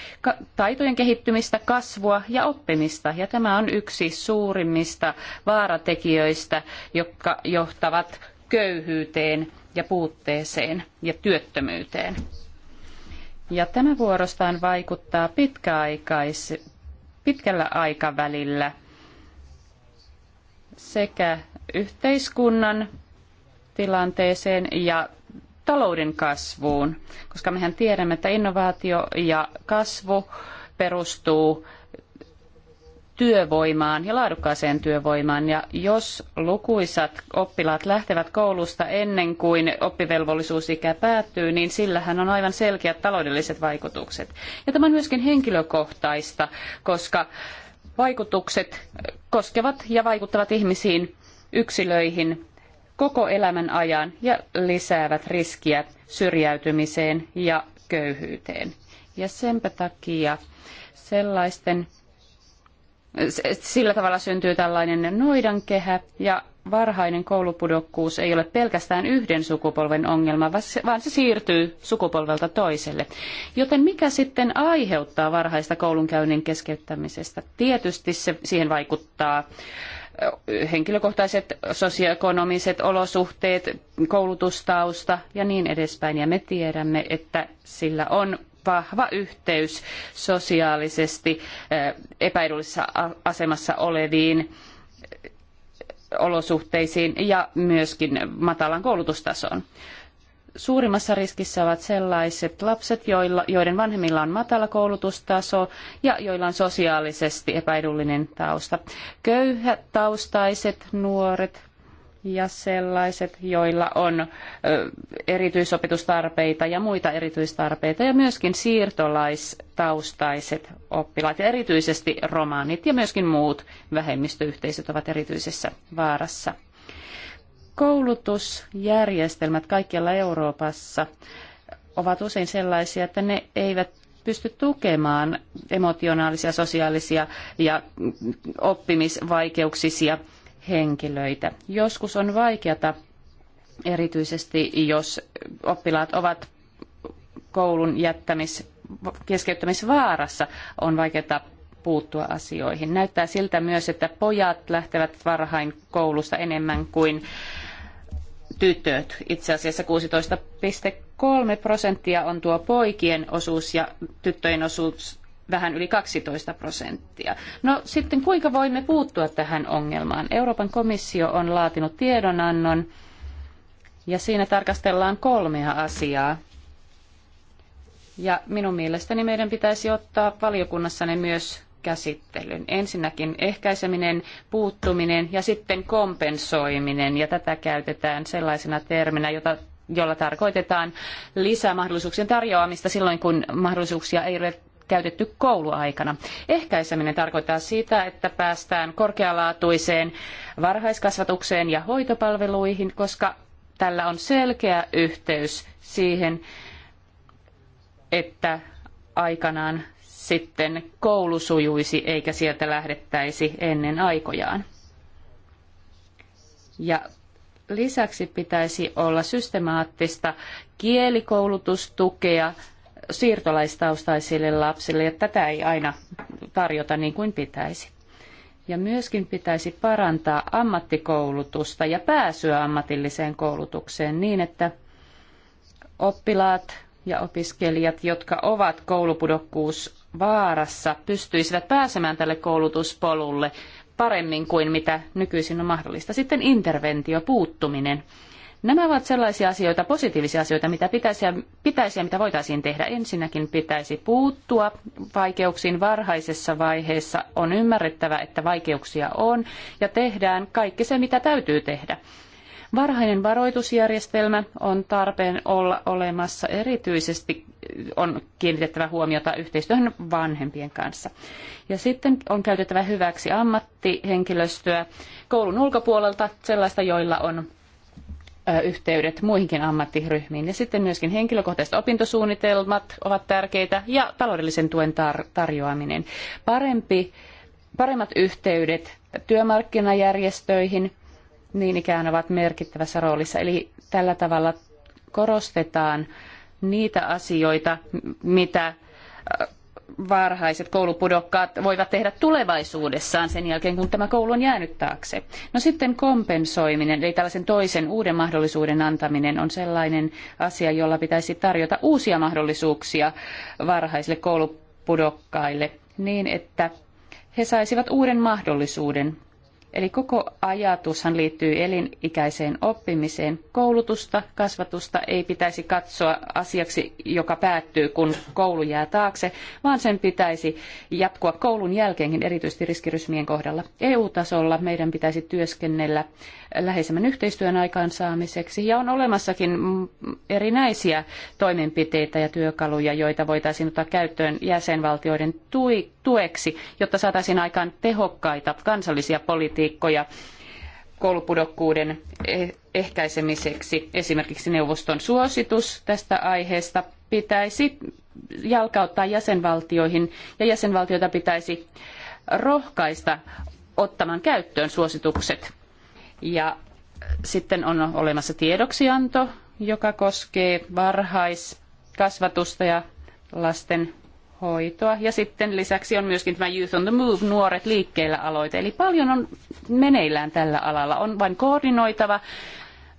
taitojen kehittymistä, kasvua ja oppimista. Ja tämä on yksi suurimmista vaaratekijöistä, jotka johtavat köyhyyteen ja puutteeseen ja työttömyyteen. Ja tämä vuorostaan vaikuttaa pitkäaikais, pitkällä aikavälillä sekä yhteiskunnan tilanteeseen ja talouden kasvuun, koska mehän tiedämme, että innovaatio ja kasvu perustuu työvoimaan ja laadukkaaseen työvoimaan. Ja jos lukuisat oppilaat lähtevät koulusta ennen kuin oppivelvollisuusikä päättyy, niin sillähän on aivan selkeät taloudelliset vaikutukset. Ja tämä on myöskin henkilökohtaista, koska vaikutukset koskevat ja vaikuttavat ihmisiin, yksilöihin koko elämän ajan ja lisäävät riskiä syrjäytymiseen ja köyhyyteen. Ja senpä takia sellaisten sillä tavalla syntyy tällainen noidankehä ja varhainen koulupudokkuus ei ole pelkästään yhden sukupolven ongelma, vaan se siirtyy sukupolvelta toiselle. Joten mikä sitten aiheuttaa varhaista koulunkäynnin keskeyttämisestä? Tietysti se, siihen vaikuttaa henkilökohtaiset sosioekonomiset olosuhteet, koulutustausta ja niin edespäin. Ja me tiedämme, että sillä on vahva yhteys sosiaalisesti epäedullisessa asemassa oleviin olosuhteisiin ja myöskin matalan koulutustasoon. Suurimmassa riskissä ovat sellaiset lapset, joilla, joiden vanhemmilla on matala koulutustaso ja joilla on sosiaalisesti epäedullinen tausta. Köyhätaustaiset nuoret ja sellaiset, joilla on erityisopetustarpeita ja muita erityistarpeita ja myöskin siirtolaistaustaiset oppilaat ja erityisesti romaanit ja myöskin muut vähemmistöyhteisöt ovat erityisessä vaarassa. Koulutusjärjestelmät kaikkialla Euroopassa ovat usein sellaisia, että ne eivät pysty tukemaan emotionaalisia, sosiaalisia ja oppimisvaikeuksisia henkilöitä. Joskus on vaikeata, erityisesti jos oppilaat ovat koulun jättämis, keskeyttämisvaarassa, on vaikeata puuttua asioihin. Näyttää siltä myös, että pojat lähtevät varhain koulusta enemmän kuin tytöt. Itse asiassa 16,3 prosenttia on tuo poikien osuus ja tyttöjen osuus vähän yli 12 prosenttia. No sitten kuinka voimme puuttua tähän ongelmaan? Euroopan komissio on laatinut tiedonannon ja siinä tarkastellaan kolmea asiaa. Ja minun mielestäni meidän pitäisi ottaa valiokunnassa ne myös käsittelyn. Ensinnäkin ehkäiseminen, puuttuminen ja sitten kompensoiminen. Ja tätä käytetään sellaisena terminä, jota jolla tarkoitetaan lisämahdollisuuksien tarjoamista silloin, kun mahdollisuuksia ei ole käytetty kouluaikana. Ehkäiseminen tarkoittaa sitä, että päästään korkealaatuiseen varhaiskasvatukseen ja hoitopalveluihin, koska tällä on selkeä yhteys siihen, että aikanaan sitten koulu sujuisi eikä sieltä lähdettäisi ennen aikojaan. Ja lisäksi pitäisi olla systemaattista kielikoulutustukea siirtolaistaustaisille lapsille, ja tätä ei aina tarjota niin kuin pitäisi. Ja myöskin pitäisi parantaa ammattikoulutusta ja pääsyä ammatilliseen koulutukseen niin, että oppilaat ja opiskelijat, jotka ovat koulupudokkuusvaarassa, pystyisivät pääsemään tälle koulutuspolulle paremmin kuin mitä nykyisin on mahdollista. Sitten interventio, puuttuminen. Nämä ovat sellaisia asioita, positiivisia asioita, mitä pitäisi ja, pitäisi ja mitä voitaisiin tehdä. Ensinnäkin pitäisi puuttua vaikeuksiin varhaisessa vaiheessa. On ymmärrettävä, että vaikeuksia on ja tehdään kaikki se, mitä täytyy tehdä. Varhainen varoitusjärjestelmä on tarpeen olla olemassa. Erityisesti on kiinnitettävä huomiota yhteistyöhön vanhempien kanssa. Ja sitten on käytettävä hyväksi ammattihenkilöstöä koulun ulkopuolelta, sellaista, joilla on yhteydet muihinkin ammattiryhmiin. Ja sitten myöskin henkilökohtaiset opintosuunnitelmat ovat tärkeitä ja taloudellisen tuen tar tarjoaminen. Parempi, paremmat yhteydet työmarkkinajärjestöihin niin ikään ovat merkittävässä roolissa. Eli tällä tavalla korostetaan niitä asioita, mitä varhaiset koulupudokkaat voivat tehdä tulevaisuudessaan sen jälkeen, kun tämä koulu on jäänyt taakse. No sitten kompensoiminen, eli tällaisen toisen uuden mahdollisuuden antaminen on sellainen asia, jolla pitäisi tarjota uusia mahdollisuuksia varhaisille koulupudokkaille niin, että he saisivat uuden mahdollisuuden Eli koko ajatushan liittyy elinikäiseen oppimiseen. Koulutusta, kasvatusta ei pitäisi katsoa asiaksi, joka päättyy, kun koulu jää taakse, vaan sen pitäisi jatkua koulun jälkeenkin, erityisesti riskiryhmien kohdalla. EU-tasolla meidän pitäisi työskennellä läheisemmän yhteistyön aikaansaamiseksi, ja on olemassakin erinäisiä toimenpiteitä ja työkaluja, joita voitaisiin ottaa käyttöön jäsenvaltioiden tueksi, jotta saataisiin aikaan tehokkaita kansallisia politiikkoja politiikkoja koulupudokkuuden e- ehkäisemiseksi. Esimerkiksi neuvoston suositus tästä aiheesta pitäisi jalkauttaa jäsenvaltioihin ja jäsenvaltioita pitäisi rohkaista ottamaan käyttöön suositukset. Ja sitten on olemassa tiedoksianto, joka koskee varhaiskasvatusta ja lasten hoitoa. Ja sitten lisäksi on myöskin tämä Youth on the Move, nuoret liikkeellä aloite. Eli paljon on meneillään tällä alalla. On vain koordinoitava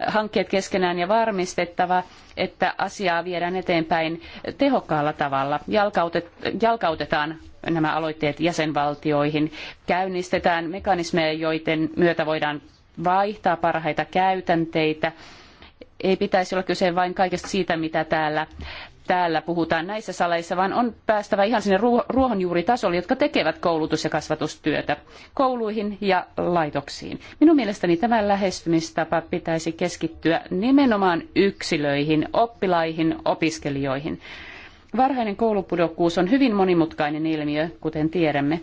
hankkeet keskenään ja varmistettava, että asiaa viedään eteenpäin tehokkaalla tavalla. jalkautetaan nämä aloitteet jäsenvaltioihin, käynnistetään mekanismeja, joiden myötä voidaan vaihtaa parhaita käytänteitä. Ei pitäisi olla kyse vain kaikesta siitä, mitä täällä täällä puhutaan näissä saleissa, vaan on päästävä ihan sinne ruohonjuuritasolle, jotka tekevät koulutus- ja kasvatustyötä kouluihin ja laitoksiin. Minun mielestäni tämä lähestymistapa pitäisi keskittyä nimenomaan yksilöihin, oppilaihin, opiskelijoihin. Varhainen koulupudokkuus on hyvin monimutkainen ilmiö, kuten tiedämme.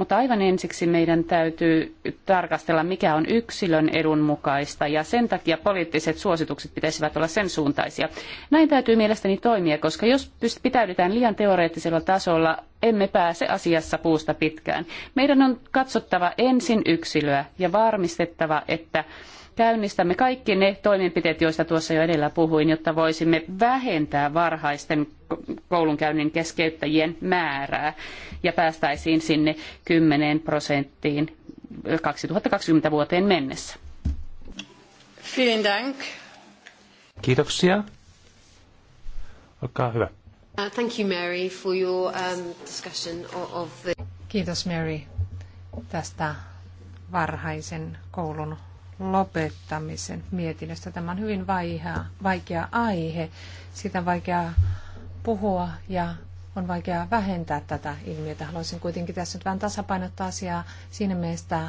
Mutta aivan ensiksi meidän täytyy tarkastella, mikä on yksilön edun mukaista, ja sen takia poliittiset suositukset pitäisivät olla sen suuntaisia. Näin täytyy mielestäni toimia, koska jos pitäydytään liian teoreettisella tasolla, emme pääse asiassa puusta pitkään. Meidän on katsottava ensin yksilöä ja varmistettava, että käynnistämme kaikki ne toimenpiteet, joista tuossa jo edellä puhuin, jotta voisimme vähentää varhaisten koulunkäynnin keskeyttäjien määrää ja päästäisiin sinne 10 prosenttiin 2020 vuoteen mennessä. Vielen Dank. Kiitoksia. Olkaa hyvä. Uh, thank you Mary for your um, discussion of the... Kiitos Mary tästä varhaisen koulun lopettamisen mietinnöstä. Tämä on hyvin vaikea vaikea aihe. Siitä on vaikea puhua ja on vaikea vähentää tätä ilmiötä. Haluaisin kuitenkin tässä nyt vähän tasapainottaa asiaa siinä mielessä,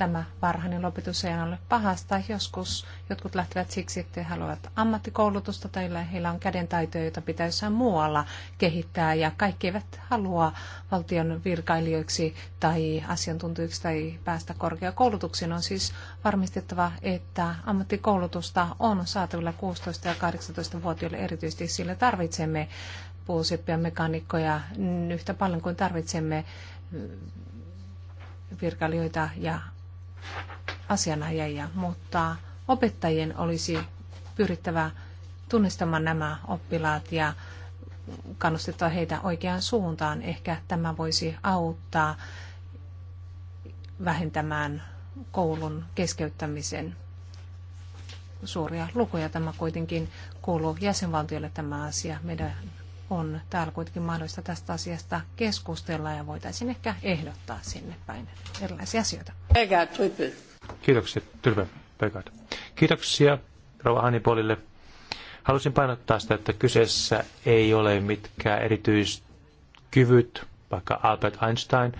tämä varhainen lopetus ei ole pahasta. Joskus jotkut lähtevät siksi, että he haluavat ammattikoulutusta tai heillä on kädentaitoja, joita pitäisi jossain muualla kehittää. Ja kaikki eivät halua valtion virkailijoiksi tai asiantuntijoiksi tai päästä korkeakoulutuksiin. On siis varmistettava, että ammattikoulutusta on saatavilla 16- ja 18-vuotiaille erityisesti, sillä tarvitsemme puuseppiä mekaanikkoja yhtä paljon kuin tarvitsemme mm, virkailijoita ja asianajajia, mutta opettajien olisi pyrittävä tunnistamaan nämä oppilaat ja kannustettava heitä oikeaan suuntaan. Ehkä tämä voisi auttaa vähentämään koulun keskeyttämisen suuria lukuja. Tämä kuitenkin kuuluu jäsenvaltiolle tämä asia. Meidän on täällä kuitenkin mahdollista tästä asiasta keskustella ja voitaisiin ehkä ehdottaa sinne päin erilaisia asioita. Kiitoksia, Tyrve Pekard. Kiitoksia Rauha Hannipolille. Halusin painottaa sitä, että kyseessä ei ole mitkään erityiskyvyt, vaikka Albert Einstein,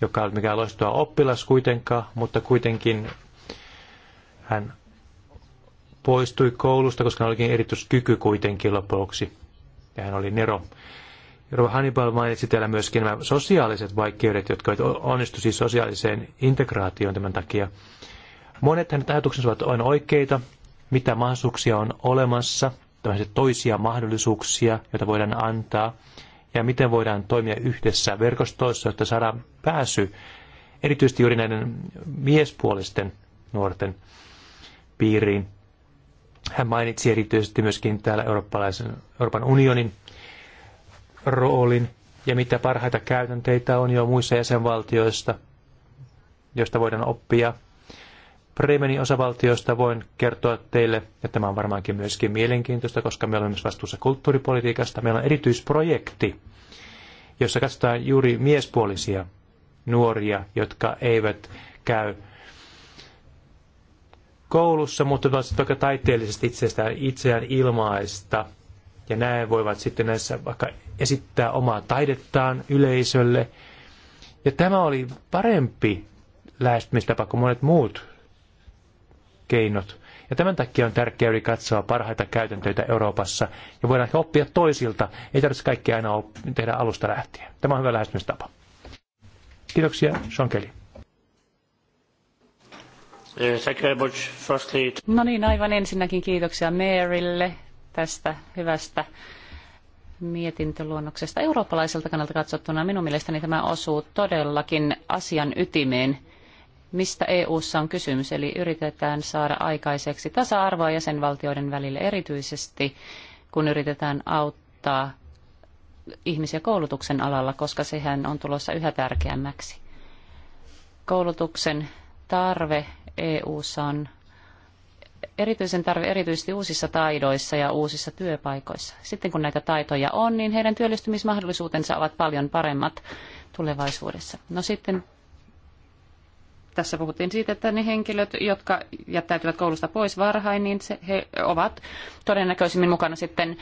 joka on mikään loistava oppilas kuitenkaan, mutta kuitenkin hän poistui koulusta, koska hän olikin erityiskyky kuitenkin lopuksi ja hän oli Nero. Rova Hannibal mainitsi täällä myöskin nämä sosiaaliset vaikeudet, jotka onnistu siis sosiaaliseen integraatioon tämän takia. Monet hänen ajatuksensa ovat aina oikeita, mitä mahdollisuuksia on olemassa, tämmöisiä toisia mahdollisuuksia, joita voidaan antaa, ja miten voidaan toimia yhdessä verkostoissa, jotta saadaan pääsy erityisesti juuri näiden miespuolisten nuorten piiriin. Hän mainitsi erityisesti myöskin täällä eurooppalaisen, Euroopan unionin roolin ja mitä parhaita käytänteitä on jo muissa jäsenvaltioista, joista voidaan oppia. Bremenin osavaltiosta voin kertoa teille, ja tämä on varmaankin myöskin mielenkiintoista, koska me olemme myös vastuussa kulttuuripolitiikasta. Meillä on erityisprojekti, jossa katsotaan juuri miespuolisia nuoria, jotka eivät käy koulussa, mutta vaikka taiteellisesti itseään, itseään ilmaista. Ja näin voivat sitten näissä vaikka esittää omaa taidettaan yleisölle. Ja tämä oli parempi lähestymistapa kuin monet muut keinot. Ja tämän takia on tärkeää yli katsoa parhaita käytäntöitä Euroopassa ja voidaan ehkä oppia toisilta. Ei tarvitse kaikkea aina tehdä alusta lähtien. Tämä on hyvä lähestymistapa. Kiitoksia, Sean Kelly. Uh, no niin, aivan ensinnäkin kiitoksia Marylle tästä hyvästä mietintöluonnoksesta. Eurooppalaiselta kannalta katsottuna minun mielestäni tämä osuu todellakin asian ytimeen, mistä EU:ssa on kysymys, eli yritetään saada aikaiseksi tasa-arvoa jäsenvaltioiden välille erityisesti, kun yritetään auttaa ihmisiä koulutuksen alalla, koska sehän on tulossa yhä tärkeämmäksi. Koulutuksen tarve EU: on erityisen tarve erityisesti uusissa taidoissa ja uusissa työpaikoissa. Sitten kun näitä taitoja on, niin heidän työllistymismahdollisuutensa ovat paljon paremmat tulevaisuudessa. No sitten tässä puhuttiin siitä, että ne henkilöt, jotka jättäytyvät koulusta pois varhain, niin se, he ovat todennäköisimmin mukana sitten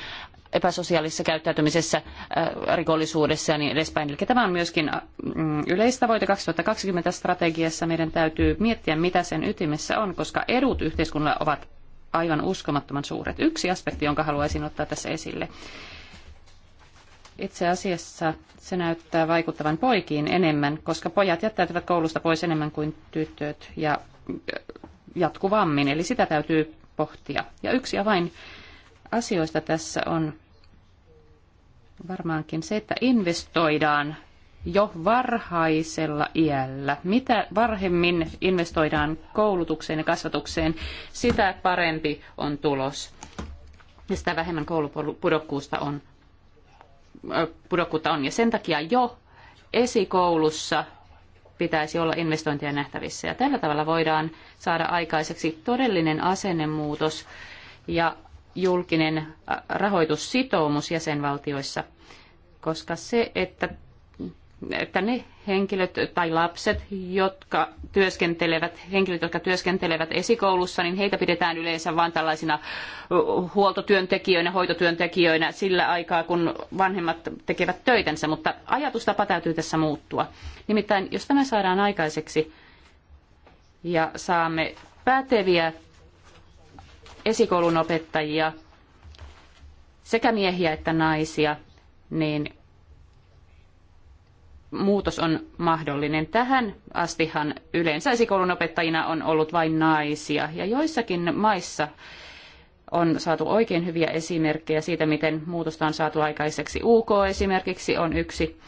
epäsosiaalisessa käyttäytymisessä, äh, rikollisuudessa ja niin edespäin. Eli tämä on myöskin äh, mm, yleistavoite 2020 strategiassa. Meidän täytyy miettiä, mitä sen ytimessä on, koska edut yhteiskunnalle ovat aivan uskomattoman suuret. Yksi aspekti, jonka haluaisin ottaa tässä esille, itse asiassa se näyttää vaikuttavan poikiin enemmän, koska pojat jättäytyvät koulusta pois enemmän kuin tytöt ja äh, jatkuvammin, eli sitä täytyy pohtia. Ja yksi avain asioista tässä on varmaankin se, että investoidaan jo varhaisella iällä. Mitä varhemmin investoidaan koulutukseen ja kasvatukseen, sitä parempi on tulos. Ja sitä vähemmän koulupudokkuusta on pudokkuutta on. Ja sen takia jo esikoulussa pitäisi olla investointeja nähtävissä. Ja tällä tavalla voidaan saada aikaiseksi todellinen asennemuutos ja julkinen rahoitussitoumus jäsenvaltioissa, koska se, että että ne henkilöt tai lapset, jotka työskentelevät, henkilöt, jotka työskentelevät esikoulussa, niin heitä pidetään yleensä vain tällaisina huoltotyöntekijöinä, hoitotyöntekijöinä sillä aikaa, kun vanhemmat tekevät töitänsä, mutta ajatustapa täytyy tässä muuttua. Nimittäin, jos tämä saadaan aikaiseksi ja saamme päteviä esikoulun opettajia, sekä miehiä että naisia, niin muutos on mahdollinen. Tähän astihan yleensä esikoulunopettajina on ollut vain naisia ja joissakin maissa on saatu oikein hyviä esimerkkejä siitä, miten muutosta on saatu aikaiseksi. UK esimerkiksi on yksi,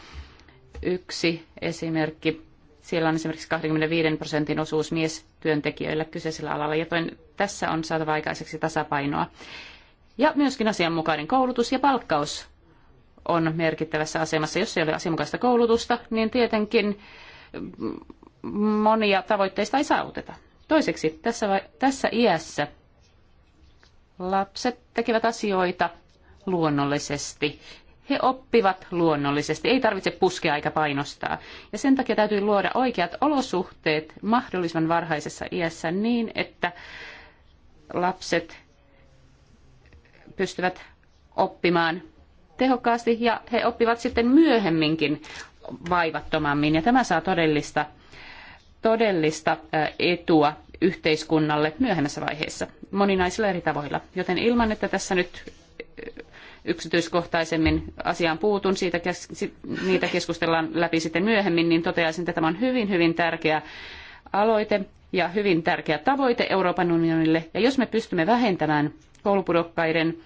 yksi esimerkki. Siellä on esimerkiksi 25 prosentin osuus miestyöntekijöillä kyseisellä alalla, joten tässä on saatava aikaiseksi tasapainoa. Ja myöskin asianmukainen koulutus ja palkkaus on merkittävässä asemassa. Jos ei ole asianmukaista koulutusta, niin tietenkin monia tavoitteista ei saavuteta. Toiseksi tässä, tässä iässä lapset tekevät asioita luonnollisesti. He oppivat luonnollisesti, ei tarvitse puskea eikä painostaa. Ja sen takia täytyy luoda oikeat olosuhteet mahdollisimman varhaisessa iässä niin, että lapset pystyvät oppimaan tehokkaasti ja he oppivat sitten myöhemminkin vaivattomammin. Ja tämä saa todellista, todellista etua yhteiskunnalle myöhemmässä vaiheessa moninaisilla eri tavoilla. Joten ilman, että tässä nyt yksityiskohtaisemmin asiaan puutun, siitä kes- niitä keskustellaan läpi sitten myöhemmin, niin toteaisin, että tämä on hyvin, hyvin tärkeä aloite ja hyvin tärkeä tavoite Euroopan unionille. Ja jos me pystymme vähentämään koulupudokkaiden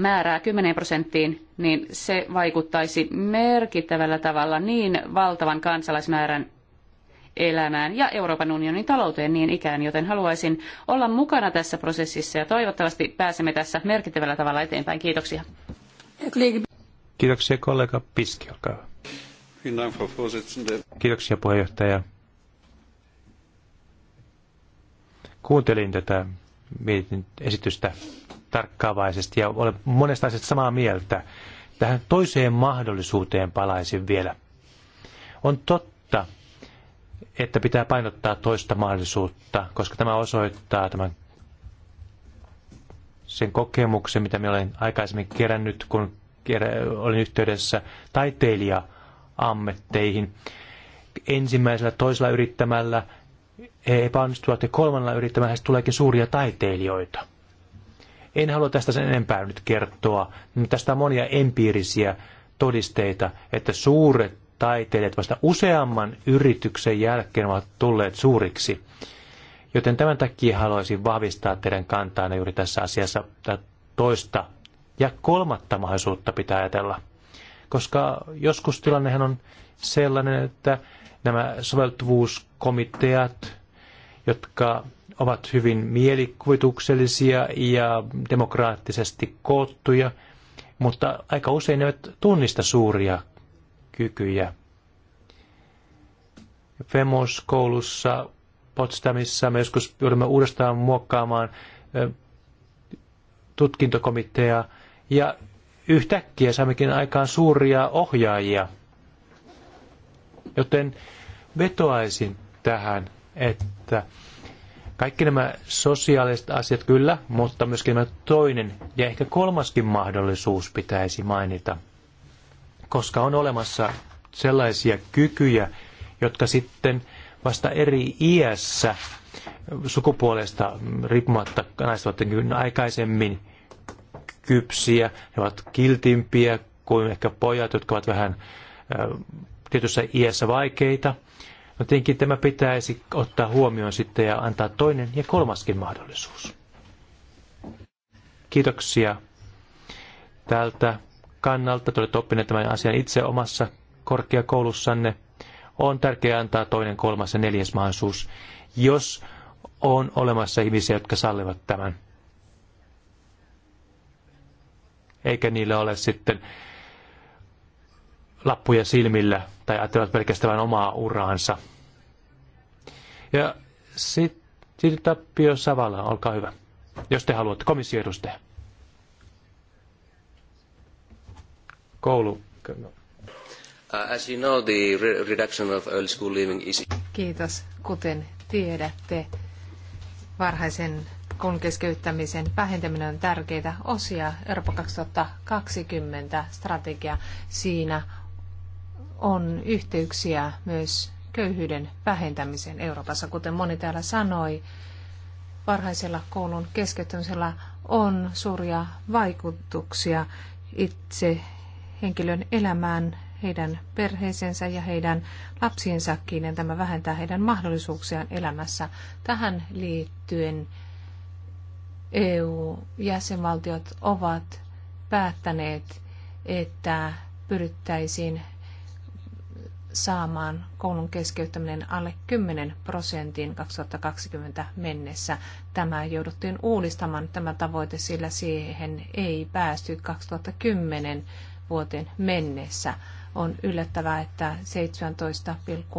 määrää 10 prosenttiin, niin se vaikuttaisi merkittävällä tavalla niin valtavan kansalaismäärän elämään ja Euroopan unionin talouteen niin ikään, joten haluaisin olla mukana tässä prosessissa ja toivottavasti pääsemme tässä merkittävällä tavalla eteenpäin. Kiitoksia. Kiitoksia kollega Piski, olkaa hyvä. Kiitoksia puheenjohtaja. Kuuntelin tätä mietin esitystä tarkkaavaisesti ja olen monesta asiasta samaa mieltä. Tähän toiseen mahdollisuuteen palaisin vielä. On totta, että pitää painottaa toista mahdollisuutta, koska tämä osoittaa tämän sen kokemuksen, mitä minä olen aikaisemmin kerännyt, kun olin yhteydessä taiteilija-ammetteihin. Ensimmäisellä, toisella yrittämällä he epäonnistuvat ja kolmannella yrittämällä heistä tuleekin suuria taiteilijoita. En halua tästä sen enempää nyt kertoa. Tästä on monia empiirisiä todisteita, että suuret taiteilijat vasta useamman yrityksen jälkeen ovat tulleet suuriksi. Joten tämän takia haluaisin vahvistaa teidän kantaanne juuri tässä asiassa toista ja kolmatta mahdollisuutta pitää ajatella. Koska joskus tilannehan on sellainen, että nämä soveltuvuuskomiteat, jotka ovat hyvin mielikuvituksellisia ja demokraattisesti koottuja, mutta aika usein ne eivät tunnista suuria kykyjä. FEMOS-koulussa Potsdamissa me joskus joudumme uudestaan muokkaamaan tutkintokomitea ja yhtäkkiä saammekin aikaan suuria ohjaajia. Joten vetoaisin tähän, että kaikki nämä sosiaaliset asiat kyllä, mutta myöskin nämä toinen ja ehkä kolmaskin mahdollisuus pitäisi mainita, koska on olemassa sellaisia kykyjä, jotka sitten vasta eri iässä sukupuolesta riippumatta naiset ovat aikaisemmin kypsiä, he ovat kiltimpiä kuin ehkä pojat, jotka ovat vähän tietyssä iässä vaikeita – No tietenkin tämä pitäisi ottaa huomioon sitten ja antaa toinen ja kolmaskin mahdollisuus. Kiitoksia tältä kannalta. Te olette oppineet tämän asian itse omassa korkeakoulussanne. On tärkeää antaa toinen, kolmas ja neljäs mahdollisuus, jos on olemassa ihmisiä, jotka sallivat tämän. Eikä niillä ole sitten lappuja silmillä tai ajattelevat pelkästään omaa uraansa. Ja sitten sit tapio Savala, olkaa hyvä, jos te haluatte, komissioedustaja. Koulu. Uh, as you know, the reduction of early school leaving is... Kiitos. Kuten tiedätte, varhaisen kun keskeyttämisen vähentäminen on tärkeitä osia Euroopan 2020 strategia. Siinä on yhteyksiä myös köyhyyden vähentämiseen Euroopassa. Kuten moni täällä sanoi, varhaisella koulun keskeyttämisellä on suuria vaikutuksia itse henkilön elämään, heidän perheeseensä ja heidän lapsiinsakin, ja tämä vähentää heidän mahdollisuuksiaan elämässä. Tähän liittyen EU-jäsenvaltiot ovat päättäneet, että pyrittäisiin saamaan koulun keskeyttäminen alle 10 prosentin 2020 mennessä. Tämä jouduttiin uudistamaan tämä tavoite, sillä siihen ei päästy 2010 vuoteen mennessä. On yllättävää, että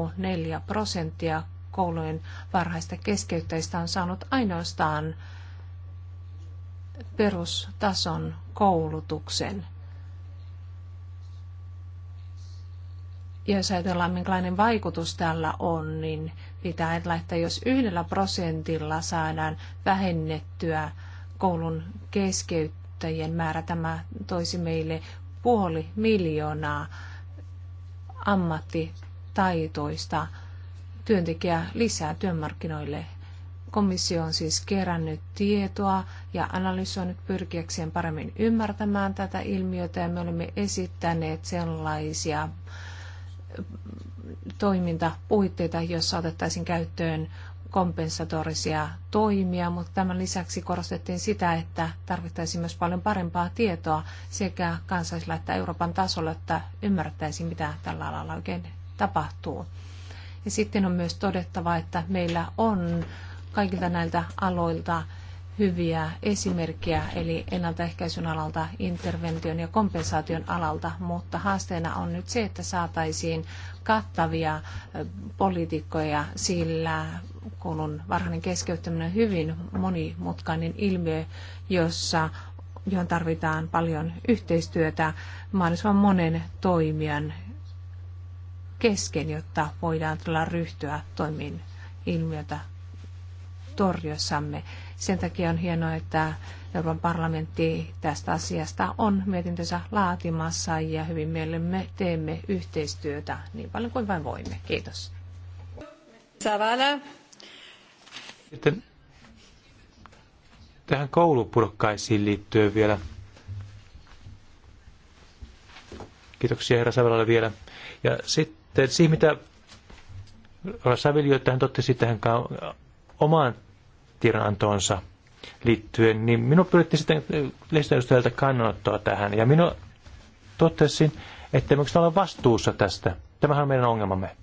17,4 prosenttia koulujen varhaista keskeyttäjistä on saanut ainoastaan perustason koulutuksen. jos ajatellaan, minkälainen vaikutus tällä on, niin pitää ajatella, että jos yhdellä prosentilla saadaan vähennettyä koulun keskeyttäjien määrä, tämä toisi meille puoli miljoonaa ammattitaitoista työntekijää lisää työmarkkinoille. Komissio on siis kerännyt tietoa ja analysoinut pyrkiäkseen paremmin ymmärtämään tätä ilmiötä ja me olemme esittäneet sellaisia toimintapuitteita, joissa otettaisiin käyttöön kompensatorisia toimia, mutta tämän lisäksi korostettiin sitä, että tarvittaisiin myös paljon parempaa tietoa sekä kansallisella että Euroopan tasolla, että ymmärrettäisiin, mitä tällä alalla oikein tapahtuu. Ja sitten on myös todettava, että meillä on kaikilta näiltä aloilta hyviä esimerkkejä, eli ennaltaehkäisyn alalta, intervention ja kompensaation alalta, mutta haasteena on nyt se, että saataisiin kattavia poliitikkoja, sillä koulun varhainen keskeyttäminen on hyvin monimutkainen ilmiö, jossa johon tarvitaan paljon yhteistyötä mahdollisimman monen toimijan kesken, jotta voidaan todella ryhtyä toimiin ilmiötä torjossamme. Sen takia on hienoa, että Euroopan parlamentti tästä asiasta on mietintönsä laatimassa ja hyvin mielemme teemme yhteistyötä niin paljon kuin vain voimme. Kiitos. Savala. Sitten tähän koulupudokkaisiin liittyen vielä. Kiitoksia herra Savalalle vielä. Ja sitten siihen, mitä Savilio että hän totesi tähän omaan tiedonantoonsa liittyen, niin minun pyritti sitten eh, lehdistöedustajilta kannanottoa tähän. Ja minä totesin, että me ole vastuussa tästä. Tämähän on meidän ongelmamme.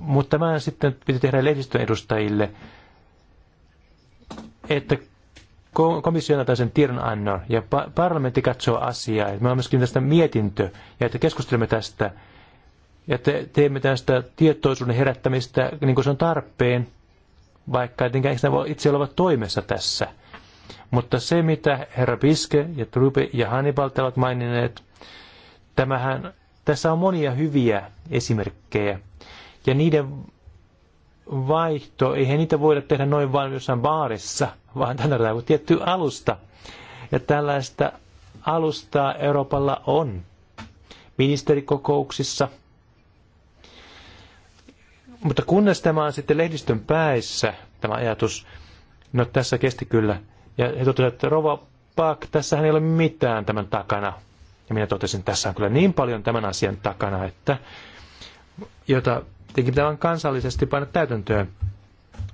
Mutta tämän sitten piti tehdä lehdistön edustajille, että komissio antaa sen tiedonannon ja parlamentti katsoo asiaa. Me on myöskin tästä mietintö ja että keskustelemme tästä ja te, teemme tästä tietoisuuden herättämistä niin kuin se on tarpeen vaikka etenkään ne voi itse olevat toimessa tässä. Mutta se, mitä herra Piske ja Trupe ja Hannibal ovat maininneet, tämähän, tässä on monia hyviä esimerkkejä. Ja niiden vaihto, eihän niitä voida tehdä noin vain jossain baarissa, vaan tällä tarvitaan tietty alusta. Ja tällaista alustaa Euroopalla on ministerikokouksissa, mutta kunnes tämä on sitten lehdistön päässä tämä ajatus, no tässä kesti kyllä. Ja he totesivat, että Rova Pak, tässähän ei ole mitään tämän takana. Ja minä totesin, että tässä on kyllä niin paljon tämän asian takana, että jota tietenkin pitää vain kansallisesti paina täytäntöön.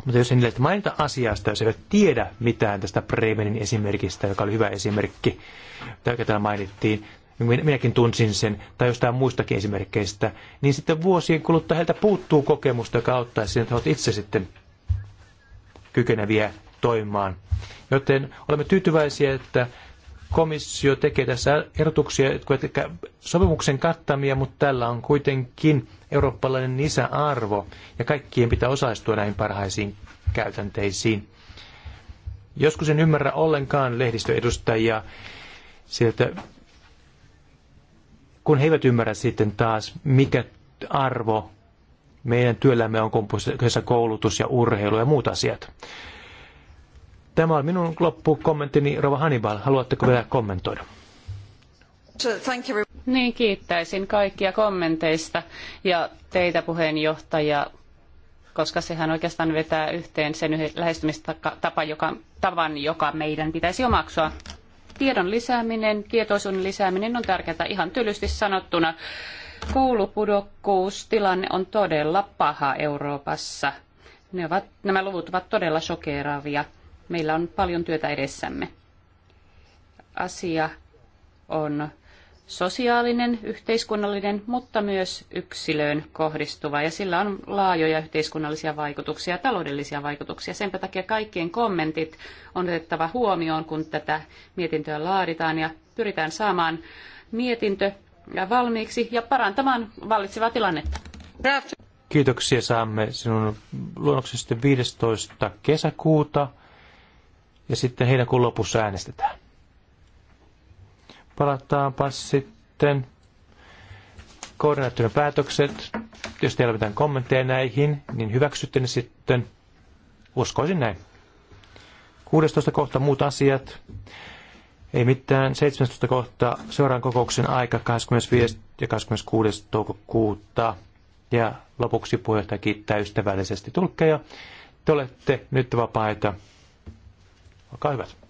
Mutta jos ei niille mainita asiasta, jos eivät tiedä mitään tästä Bremenin esimerkistä, joka oli hyvä esimerkki, joka täällä mainittiin, minäkin tunsin sen, tai jostain muistakin esimerkkeistä, niin sitten vuosien kuluttua heiltä puuttuu kokemusta, joka auttaisi siihen, että he ovat itse sitten kykeneviä toimimaan. Joten olemme tyytyväisiä, että komissio tekee tässä erotuksia, jotka sopimuksen kattamia, mutta tällä on kuitenkin eurooppalainen lisäarvo, ja kaikkien pitää osallistua näihin parhaisiin käytänteisiin. Joskus en ymmärrä ollenkaan lehdistöedustajia sieltä kun he eivät ymmärrä sitten taas, mikä arvo meidän työllämme on komposessa koulutus ja urheilu ja muut asiat. Tämä on minun loppukommenttini. Rova Hannibal, haluatteko vielä kommentoida? Niin, kiittäisin kaikkia kommenteista ja teitä puheenjohtaja, koska sehän oikeastaan vetää yhteen sen lähestymistapa, joka, tavan, joka meidän pitäisi omaksua tiedon lisääminen, tietoisuuden lisääminen on tärkeää ihan tylysti sanottuna. Koulupudokkuustilanne on todella paha Euroopassa. Ne ovat, nämä luvut ovat todella shokeeraavia. Meillä on paljon työtä edessämme. Asia on sosiaalinen, yhteiskunnallinen, mutta myös yksilöön kohdistuva. Ja sillä on laajoja yhteiskunnallisia vaikutuksia ja taloudellisia vaikutuksia. Senpä takia kaikkien kommentit on otettava huomioon, kun tätä mietintöä laaditaan ja pyritään saamaan mietintö valmiiksi ja parantamaan vallitsevaa tilannetta. Kiitoksia saamme sinun luonnoksesi 15. kesäkuuta ja sitten heinäkuun lopussa äänestetään palataanpa sitten koordinaattorin päätökset. Jos teillä on mitään kommentteja näihin, niin hyväksytte ne sitten. Uskoisin näin. 16 kohta muut asiat. Ei mitään. 17 kohta seuraan kokouksen aika 25. ja 26. toukokuuta. Ja lopuksi puheenjohtaja kiittää ystävällisesti tulkkeja. Te olette nyt vapaita. Olkaa hyvät.